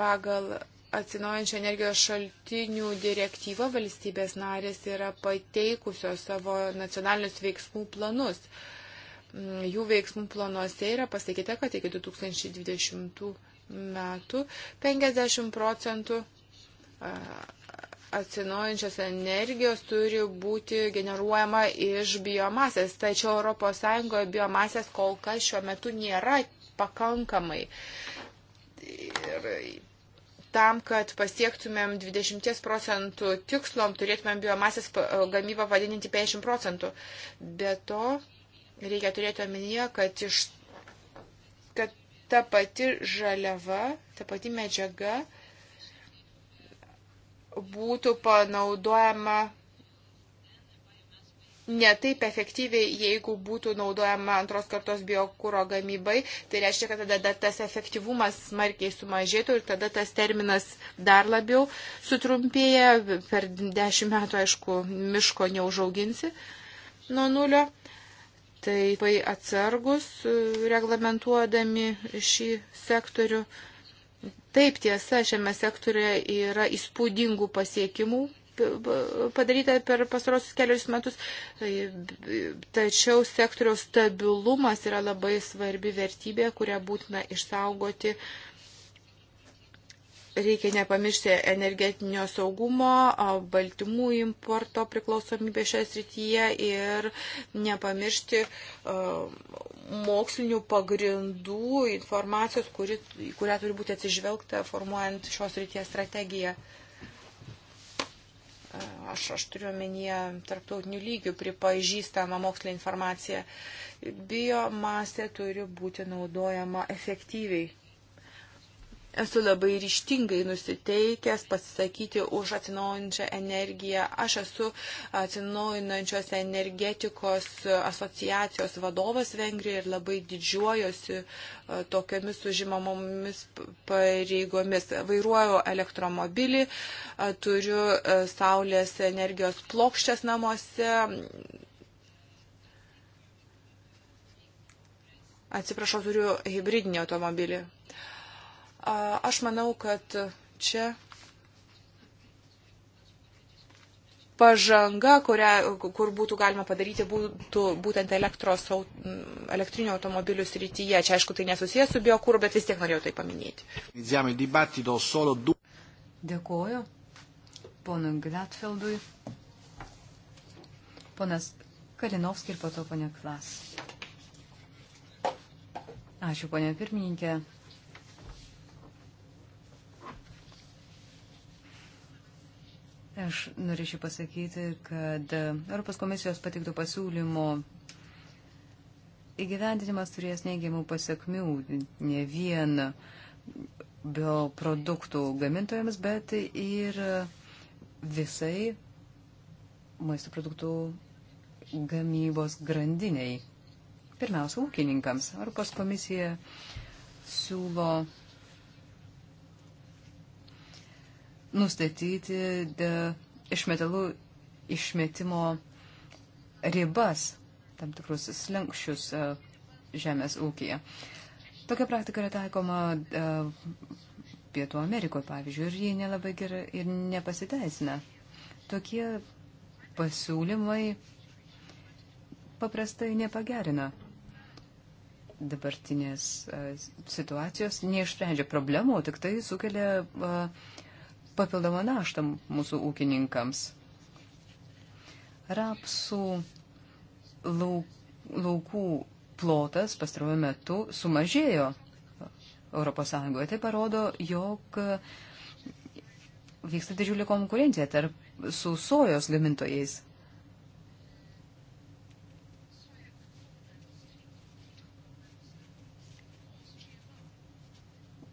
Pagal atsinaujančio energijos šaltinių direktyvą valstybės narės yra pateikusios savo nacionalinius veiksmų planus. Mm, jų veiksmų planuose yra pasakyta, kad iki 2020 metų 50 procentų atsinaujančios energijos turi būti generuojama iš biomasės. Tačiau ES biomasės kol kas šiuo metu nėra pakankamai. Ir tam, kad pasiektumėm 20 procentų tikslom, turėtumėm biomasės e, gamybą padidinti 50 procentų. Be to, reikia turėti omenyje, kad, iš, kad ta pati žaliava, ta pati medžiaga būtų panaudojama netaip efektyviai, jeigu būtų naudojama antros kartos biokūro gamybai. Tai reiškia, kad tada tas efektyvumas smarkiai sumažėtų ir tada tas terminas dar labiau sutrumpėja. Per dešimt metų, aišku, miško neužauginsi nuo nulio. Tai labai atsargus e, reglamentuodami šį sektorių. Taip tiesa, šiame sektoriuje yra įspūdingų pasiekimų, padaryta per pastarosius kelius metus, tai, tačiau sektoriaus stabilumas yra labai svarbi vertybė, kurią būtina išsaugoti reikia nepamiršti energetinio saugumo, baltymų importo priklausomybė šioje srityje ir nepamiršti mokslinių pagrindų informacijos, kuri, kurią turi būti atsižvelgta formuojant šios ryties strategiją aš, aš turiu omenyje tarptautinių lygių pripažįstamą mokslinę informaciją, biomasė turi būti naudojama efektyviai esu labai ryštingai nusiteikęs pasisakyti už atsinaujančią energiją. Aš esu atsinaujinančios energetikos asociacijos vadovas Vengrijoje ir labai didžiuojosi e, tokiamis užimamomis pareigomis. Vairuoju elektromobilį, e, turiu e, saulės energijos plokščias namuose. Atsiprašau, turiu hybridinį automobilį. Aš manau, kad čia pažanga, kurią, kur būtų galima padaryti, būtų būtent elektros, elektrinio automobilių srityje. Čia, aišku, tai nesusijęs su biokūru, bet vis tiek norėjau tai paminėti. Dėkuoju ponui Glatfeldui, ponas Kalinovskis ir po to ponė Klas. Ačiū, ponė pirmininkė. Aš norėčiau pasakyti, kad Europos komisijos patiktų pasiūlymų įgyvendinimas turės neigiamų pasiekmių ne vien bioproduktų gamintojams, bet ir visai maisto produktų gamybos grandiniai. Pirmiausia, ūkininkams. Europos komisija siūlo nustatyti išmetalų išmetimo ribas, tam tikrus slengščius e, žemės ūkija. Tokia praktika yra taikoma e, Pietų Amerikoje, pavyzdžiui, ir jie nelabai gerai ir nepasiteisina. Tokie pasiūlymai paprastai nepagerina dabartinės e, situacijos, neišsprendžia problemų, tik tai sukelia uh, papildomą naštą mūsų ūkininkams. Rapsų lauk, laukų plotas pastaruoju metu sumažėjo ES. Tai parodo, jog vyksta didžiulė konkurencija tarp su sojos gamintojais.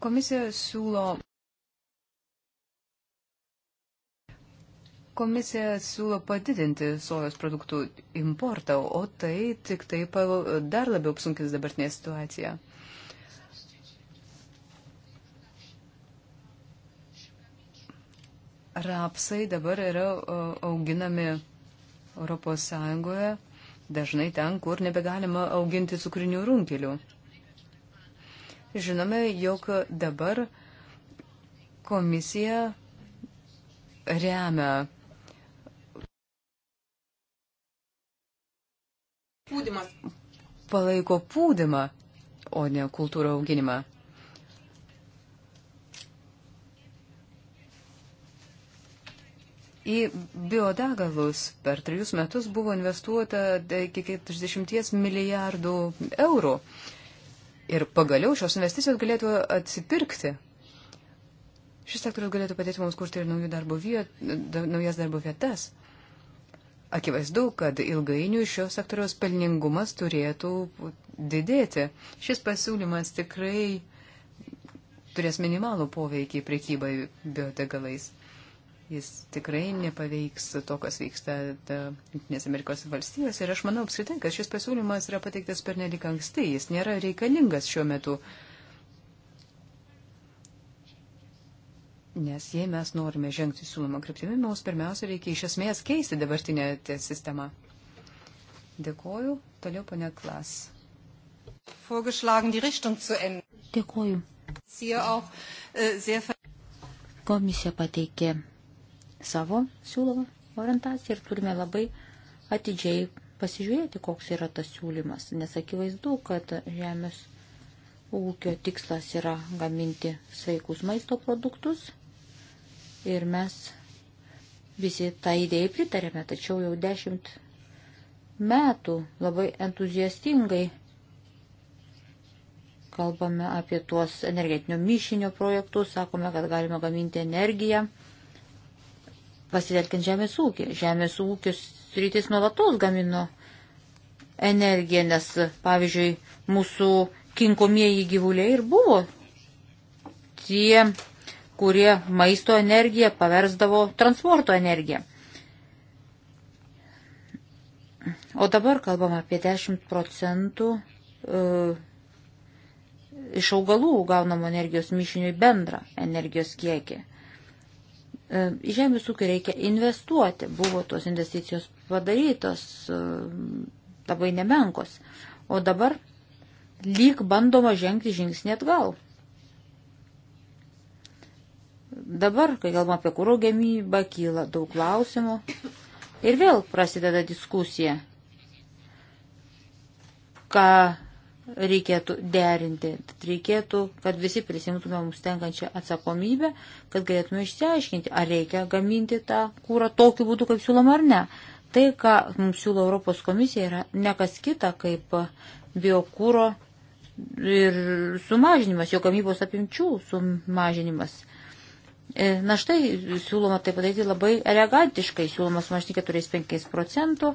Komisija siūlo komisija siūlo padidinti sojos produktų importą, o tai tik tai dar labiau apsunkins dabartinę situaciją. Rapsai dabar yra auginami Europos Sąjungoje, dažnai ten, kur nebegalima auginti cukrinių runkelių. Žinome, jog dabar komisija remia pūdymas. Palaiko pūdymą, o ne kultūrą auginimą. Į biodegalus per trejus metus buvo investuota iki 40 milijardų eurų. Ir pagaliau šios investicijos galėtų atsipirkti. Šis sektorius galėtų padėti mums kurti ir darbo viet, naujas darbo vietas. Akivaizdu, kad ilgainiui šios sektoriaus pelningumas turėtų didėti. Šis pasiūlymas tikrai turės minimalų poveikį priekybai biodegalais. Jis tikrai nepaveiks to, kas vyksta Junktinės Amerikos valstijose. Ir aš manau apskritai, kad šis pasiūlymas yra pateiktas per nelik anksti. Jis nėra reikalingas šiuo metu. Uh, Nes jei mes norime žengti siūlomą kryptimį, mums pirmiausia reikia iš esmės keisti dabartinę sistemą. Dėkoju. Toliau pane Klas. Dėkoju. Äh, Komisija pateikė savo siūlomą orientaciją ir turime labai atidžiai pasižiūrėti, koks yra tas siūlymas, nes akivaizdu, kad žemės ūkio tikslas yra gaminti sveikus maisto produktus ir mes visi tą tai idėją pritarėme, tačiau jau dešimt metų labai entuziastingai kalbame apie tuos energetinio mišinio projektus, sakome, kad galima gaminti energiją pasitelkiant žemės ūkį. Žemės ūkis rytis nuolatos gamino energiją, nes, pavyzdžiui, mūsų kinkomieji gyvuliai ir buvo tie kurie maisto energiją paversdavo transporto energiją. O dabar kalbam apie 10 procentų e, iš augalų gaunamo energijos mišiniui bendrą energijos kiekį. E, žemės ūkį reikia investuoti, buvo tos investicijos padarytos e, labai nemenkos, o dabar lyg bandoma žengti žingsnį atgal. Dabar, kai kalbam apie kūro gamybą, kyla daug klausimų ir vėl prasideda diskusija, ką reikėtų derinti. Tad reikėtų, kad visi prisimtume mums tenkančią atsakomybę, kad galėtume išsiaiškinti, ar reikia gaminti tą kūrą tokiu būdu, kaip siūloma ar ne. Tai, ką mums siūlo Europos komisija, yra nekas kita, kaip biokūro ir sumažinimas, jo gamybos apimčių sumažinimas. E, na štai siūloma tai padaryti labai elegantiškai, siūloma sumažinti 4-5 procentų.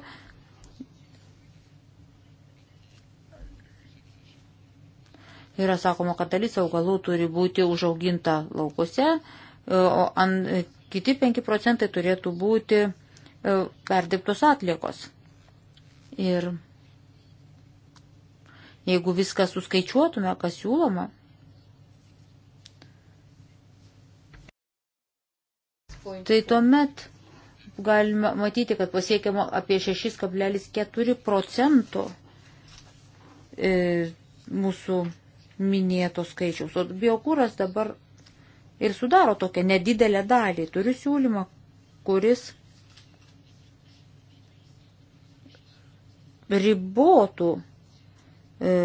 Yra sakoma, kad dalis augalų turi būti užauginta laukuose, e, o an, e, kiti 5 procentai turėtų būti perdirbtos atliekos. Ir jeigu viską suskaičiuotume, kas siūloma, tai tuomet galime matyti, kad pasiekiama apie 6,4 procento e, mūsų minėto skaičiaus. O biokūras dabar ir sudaro tokią nedidelę dalį. Turiu siūlymą, kuris ribotų e,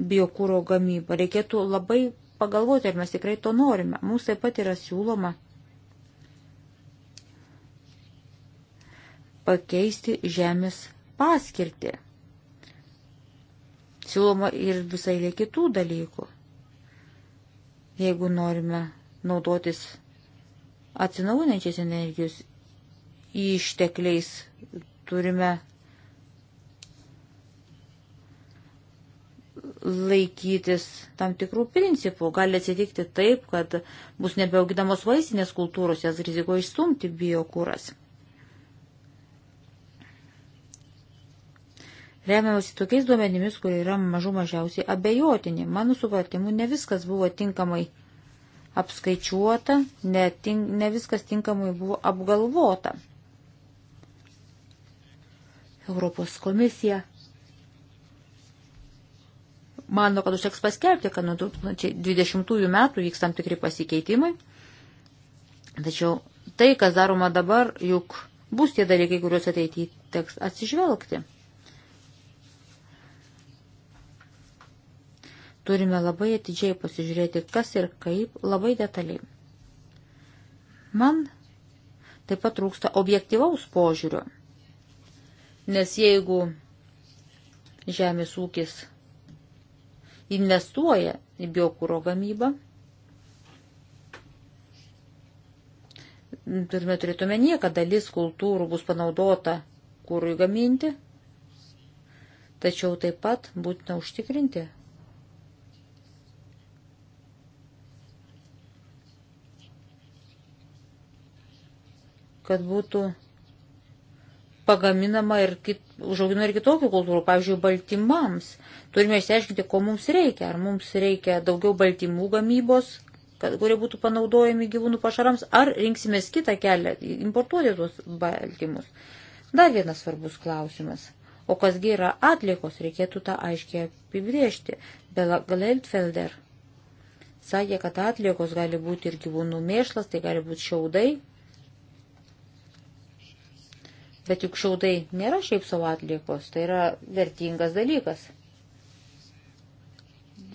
biokūro gamybą. Reikėtų labai pagalvoti, ar mes tikrai to norime. Mums taip pat yra siūloma pakeisti žemės paskirtį. Siūloma ir visai lė kitų dalykų. Jeigu norime naudotis atsinaujinančiais energijos ištekliais, turime laikytis tam tikrų principų. Gali atsitikti taip, kad bus nebeaugidamos vaisinės kultūros, jas riziko išstumti biokūras. remiamasi tokiais duomenimis, kurie yra mažų mažiausiai abejotini. Mano supratimu, ne viskas buvo tinkamai apskaičiuota, ne, tink, ne viskas tinkamai buvo apgalvota. Europos komisija mano, kad užteks paskelbti, kad nuo 2020 metų vyks tam tikri pasikeitimai. Tačiau tai, kas daroma dabar, juk bus tie dalykai, kuriuos ateityje teks atsižvelgti. Turime labai atidžiai pasižiūrėti, kas ir kaip, labai detaliai. Man taip pat trūksta objektivaus požiūrio. Nes jeigu žemės ūkis investuoja į biokūro gamybą, turime turėti omenyje, kad dalis kultūrų bus panaudota kūrui gaminti, tačiau taip pat būtina užtikrinti, kad būtų pagaminama ir kit, užauginama ir kitokių kultūrų, pavyzdžiui, baltymams. Turime išsiaiškinti, ko mums reikia. Ar mums reikia daugiau baltymų gamybos, kad, kurie būtų panaudojami gyvūnų pašarams, ar rinksimės kitą kelią, importuoti tuos baltymus. Dar vienas svarbus klausimas. O kasgi yra atlikos, reikėtų tą aiškiai apibriežti. Bela Galeltfelder sakė, kad atlikos gali būti ir gyvūnų mėšlas, tai gali būti šiaudai, Bet juk šiaudai nėra šiaip savo atliekos, tai yra vertingas dalykas.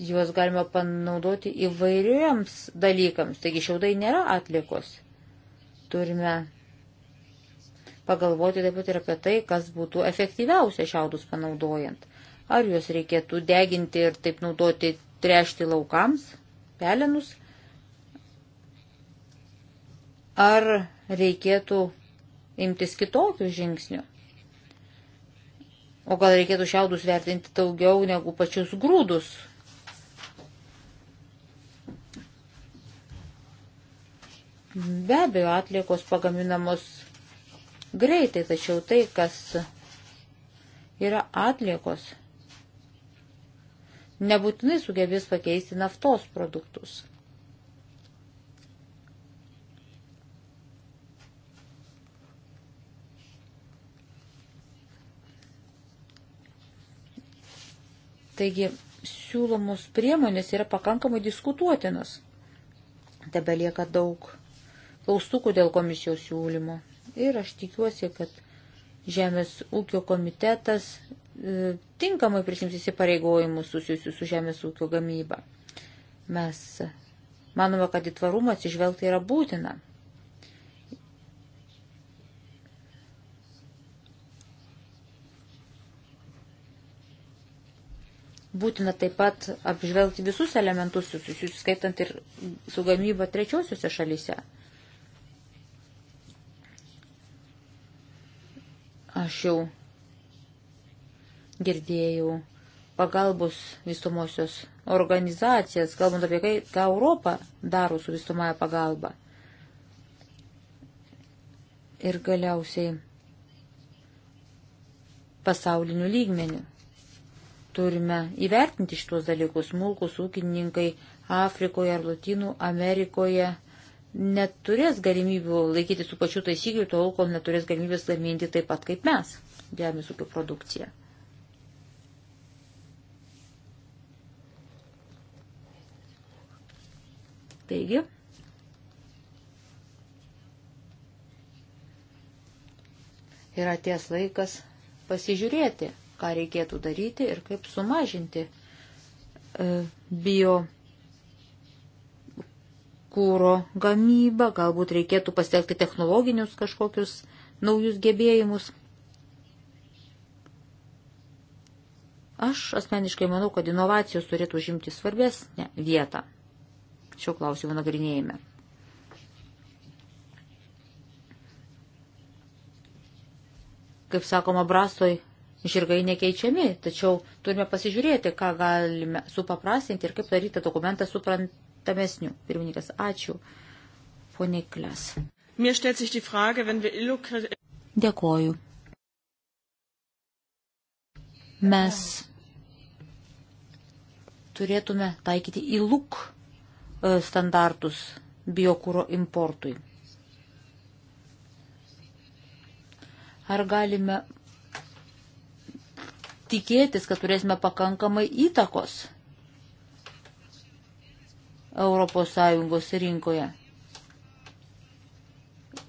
Juos galima panaudoti įvairiams dalykams, taigi šiaudai nėra atliekos. Turime pagalvoti taip pat ir apie tai, kas būtų efektyviausia šiaudus panaudojant. Ar juos reikėtų deginti ir taip naudoti trešti laukams, pelenus, ar reikėtų imtis kitokių žingsnių. O gal reikėtų šiaudus vertinti daugiau negu pačius grūdus? Be abejo, atliekos pagaminamos greitai, tačiau tai, kas yra atliekos, nebūtinai sugebės pakeisti naftos produktus. Taigi siūlomos priemonės yra pakankamai diskutuotinas. Tebe lieka daug klaustukų dėl komisijos siūlymo. Ir aš tikiuosi, kad Žemės ūkio komitetas e, tinkamai prisims įsipareigojimus susijusius su žemės ūkio gamyba. Mes manome, kad į tvarumą atsižvelgti yra būtina. Būtina taip pat apžvelgti visus elementus susijusius, skaitant ir su gamyba trečiosiuose šalyse. Aš jau girdėjau pagalbos visumosios organizacijas, kalbant apie kai, ką Europą daro su visumoje pagalba. Ir galiausiai pasaulinių lygmenių. Turime įvertinti šitos dalykus. Smulkus ūkininkai Afrikoje ar Latinų Amerikoje neturės galimybių laikyti tų pačių taisyklių, tol kol neturės galimybės gaminti taip pat kaip mes žemės ūkio produkciją. Taigi, yra ties laikas pasižiūrėti, ką reikėtų daryti ir kaip sumažinti e, bio kūro gamybą, galbūt reikėtų pasiekti technologinius kažkokius naujus gebėjimus. Aš asmeniškai manau, kad inovacijos turėtų užimti svarbesnę vietą šio klausimo nagrinėjime. Kaip sakoma, brastoj žirgai nekeičiami, tačiau turime pasižiūrėti, ką galime supaprastinti ir kaip daryti dokumentą suprantamesniu. Pirmininkas, ačiū. Pone Kles. Dėkoju. Mes turėtume taikyti į luk e, standartus biokūro importui. Ar galime tikėtis, kad turėsime pakankamai įtakos ES rinkoje.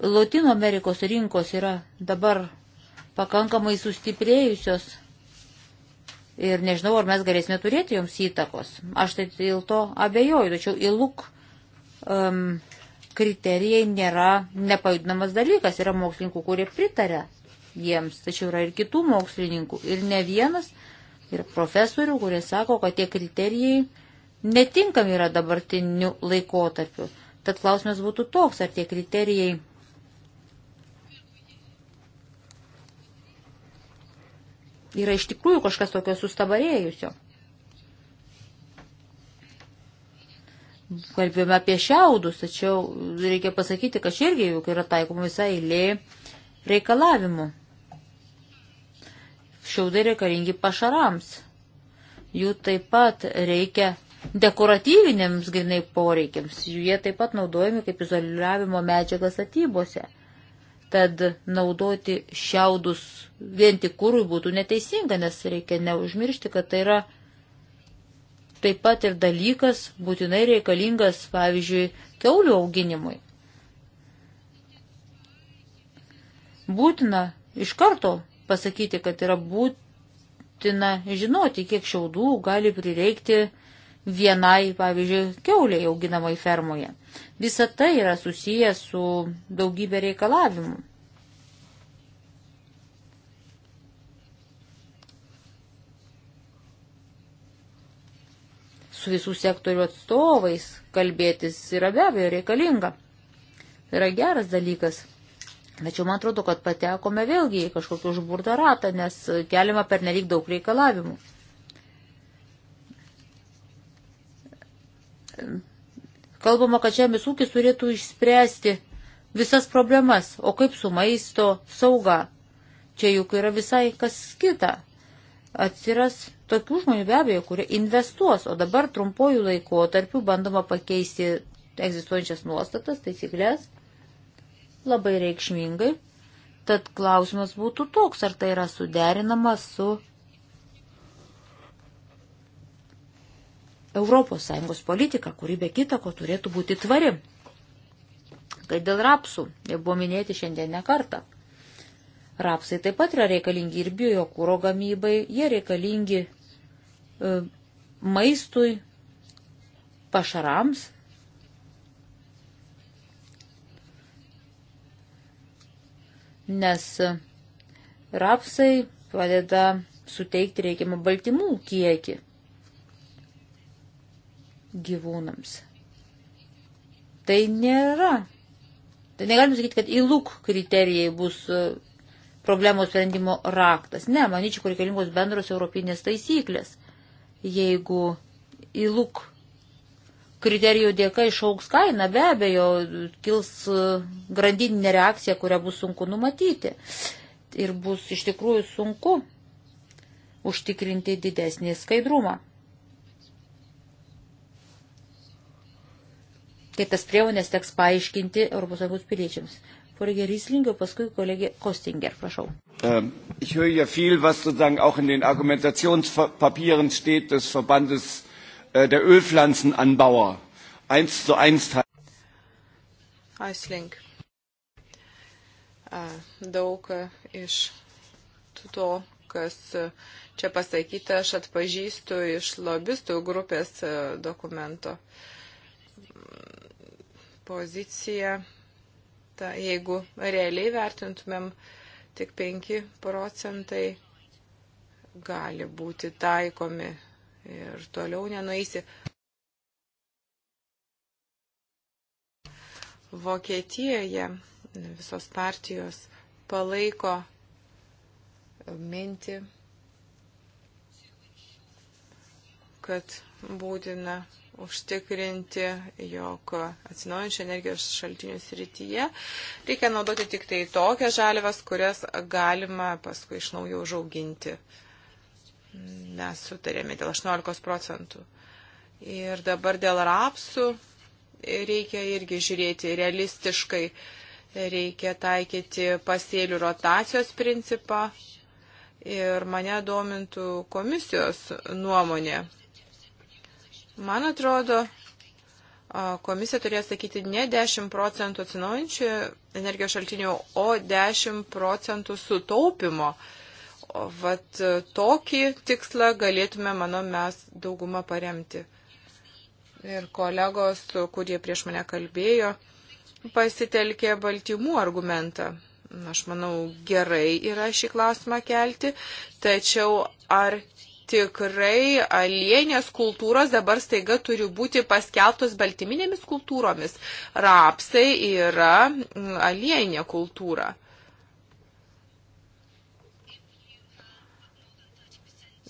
Latino Amerikos rinkos yra dabar pakankamai sustiprėjusios ir nežinau, ar mes galėsime turėti joms įtakos. Aš tai dėl to abejoju, tačiau įluk um, kriterijai nėra nepajudinamas dalykas, yra mokslininkų, kurie pritarė jiems, tačiau yra ir kitų mokslininkų, ir ne vienas, ir profesorių, kurie sako, kad tie kriterijai netinkami yra dabartiniu laikotarpiu. Tad klausimas būtų toks, ar tie kriterijai yra iš tikrųjų kažkas tokio sustabarėjusio. Kalbėjome apie šiaudus, tačiau reikia pasakyti, kad irgi juk yra taikoma visai eilė reikalavimų šiaudai reikalingi pašarams. Jų taip pat reikia dekoratyvinėms grinai poreikiams. Jie taip pat naudojami kaip izoliavimo medžiaga statybose. Tad naudoti šiaudus vien tik kūrui būtų neteisinga, nes reikia neužmiršti, kad tai yra taip pat ir dalykas būtinai reikalingas, pavyzdžiui, keulių auginimui. Būtina iš karto pasakyti, kad yra būtina žinoti, kiek šiaudų gali prireikti vienai, pavyzdžiui, keuliai auginamai fermoje. Visa tai yra susiję su daugybė reikalavimų. Su visų sektorių atstovais kalbėtis yra be abejo reikalinga. Tai yra geras dalykas. Tačiau man atrodo, kad patekome vėlgi į kažkokį užburtą ratą, nes keliama per nelik daug reikalavimų. Kalbama, kad žemės ūkis turėtų išspręsti visas problemas, o kaip su maisto sauga. Čia juk yra visai kas kita. Atsiras tokių žmonių be abejo, kurie investuos, o dabar trumpojų laikotarpių bandoma pakeisti egzistuojančias nuostatas, taisyklės labai reikšmingai. Tad klausimas būtų toks, ar tai yra suderinama su ES politika, kuri be kita ko turėtų būti tvari. Kai dėl rapsų, jau buvo minėti šiandien ne kartą. Rapsai taip pat yra reikalingi ir bio kūro gamybai, jie reikalingi e, maistui, pašarams, nes rapsai padeda suteikti reikiamą baltymų kiekį gyvūnams. Tai nėra. Tai negalim sakyti, kad įlūk kriterijai bus e, problemos sprendimo raktas. Ne, manyčiau, kur reikalingos bendros europinės taisyklės. Jeigu įlūk kriterijų dėka išauks kaina, be abejo, kils e, grandininė reakcija, kurią bus sunku numatyti. Ir bus iš tikrųjų sunku užtikrinti didesnį skaidrumą. Kai tas priemonės teks paaiškinti ES piliečiams. Kolegė Rieslinger, paskui kolegė Kostinger, prašau. Ähm, ich höre ja viel, was sozusagen auch in den Argumentationspapieren steht des Verbandes Äh, der Ölpflanzenanbauer eins zu eins teilen. Aisling. Äh, daug äh, iš to, kas čia pasakyta, aš atpažįstu iš lobistų grupės dokumento poziciją. Ta, jeigu realiai vertintumėm, tik 5 procentai gali būti taikomi ir toliau nenueisi. Vokietijoje visos partijos palaiko mintį, kad būtina užtikrinti, jog atsinaujančio energijos šaltinių srityje reikia naudoti tik tai tokias žalvas, kurias galima paskui iš naujo užauginti. Uh, mes sutarėme dėl 18 procentų. Ir dabar dėl rapsų reikia irgi žiūrėti realistiškai, reikia taikyti pasėlių rotacijos principą. Ir mane domintų komisijos nuomonė. Man atrodo, komisija turės sakyti ne 10 procentų atsinaujančių energijos šaltinių, o 10 procentų sutaupimo. Uh, O vat tokį tikslą galėtume, manau, mes daugumą paremti. Ir kolegos, kurie prieš mane kalbėjo, pasitelkė baltymų argumentą. Aš manau, gerai yra šį klausimą kelti, tačiau ar tikrai alienės kultūros dabar staiga turi būti paskeltos baltyminėmis kultūromis? Rapsai yra alienė kultūra.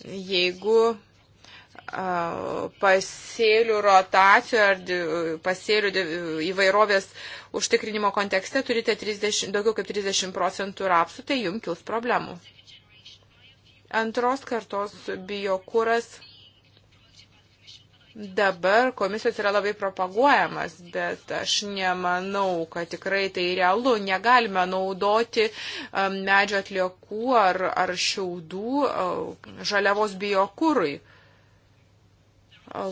jeigu pasėlių rotacijų ar pasėlių įvairovės užtikrinimo kontekste turite 30, daugiau kaip 30 procentų rapsų, tai jums kils problemų. Antros kartos biokūras dabar komisijos yra labai propaguojamas, bet aš nemanau, kad tikrai tai realu. Negalime naudoti um, medžio atliekų ar, ar šiaudų uh, žaliavos biokūrui.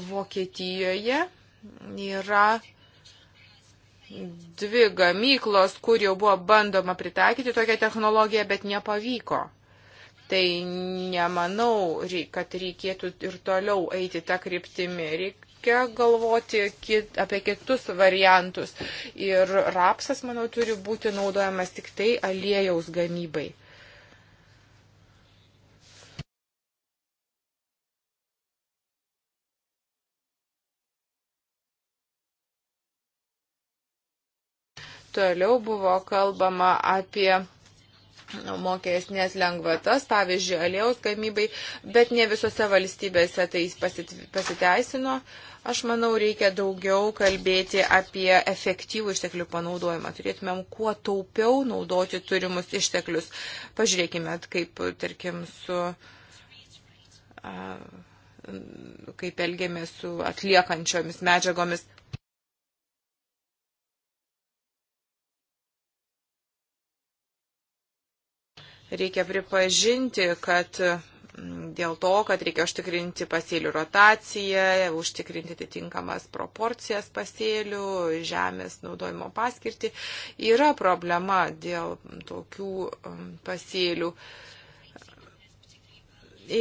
Vokietijoje yra dvi gamyklos, kur jau buvo bandoma pritaikyti tokią technologiją, bet nepavyko. Tai nemanau, kad reikėtų ir toliau eiti tą kryptimį. Reikia galvoti kit, apie kitus variantus. Ir rapsas, manau, turi būti naudojamas tik tai aliejaus gamybai. Toliau buvo kalbama apie mokesnės lengvatas, pavyzdžiui, aliejaus gamybai, bet ne visose valstybėse tai pasiteisino. Aš manau, reikia daugiau kalbėti apie efektyvų išteklių panaudojimą. Turėtumėm kuo taupiau naudoti turimus išteklius. Pažiūrėkime, kaip, tarkim, su. A, kaip elgiamės su atliekančiomis medžiagomis. Reikia pripažinti, kad mm, dėl to, kad reikia užtikrinti pasėlių rotaciją, užtikrinti atitinkamas proporcijas pasėlių, žemės naudojimo paskirti, yra problema dėl tokių mm, pasėlių.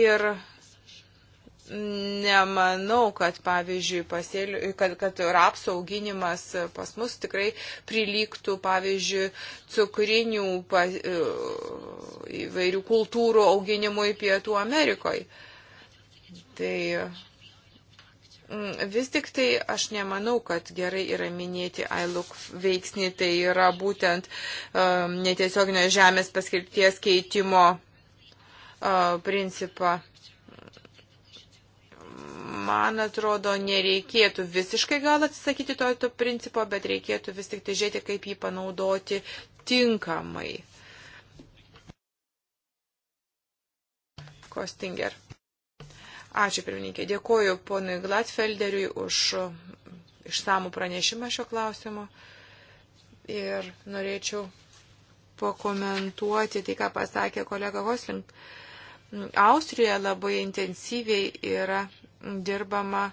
Ir nemanau, kad pavyzdžiui, pasėlių, kad, kad rapsų auginimas pas mus tikrai prilygtų, pavyzdžiui, cukrinių pa, e, įvairių kultūrų auginimui Pietų Amerikoje. Tai mm, vis tik tai aš nemanau, kad gerai yra minėti ILUK veiksnį, tai yra būtent um, netiesioginio žemės paskirties keitimo uh, principą man atrodo, nereikėtų visiškai gal atsisakyti to, to principo, bet reikėtų vis tik tai žiūrėti, kaip jį panaudoti tinkamai. Kostinger. Ačiū, pirmininkė. Dėkuoju ponui Glatfelderiui už išsamų pranešimą šio klausimo. Ir norėčiau pakomentuoti tai, ką pasakė kolega Hoslink. Austrijoje labai intensyviai yra dirbama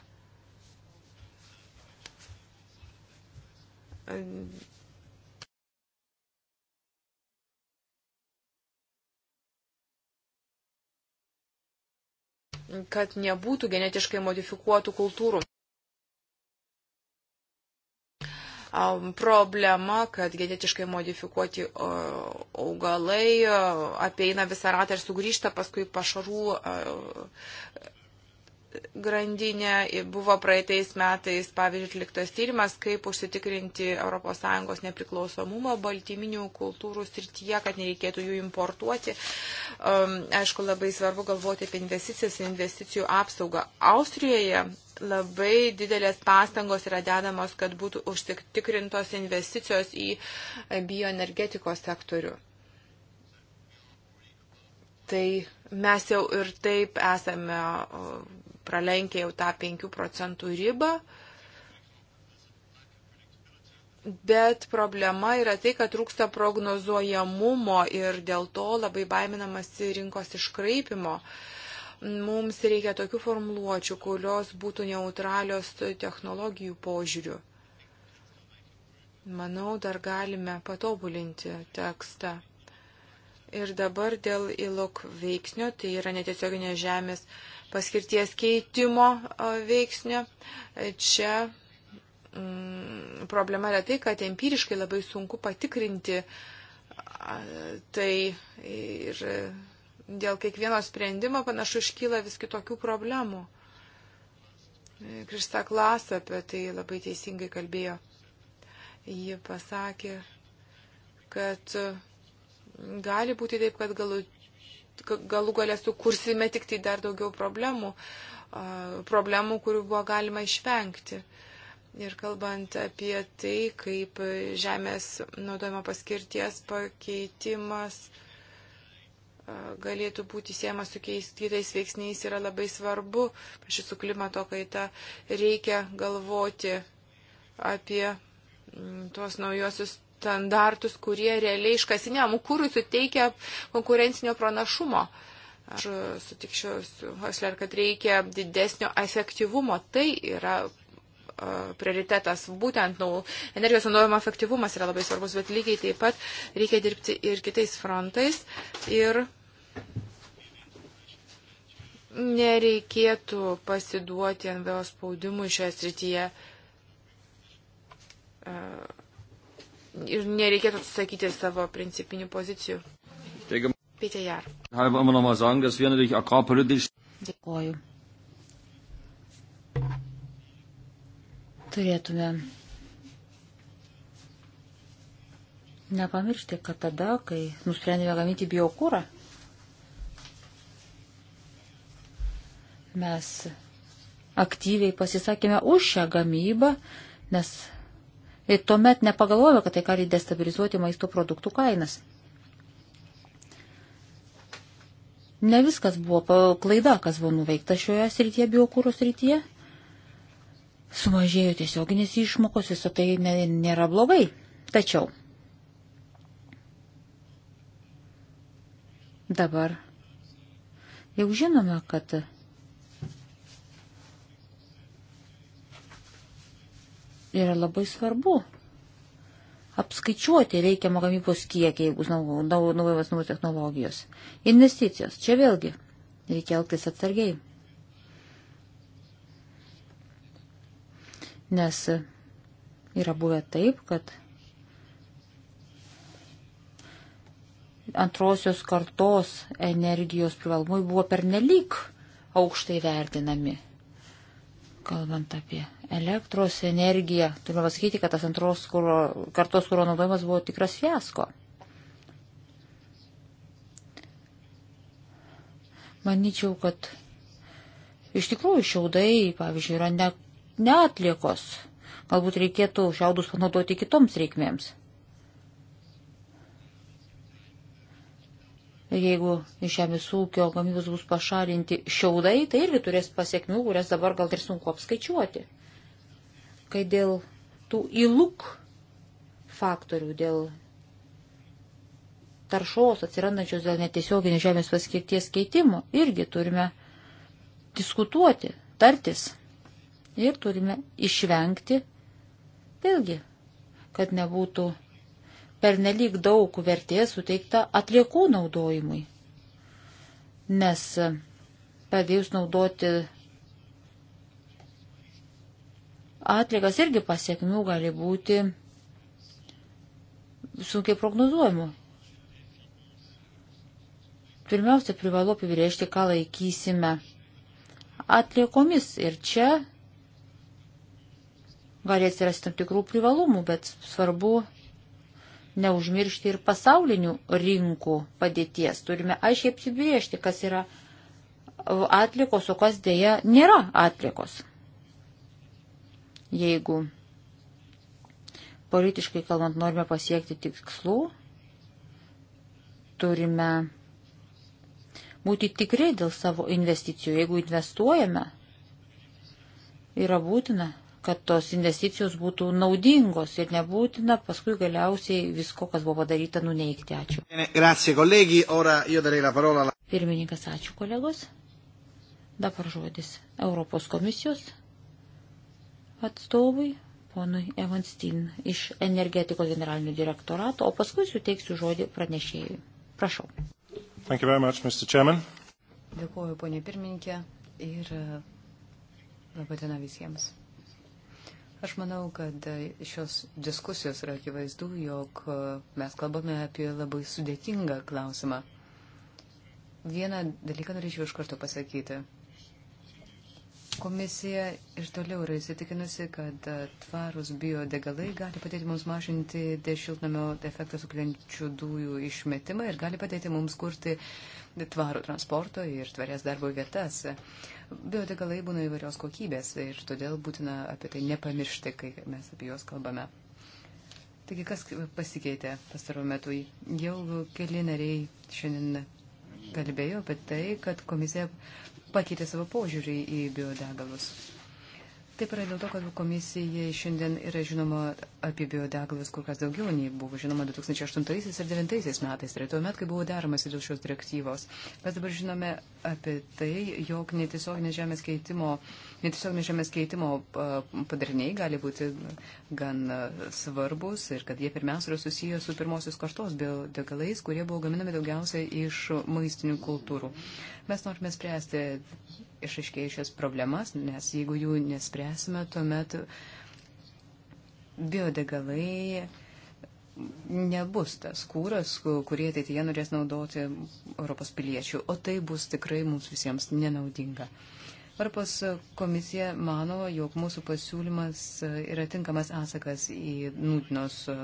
kad nebūtų genetiškai modifikuotų kultūrų. Problema, kad genetiškai modifikuoti augalai apeina visą ratą ir sugrįžta paskui pašarų grandinę. Buvo praeitais metais, pavyzdžiui, atliktas tyrimas, kaip užsitikrinti ES nepriklausomumą baltyminių kultūrų srityje, kad nereikėtų jų importuoti. Um, aišku, labai svarbu galvoti apie investicijas ir investicijų apsaugą. Austrijoje labai didelės pastangos yra dedamos, kad būtų užtikrintos investicijos į bioenergetikos sektorių tai mes jau ir taip esame pralenkia jau tą 5 procentų ribą. Bet problema yra tai, kad trūksta prognozuojamumo ir dėl to labai baiminamasi rinkos iškraipimo. Mums reikia tokių formuluočių, kurios būtų neutralios technologijų požiūrių. Manau, dar galime patobulinti tekstą. Ir dabar dėl ilok veiksnio, tai yra netiesioginė žemės uh, paskirties keitimo veiksnio. Čia mm, problema yra tai, kad empiriškai labai sunku patikrinti tai ir dėl kiekvieno sprendimo panašu iškyla vis kitokių problemų. Krista Klas apie tai labai teisingai kalbėjo. Ji pasakė, kad gali būti taip, kad galutinė galų galę sukursime tik tai dar daugiau problemų, problemų, kurių buvo galima išvengti. Ir kalbant apie tai, kaip žemės naudojimo paskirties pakeitimas galėtų būti siejamas su kitais veiksniais yra labai svarbu. Aš su klimato kaita reikia galvoti apie tuos naujosius standartus, kurie realiai iškasiniam kūrui suteikia konkurencinio pranašumo. Aš e, sutikčiau su Hosler, kad reikia didesnio efektyvumo. Tai yra e, prioritetas. Būtent nu, energijos naudojimo efektyvumas yra labai svarbus, bet lygiai taip pat reikia dirbti ir kitais frontais. Ir nereikėtų pasiduoti NVO spaudimui šioje srityje. Uh, ir nereikėtų atsisakyti savo principinių pozicijų. Peter Jar. Dėkoju. Turėtume nepamiršti, kad tada, kai nusprendėme gaminti biokūrą, mes aktyviai pasisakėme už šią gamybą, nes Ir tuomet nepagalvojo, kad tai gali destabilizuoti maisto produktų kainas. Ne viskas buvo klaida, kas buvo nuveikta šioje srityje, biokūros srityje. Sumažėjo tiesioginės išmokos, viso tai nėra blogai. Tačiau dabar jau žinome, kad yra labai svarbu apskaičiuoti reikiamą gamybos kiekį, jeigu bus naujamas naujos technologijos. Investicijos. Čia vėlgi reikia elgtis atsargiai. Nes yra buvę taip, kad antrosios kartos energijos privalumai buvo pernelyg aukštai vertinami, kalbant apie elektros energija, turime pasakyti, kad tas antros kuro, kartos kūro naudojimas buvo tikras fiasko. Manyčiau, kad iš tikrųjų šiaudai, pavyzdžiui, yra ne, neatliekos. Galbūt reikėtų šiaudus panaudoti kitoms reikmėms. jeigu iš žemės ūkio gamybos bus pašalinti šiaudai, tai irgi turės pasiekmių, kurias dabar gal ir sunku apskaičiuoti kai dėl tų įluk faktorių, dėl taršos atsirandančios dėl netiesioginės žemės paskirties keitimo, irgi turime diskutuoti, tartis ir turime išvengti, vėlgi, kad nebūtų pernelyg daug vertės suteikta atliekų naudojimui. Nes pradėjus naudoti atlikas irgi pasiekmių gali būti sunkiai prognozuojamų. Pirmiausia, privalu apibrėžti, ką laikysime atliekomis. Ir čia gali atsirasti tam tikrų privalumų, bet svarbu neužmiršti ir pasaulinių rinkų padėties. Turime aiškiai apibriežti, kas yra atlikos, o kas dėja nėra atlikos. Jeigu politiškai kalbant norime pasiekti tikslų, turime būti tikrai dėl savo investicijų. Jeigu investuojame, yra būtina, kad tos investicijos būtų naudingos ir nebūtina paskui galiausiai visko, kas buvo padaryta, nuneikti. Ačiū. Grazie, kolegi. Ora io darei la parola. Pirmininkas, ačiū kolegos. Dabar žodis Europos komisijos atstovui, ponui Evanstin iš energetikos generalinio direktorato, o paskui suteiksiu žodį pranešėjui. Prašau. Much, Dėkuoju, ponė pirmininkė, ir e, labai diena visiems. Aš manau, kad e, šios diskusijos yra akivaizdu, jog e, mes kalbame apie labai sudėtingą klausimą. Vieną dalyką norėčiau iš karto pasakyti. Komisija ir toliau yra įsitikinusi, kad e, tvarus biodegalai gali padėti mums mažinti dešiltnamio efektą sukeliančių dujų išmetimą ir gali padėti mums kurti tvarų transporto ir tvarias darbo vietas. Biodegalai būna įvairios kokybės ir todėl būtina apie tai nepamiršti, kai mes apie juos kalbame. Taigi, kas pasikeitė pastaruoju metu? Jau keli nariai šiandien kalbėjo apie tai, kad komisija pakeitė savo požiūrį į biodegalus. Taip yra dėl to, kad komisijai šiandien yra žinoma apie biodegalus kur kas daugiau nei buvo žinoma 2008 ir 2009 metais, tai tuomet, kai buvo deramasi dėl šios direktyvos. Mes dabar žinome apie tai, jog netiesioginė žemės keitimo, netiesioginė žemės keitimo padariniai gali būti gan svarbus ir kad jie pirmiausia yra susiję su pirmosios kartos biodegalais, kurie buvo gaminami daugiausia iš maistinių kultūrų. Mes norime spręsti išaiškėjusias problemas, nes jeigu jų nespręsime, tuomet biodegalai nebus tas kūras, kurį ateityje norės naudoti Europos piliečių, o tai bus tikrai mums visiems nenaudinga. Europos komisija mano, jog mūsų pasiūlymas yra tinkamas atsakas į nūtinos e,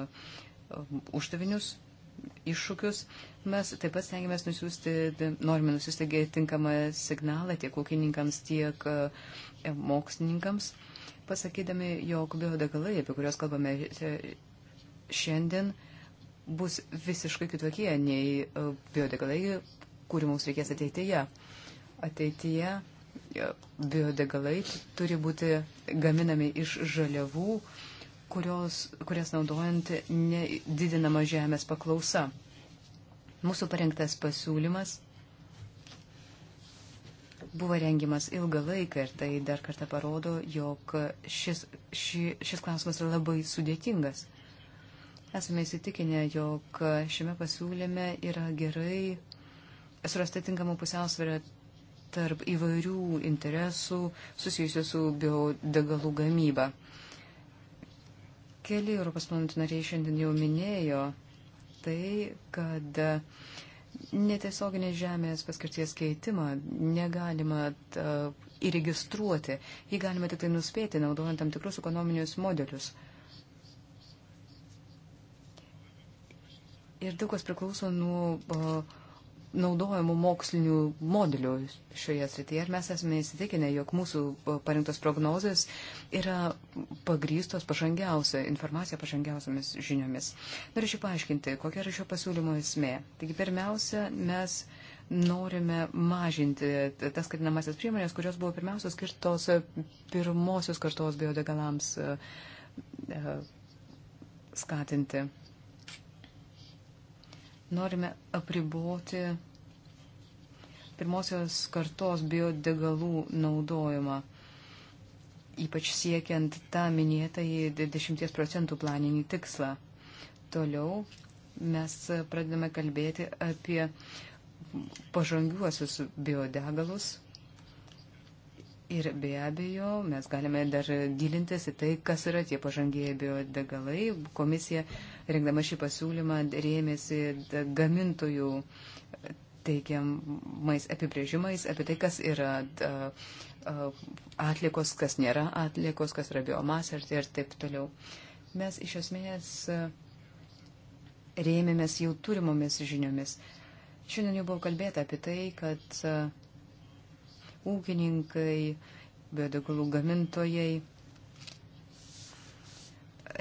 uždavinius iššūkius, mes taip pat stengiamės nusiųsti, norime nusiųsti tinkamą signalą tiek ūkininkams, tiek e, mokslininkams, pasakydami, jog biodegalai, apie kuriuos kalbame šiandien, bus visiškai kitokie nei e, biodegalai, kurių mums reikės ateityje. Ateityje e, biodegalai turi būti gaminami iš žaliavų, uh, kurios, kurias naudojant didinama žemės paklausa. Mūsų parengtas pasiūlymas buvo rengiamas ilgą laiką ir tai dar kartą parodo, jog šis, ši, šis klausimas yra labai sudėtingas. Esame įsitikinę, jog šiame pasiūlyme yra gerai surasta tinkama pusiausvėra tarp įvairių interesų susijusių su biodegalų gamyba. Keli Europos parlamento nariai šiandien jau minėjo tai, kad netiesioginės žemės paskirties keitimą negalima įregistruoti. Jį galima tik tai nuspėti, naudojant tam tikrus ekonominius modelius. Ir daug kas priklauso nuo uh, naudojamų mokslinių modelių šioje srityje ir mes esame įsitikinę, jog mūsų parinktos prognozijas yra pagrystos pažangiausia informacija, pažangiausiamis žiniomis. Norėčiau paaiškinti, kokia yra šio pasiūlymo esmė. Taigi pirmiausia, mes norime mažinti tas skatinamasias priemonės, kurios buvo pirmiausia skirtos pirmosios kartos biodegalams e, e, skatinti norime apriboti pirmosios kartos biodegalų naudojimą, ypač siekiant tą minėtą į 10 procentų planinį tikslą. Toliau mes pradedame kalbėti apie pažangiuosius biodegalus, Ir be abejo, mes galime dar gilintis į tai, kas yra tie pažangieji biodegalai. Komisija, rengdama šį pasiūlymą, rėmėsi gamintojų teigiamais apibrėžimais apie tai, kas yra atlikos, kas nėra atlikos, kas yra biomasė ir taip toliau. Mes iš esmės rėmėmės jau turimomis žiniomis. Šiandien jau buvo kalbėta apie tai, kad ūkininkai, biodegalų gamintojai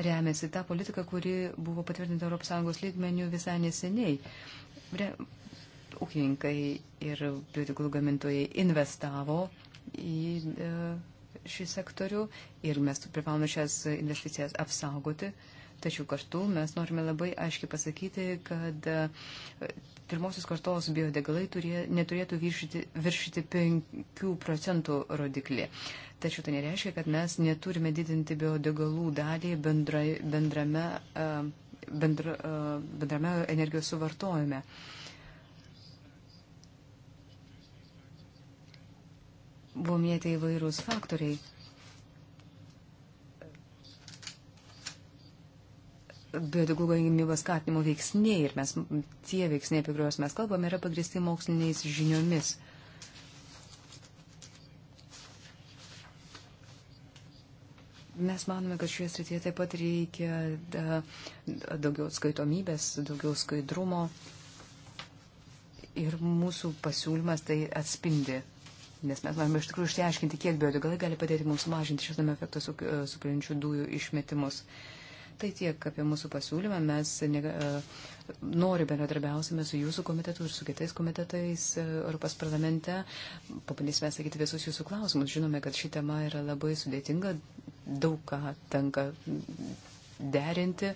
remiasi tą politiką, kuri buvo patvirtinta ES lygmenių visai neseniai. Re, ūkininkai ir biotiklų gamintojai investavo į e, šį sektorių ir mes privalome šias investicijas apsaugoti. Tačiau kartu mes norime labai aiškiai pasakyti, kad e, pirmosios kartos biodegalai turė, neturėtų viršyti, viršyti 5 procentų rodiklį. Tačiau tai nereiškia, kad mes neturime didinti biodegalų dalį e, bendra, bendrame, bendra, bendrame energijos suvartojime. Buvo mėtė įvairūs faktoriai. biodegalų gamybos skatinimo veiksniai ir mes, tie veiksniai, apie kuriuos mes kalbame, yra pagristi moksliniais žiniomis. Mes manome, kad šioje srityje taip pat reikia da, daugiau skaitomybės, daugiau skaidrumo ir mūsų pasiūlymas tai atspindi. Nes mes norime iš tikrųjų išsiaiškinti, kiek biodegalai gali padėti mums mažinti šiltnamio efektą sukeliančių dujų išmetimus. Uh, Tai tiek apie mūsų pasiūlymą. Mes e, noriu bendradarbiausime su jūsų komitetu ir su kitais komitetais e, Europos parlamente. Pabandysime atsakyti visus jūsų klausimus. Žinome, kad ši tema yra labai sudėtinga, daug ką tenka derinti.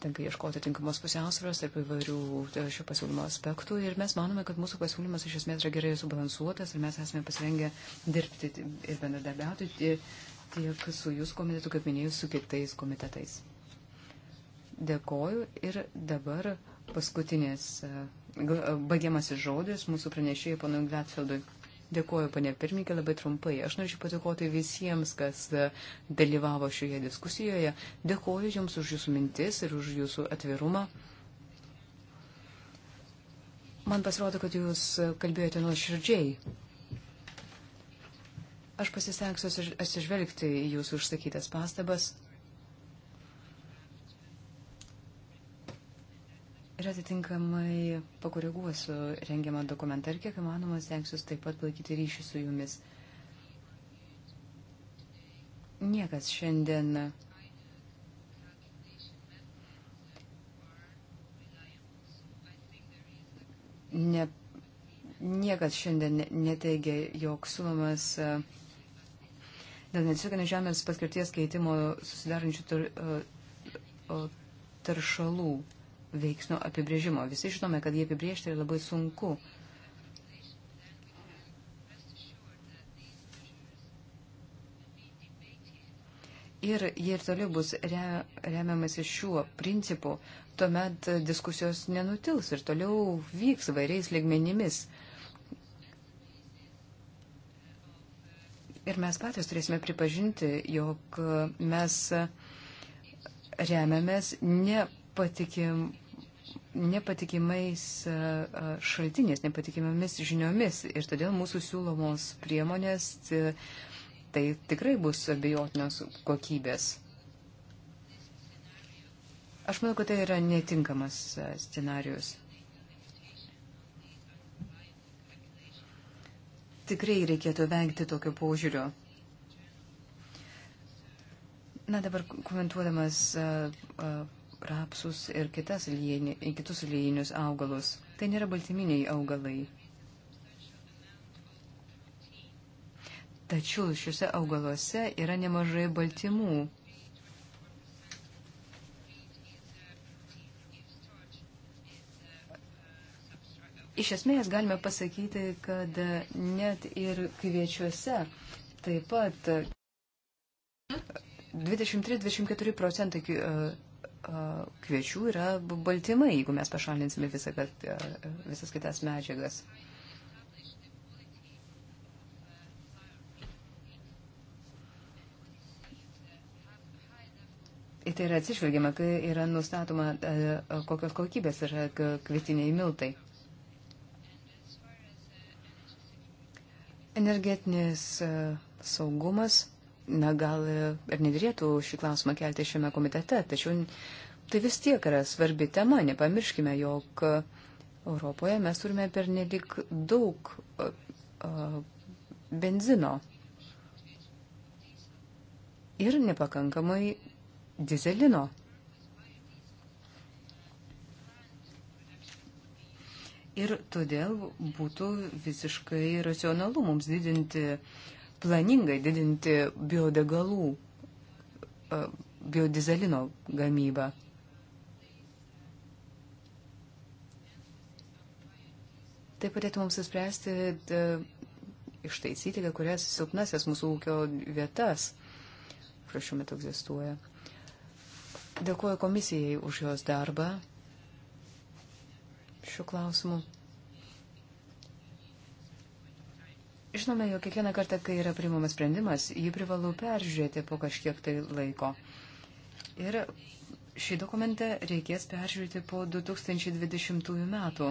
Tenka ieškoti tinkamos pusiausvėros tarp įvairių e, šio pasiūlymo aspektų ir mes manome, kad mūsų pasiūlymas iš esmės yra gerai subalansuotas ir mes esame pasirengę dirbti ir bendradarbiauti. Ir tiek su jūsų komitetu, kaip minėjau, su kitais komitetais. Dėkoju ir dabar paskutinės e, e, baigiamasis žodis mūsų pranešėjai panui Glatfeldui. Dėkuoju, panė pirmininkė, labai trumpai. Aš norėčiau padėkoti visiems, kas e, dalyvavo šioje diskusijoje. Dėkuoju Jums už Jūsų mintis ir už Jūsų atvirumą. Man pasirodo, kad Jūs kalbėjote nuoširdžiai. Aš pasisengsiu atsižvelgti į jūsų užsakytas pastabas. Ir atitinkamai pakoreguosiu rengiamą dokumentą ir kiek įmanoma stengsiuosi taip pat palaikyti ryšį su jumis. Niekas šiandien ne, niekas šiandien neteigia, jog siūlomas uh, dėl netiesioginės žemės paskirties keitimo susidarančių tar, e, taršalų veiksnio apibrėžimo. Visi žinome, kad jį apibrėžti yra labai sunku. Ir jie ir toliau bus re, remiamasi šiuo principu, tuomet diskusijos nenutils ir toliau vyks vairiais ligmenimis. Ir mes patys turėsime pripažinti, jog mes remiamės nepatikim, nepatikimais šaltiniais, nepatikimomis žiniomis. Ir todėl mūsų siūlomos priemonės tai tikrai bus abejotinios kokybės. Aš manau, kad tai yra netinkamas scenarius. tikrai reikėtų vengti tokio požiūrio. Na dabar komentuodamas uh, uh, rapsus ir kitas lyjini, kitus lyjinius augalus. Tai nėra baltyminiai augalai. Tačiau šiuose augaluose yra nemažai baltymų. Iš esmės galime pasakyti, kad net ir kviečiuose taip pat 23-24 procentai e, e, kviečių yra baltymai, jeigu mes pašalinsime visą, e, visas kitas medžiagas. Į tai yra atsižvelgiama, kai yra nustatoma, kokios kokybės yra kvietiniai miltai. Energetinis e, saugumas, na gal e, ir nedrėtų šį klausimą kelti šiame komitete, tačiau tai vis tiek yra svarbi tema. Nepamirškime, jog Europoje mes turime per nelik daug e, benzino ir nepakankamai dizelino. Ir todėl būtų visiškai racionalu mums didinti, planingai didinti biodegalų, biodizelino gamybą. Tai padėtų mums įspręsti, ištaisyti kai kurias silpnasias mūsų ūkio vietas, kurios šiuo metu egzistuoja. Dėkuoju komisijai už jos darbą šiuo klausimu. Žinome, jog kiekvieną kartą, kai yra priimamas sprendimas, jį privalau peržiūrėti po kažkiek tai laiko. Ir šį dokumentą reikės peržiūrėti po 2020 metų.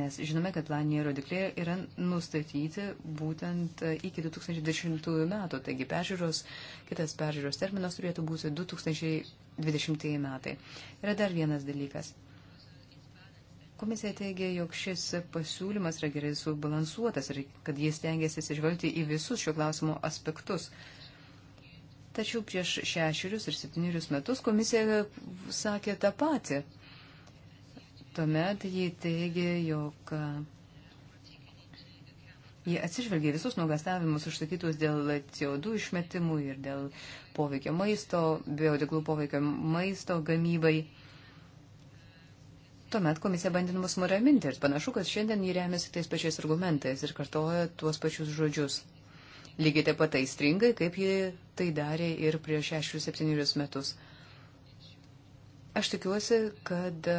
Nes žinome, kad planiniai rodikliai yra nustatyti būtent iki 2010 metų. Taigi peržiūros, kitas peržiūros terminas turėtų būti 2020 metai. Yra dar vienas dalykas. Komisija teigia, jog šis pasiūlymas yra gerai subalansuotas ir kad jis tengiasi atsižvelgti į visus šio klausimo aspektus. Tačiau prieš šešerius ir septynerius metus komisija sakė tą patį. Tuomet jie teigė, jog Jie atsižvelgia visus nuogastavimus užsakytus dėl CO2 išmetimų ir dėl poveikio maisto, biodeglų poveikio maisto gamybai. Tuomet komisija bandė mus nuraminti ir panašu, kad šiandien jį remiasi tais pačiais argumentais ir kartoja tuos pačius žodžius. Lygiai taip pat aistringai, kaip ji tai darė ir prieš 6-7 metus. Aš tikiuosi, kad e,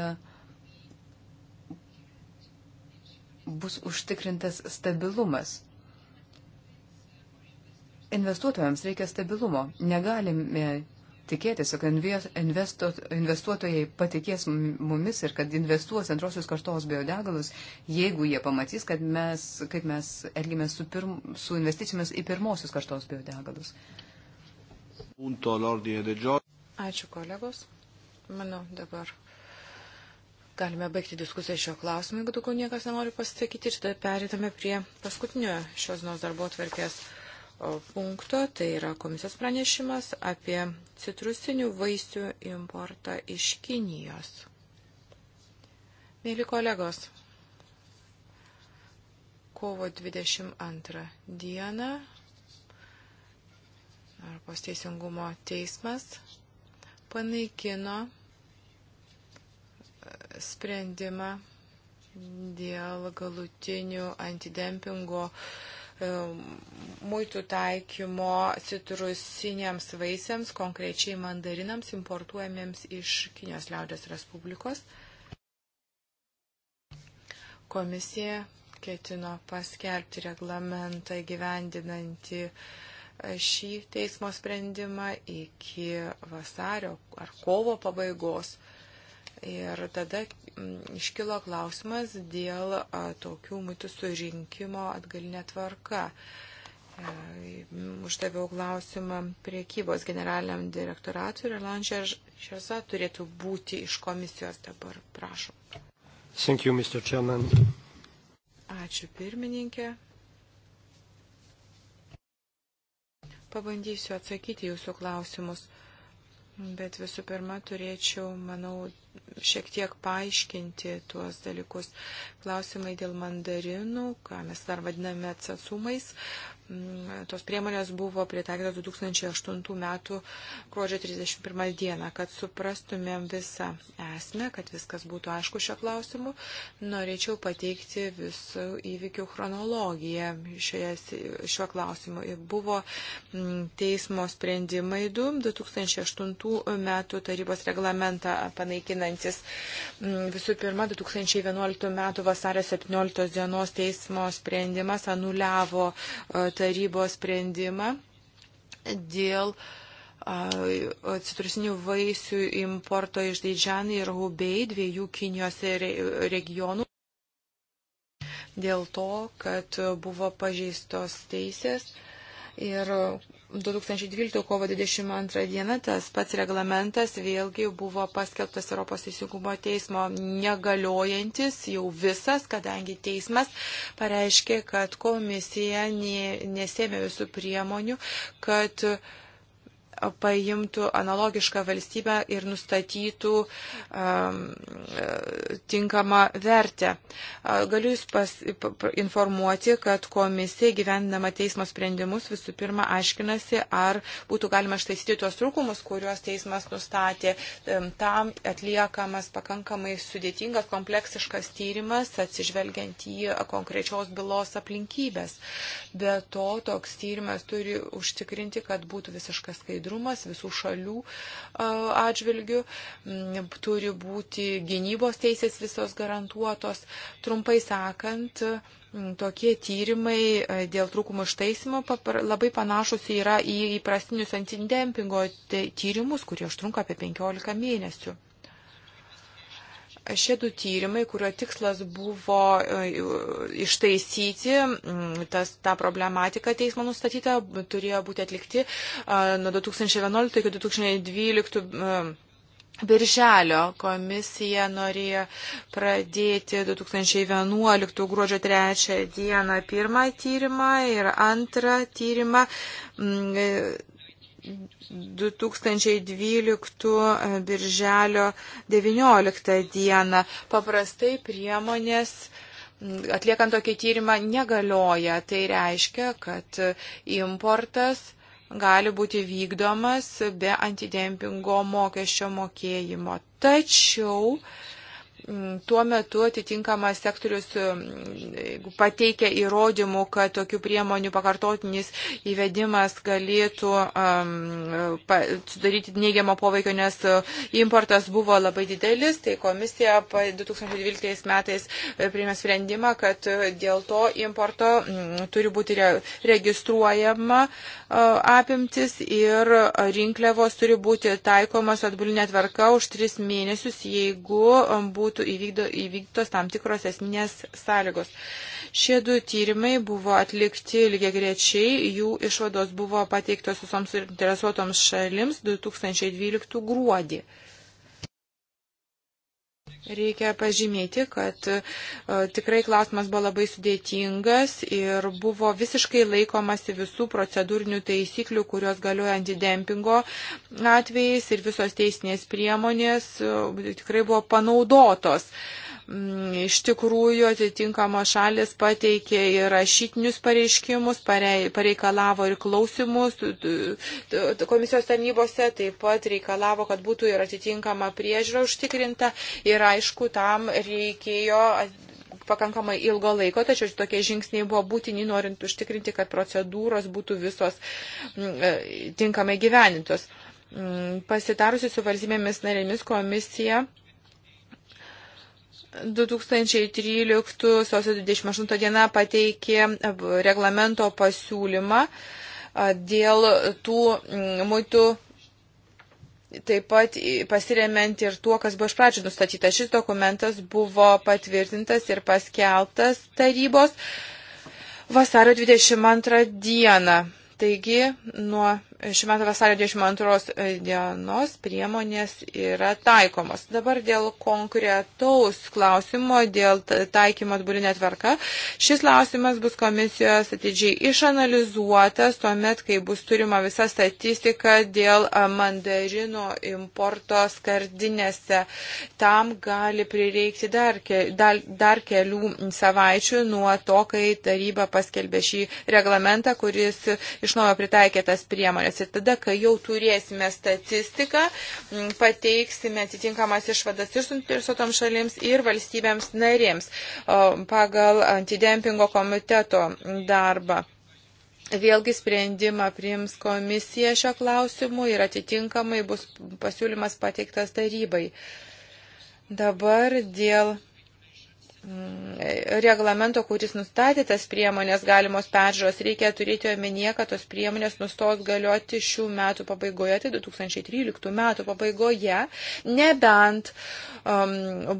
bus užtikrintas stabilumas. Investuotojams reikia stabilumo. Negalime tikėtis, kad investuotojai patikės mumis ir kad investuos antrosios kartos biodegalus, jeigu jie pamatys, kad mes, kaip mes elgimės su, pirm, su investicijomis į pirmosios kartos biodegalus. Ačiū kolegos. Manau, dabar galime baigti diskusiją šio klausimu, jeigu daugiau niekas nenori pasisakyti ir tada perėtame prie paskutinio šios dienos darbo atverkės punkto, tai yra komisijos pranešimas apie citrusinių vaisių importą iš Kinijos. Mėly kolegos, kovo 22 dieną Europos teisingumo teismas panaikino e, sprendimą dėl galutinių antidempingo uh, Um, muitų taikymo citrusiniams vaisiams, konkrečiai mandarinams importuojamiems iš Kinijos liaudės Respublikos. Komisija ketino paskelbti reglamentą gyvendinantį e, šį teismo sprendimą iki vasario ar kovo pabaigos. Ir tada Mm, iškilo klausimas dėl tokių muitų surinkimo atgalinė tvarka. E, uždaviau klausimą priekybos generaliniam direktoratui ir Lančia Šersa turėtų būti iš komisijos dabar. Prašom. Thank you, Mr. Chairman. Ačiū pirmininkė. Pabandysiu atsakyti jūsų klausimus bet visų pirma turėčiau, manau, šiek tiek paaiškinti tuos dalykus. Klausimai dėl mandarinų, ką mes dar vadiname atsasumais, Mm, tos priemonės buvo pritaikytos 2008 metų gruodžio 31 dieną, kad suprastumėm visą esmę, kad viskas būtų aišku šio klausimu. Norėčiau pateikti visų įvykių chronologiją šioje, šiuo klausimu. Buvo mm, teismo sprendimai 2 2008 metų tarybos reglamentą panaikinantis mm, visų pirma 2011 metų vasario 17 dienos teismo sprendimas anuliavo e, tarybos sprendimą dėl citrusinių vaisių importo iš Didžianai ir Hubei, dviejų Kinijos regionų, dėl to, kad buvo pažeistos teisės ir 2012 kovo 22 diena tas pats reglamentas vėlgi buvo paskelbtas Europos teisingumo teismo negaliojantis jau visas, kadangi teismas pareiškė, kad komisija nesėmė visų priemonių, kad uh, paimtų analogišką valstybę ir nustatytų um, tinkamą vertę. Galiu Jūs pas, informuoti, kad komisija gyvendama teismo sprendimus visų pirma aiškinasi, ar būtų galima ištaisyti tuos trūkumus, kuriuos teismas nustatė. Tam atliekamas pakankamai sudėtingas, kompleksiškas tyrimas, atsižvelgiant į konkrečios bylos aplinkybės. Be to, toks tyrimas turi užtikrinti, kad būtų visiškas skaidrumas skaidrumas visų šalių atžvilgių, mm, turi būti gynybos teisės visos garantuotos. Trumpai sakant, mm, tokie tyrimai dėl trūkumų ištaisimo labai panašus yra į įprastinius antidempingo tyrimus, kurie užtrunka apie 15 mėnesių. Šie du tyrimai, kurio tikslas buvo e, ištaisyti mm, tas, tą problematiką teismo nustatytą, turėjo būti atlikti e, nuo 2011 iki 2012 e, Birželio komisija norėjo pradėti 2011 gruodžio 3 dieną pirmą tyrimą ir antrą tyrimą mm, 2012 e, birželio 19 dieną. Paprastai priemonės atliekant tokį tyrimą negalioja. Tai reiškia, kad importas gali būti vykdomas be antidempingo mokesčio mokėjimo. Tačiau uh, Mm, tuo metu atitinkamas sektorius mm, pateikia įrodymų, kad tokių priemonių pakartotinis įvedimas galėtų um, pa, sudaryti neigiamą poveikio, nes importas buvo labai didelis, tai komisija 2012 metais e, priėmė sprendimą, kad dėl to importo mm, turi būti re, registruojama uh, apimtis ir rinkliavos turi būti taikomas atbulinė tvarka už tris mėnesius, jeigu būtų būtų įvykdo, įvykdytos tam tikros esminės sąlygos. Šie du tyrimai buvo atlikti lygiai grečiai, jų išvados buvo pateiktos visoms suinteresuotoms šalims 2012 gruodį. Reikia pažymėti, kad e, tikrai klausimas buvo labai sudėtingas ir buvo visiškai laikomasi visų procedūrinių taisyklių, kurios galioja antidempingo atvejais ir visos teisinės priemonės e, tikrai buvo panaudotos. E, Mm, iš tikrųjų, atitinkamos šalis pateikė ir rašytinius pareiškimus, pareikalavo ir klausimus komisijos tarnybose, taip pat reikalavo, kad būtų ir atitinkama priežiūra užtikrinta ir aišku, tam reikėjo pakankamai ilgo laiko, tačiau tokie žingsniai buvo būtini, norint užtikrinti, kad procedūros būtų visos mm, e, tinkamai gyvenintos. Mm, pasitarusi su valstybėmis narėmis komisija 2013 sausio 28 diena pateikė reglamento pasiūlymą dėl tų muitų taip pat pasiremiant ir tuo, kas buvo iš pradžių nustatyta. Šis dokumentas buvo patvirtintas ir paskeltas tarybos vasario 22 dieną. Taigi nuo šiuo metu vasario 22 e, dienos priemonės yra taikomos. Dabar dėl konkretaus klausimo, dėl taikymo atbulinė tvarka, šis klausimas bus komisijos atidžiai išanalizuotas, tuomet, kai bus turima visa statistika dėl e, mandarino importo skardinėse. Tam gali prireikti dar, ke, dar, dar kelių savaičių nuo to, kai taryba paskelbė šį reglamentą, kuris iš naujo pritaikė tas priemonės dalykas. Ir tada, kai jau turėsime statistiką, pateiksime atitinkamas išvadas ir suinteresuotom šalims, ir valstybėms narėms pagal antidempingo komiteto darbą. Vėlgi sprendimą priims komisija šio klausimu ir atitinkamai bus pasiūlymas pateiktas tarybai. Dabar dėl Mm, reglamento, kuris nustatė tas priemonės galimos peržiūros, reikia turėti omenyje, kad tos priemonės nustos galioti šių metų pabaigoje, tai 2013 metų pabaigoje, nebent um,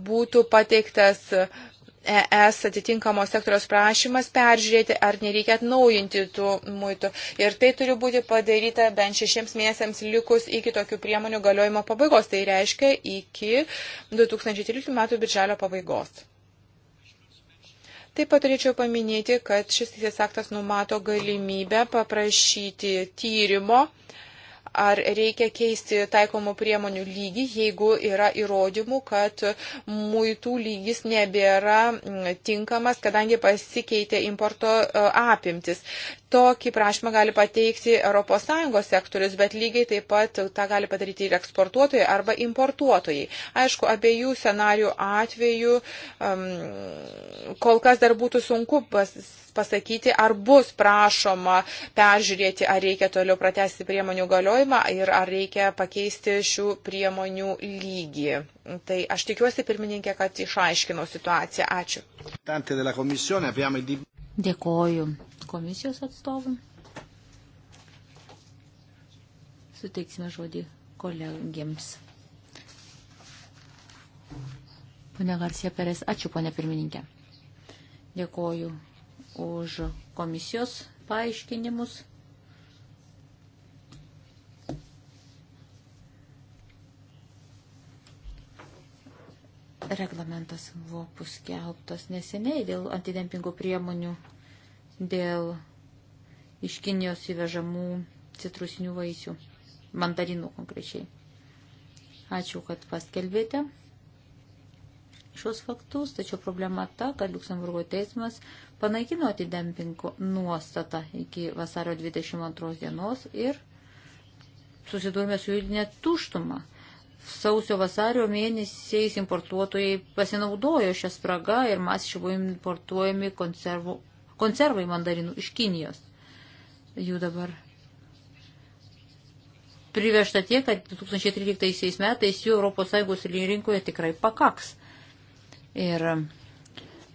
būtų pateiktas ES atitinkamos sektoriaus prašymas peržiūrėti, ar nereikia atnaujinti tų muitų. Ir tai turi būti padaryta bent šešiems mėnesiams likus iki tokių priemonių galiojimo pabaigos. Tai reiškia iki 2013 metų birželio pabaigos. Taip pat turėčiau paminėti, kad šis teisės aktas numato galimybę paprašyti tyrimo uh, ar reikia keisti taikomų priemonių lygį, jeigu yra įrodymų, kad muitų lygis nebėra mm, tinkamas, kadangi pasikeitė importo e, apimtis. Tokį prašymą gali pateikti ES sektorius, bet lygiai taip pat tą gali padaryti ir eksportuotojai arba importuotojai. Aišku, abiejų scenarių atveju um, kol kas dar būtų sunku pas, pasakyti, ar bus prašoma peržiūrėti, ar reikia toliau pratesti priemonių galiojimą ir ar reikia pakeisti šių priemonių lygį. Tai aš tikiuosi, pirmininkė, kad išaiškinau situaciją. Ačiū. Dėkoju komisijos atstovui. Suteiksime žodį kolegiams. Pone Garsija Perės, ačiū, pone pirmininkė. Dėkoju už komisijos paaiškinimus. Reglamentas buvo paskelbtas neseniai dėl antidempingų priemonių, dėl iš Kinijos įvežamų citrusinių vaisių, mandarinų konkrečiai. Ačiū, kad paskelbėte šios faktus, tačiau problema ta, kad Luksemburgo teismas panaikino antidempingo nuostatą iki vasario 22 dienos ir susidūrėme su judinė tuštuma. Sausio vasario mėnesiais importuotojai pasinaudojo šią spragą ir masiškai buvo importuojami konservų, konservai mandarinų iš Kinijos. Jų dabar privežta tiek, kad 2013 metais jų ES rinkoje tikrai pakaks. Ir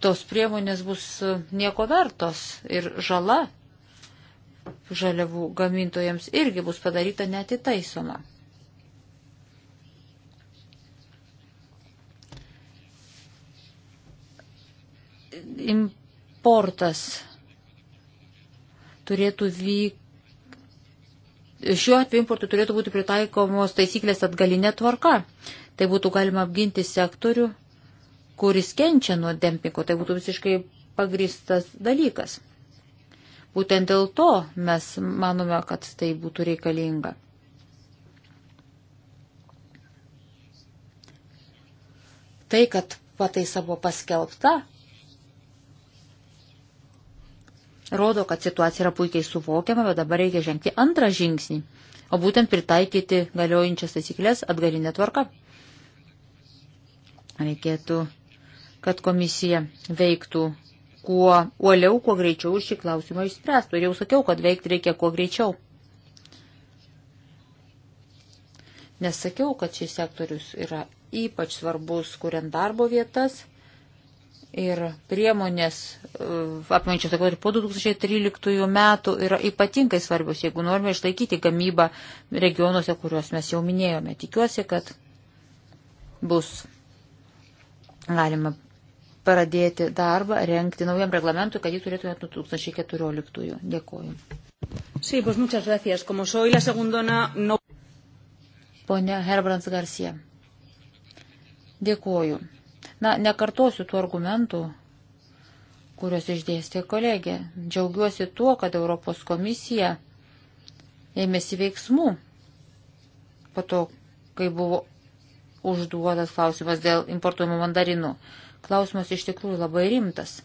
tos priemonės bus e, nieko vertos ir žala žaliavų gamintojams irgi bus padaryta netitaisoma. Importas turėtų vykti. Šiuo atveju importui turėtų būti pritaikomos taisyklės atgalinė tvarka. Tai būtų galima apginti sektorių kuris kenčia nuo dempingo, tai būtų visiškai pagristas dalykas. Būtent dėl to mes manome, kad tai būtų reikalinga. Tai, kad pataisa buvo paskelbta, rodo, kad situacija yra puikiai suvokiama, bet dabar reikia žengti antrą žingsnį, o būtent pritaikyti galiojančias taisyklės atgalinę tvarką. Reikėtų kad komisija veiktų kuo uoliau, kuo greičiau šį klausimą išspręstų. Ir jau sakiau, kad veikti reikia kuo greičiau. Nesakiau, kad šis sektorius yra ypač svarbus, kuriant darbo vietas ir priemonės, e, apimančios sektorių po 2013 metų, yra ypatingai svarbios, jeigu norime išlaikyti gamybą regionuose, kuriuos mes jau minėjome. Tikiuosi, kad bus galima pradėti darbą, renkti naujam reglamentui, kad jį turėtume 2014. Dėkuoju. Sí, pues muchas gracias. Como soy la segundona, no. Pone Herbrans Garcia. Dėkuoju. Na, nekartosiu tų argumentų, kuriuos išdėstė kolegė. Džiaugiuosi tuo, kad Europos komisija ėmėsi veiksmų po to, kai buvo užduotas klausimas dėl importuojamų mandarinų. Klausimas iš tikrųjų labai rimtas.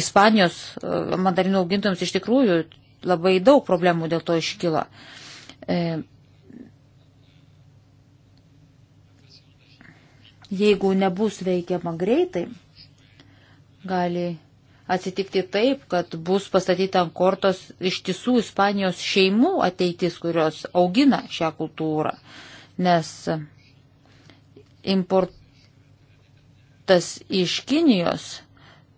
Ispanijos e, mandarinų augintojams iš tikrųjų labai daug problemų dėl to iškilo. Jeigu nebus veikiama greitai, gali atsitikti taip, kad bus pastatyta ant kortos iš tiesų Ispanijos šeimų ateitis, kurios augina šią kultūrą. Nes importas iš Kinijos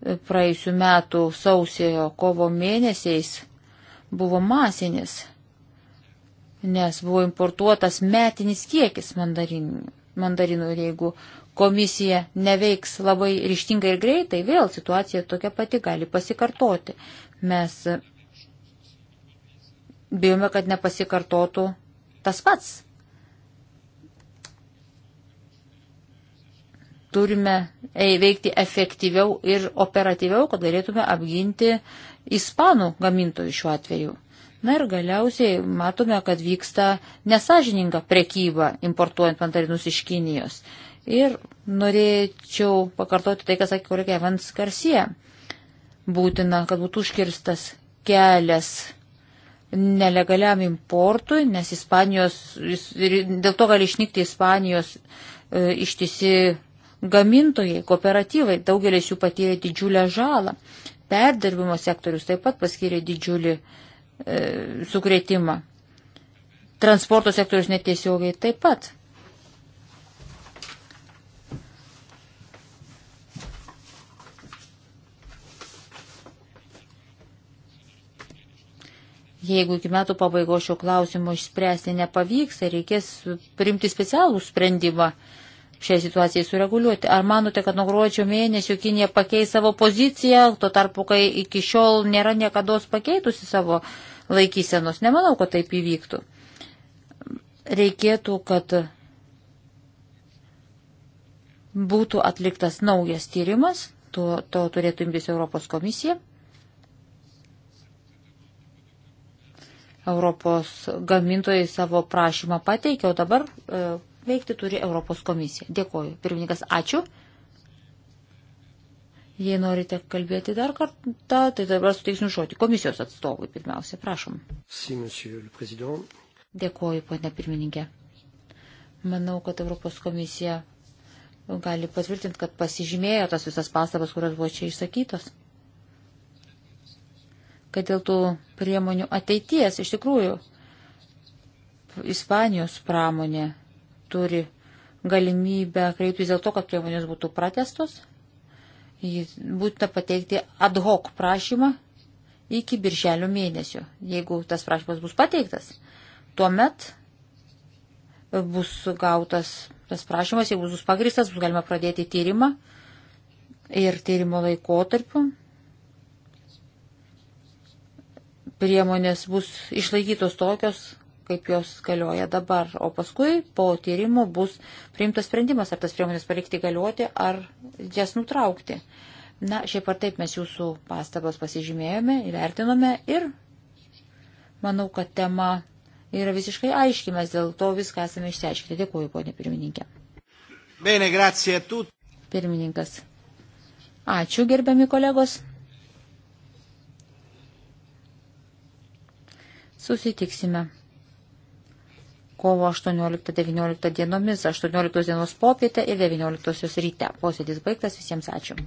praėjusių metų sausėjo kovo mėnesiais buvo masinis, nes buvo importuotas metinis kiekis mandarinų. Mandarinų ir jeigu komisija neveiks labai ryštingai ir greitai, vėl situacija tokia pati gali pasikartoti. Mes bijome, kad nepasikartotų tas pats. Turime veikti efektyviau ir operatyviau, kad galėtume apginti ispanų gamintojų šiuo atveju. Na ir galiausiai matome, kad vyksta nesažininga prekyba importuojant mandarinus iš Kinijos. Ir norėčiau pakartoti tai, ką sakė kolegė Evans Garcia. Būtina, kad būtų užkirstas kelias nelegaliam importui, nes Ispanijos, dėl to gali išnykti Ispanijos e, ištisi gamintojai, kooperatyvai, daugelis jų patyrė didžiulę žalą. Perdirbimo sektorius taip pat paskyrė didžiulį e, sukretimą. Transporto sektorius netiesiogiai taip pat. Jeigu iki metų pabaigos šio klausimo išspręsti nepavyks, tai reikės priimti specialų sprendimą šiai situacijai sureguliuoti. Ar manote, kad nuo gruodžio mėnesio Kinija pakeis savo poziciją, tuo tarpu, kai iki šiol nėra niekada pakeitusi savo laikysenos? Nemanau, kad taip įvyktų. Reikėtų, kad būtų atliktas naujas tyrimas, to, to turėtų imtis Europos komisija. Europos gamintojai savo prašymą pateikė, o dabar e, veikti turi Europos komisija. Dėkoju. Pirmininkas, ačiū. Jei norite kalbėti dar kartą, tai dabar suteiksiu žodį komisijos atstovui pirmiausia. Prašom. Si, Dėkoju, ponė pirmininkė. Manau, kad Europos komisija gali patvirtinti, kad pasižymėjo tas visas pastabas, kurios buvo čia išsakytos kad dėl tų priemonių ateities iš tikrųjų Ispanijos pramonė turi galimybę kreiptis dėl to, kad priemonės būtų pratestos. Būtina pateikti ad hoc prašymą iki birželio mėnesio. Jeigu tas prašymas bus pateiktas, tuomet bus gautas tas prašymas, jeigu bus pagristas, bus galima pradėti tyrimą ir tyrimo laikotarpiu priemonės bus išlaikytos tokios, kaip jos galioja dabar, o paskui po tyrimo bus priimtas sprendimas, ar tas priemonės palikti galioti, ar jas nutraukti. Na, šiaip ar taip mes jūsų pastabas pasižymėjome, įvertinome ir manau, kad tema yra visiškai aiški, mes dėl to viską esame išsiaiškinti. Dėkuoju, ponė pirmininkė. Bene, grazie, tu. Pirmininkas. Ačiū, gerbiami kolegos. susitiksime kovo 18-19 dienomis, 18 dienos popietę ir 19 ryte. Posėdis baigtas, visiems ačiū.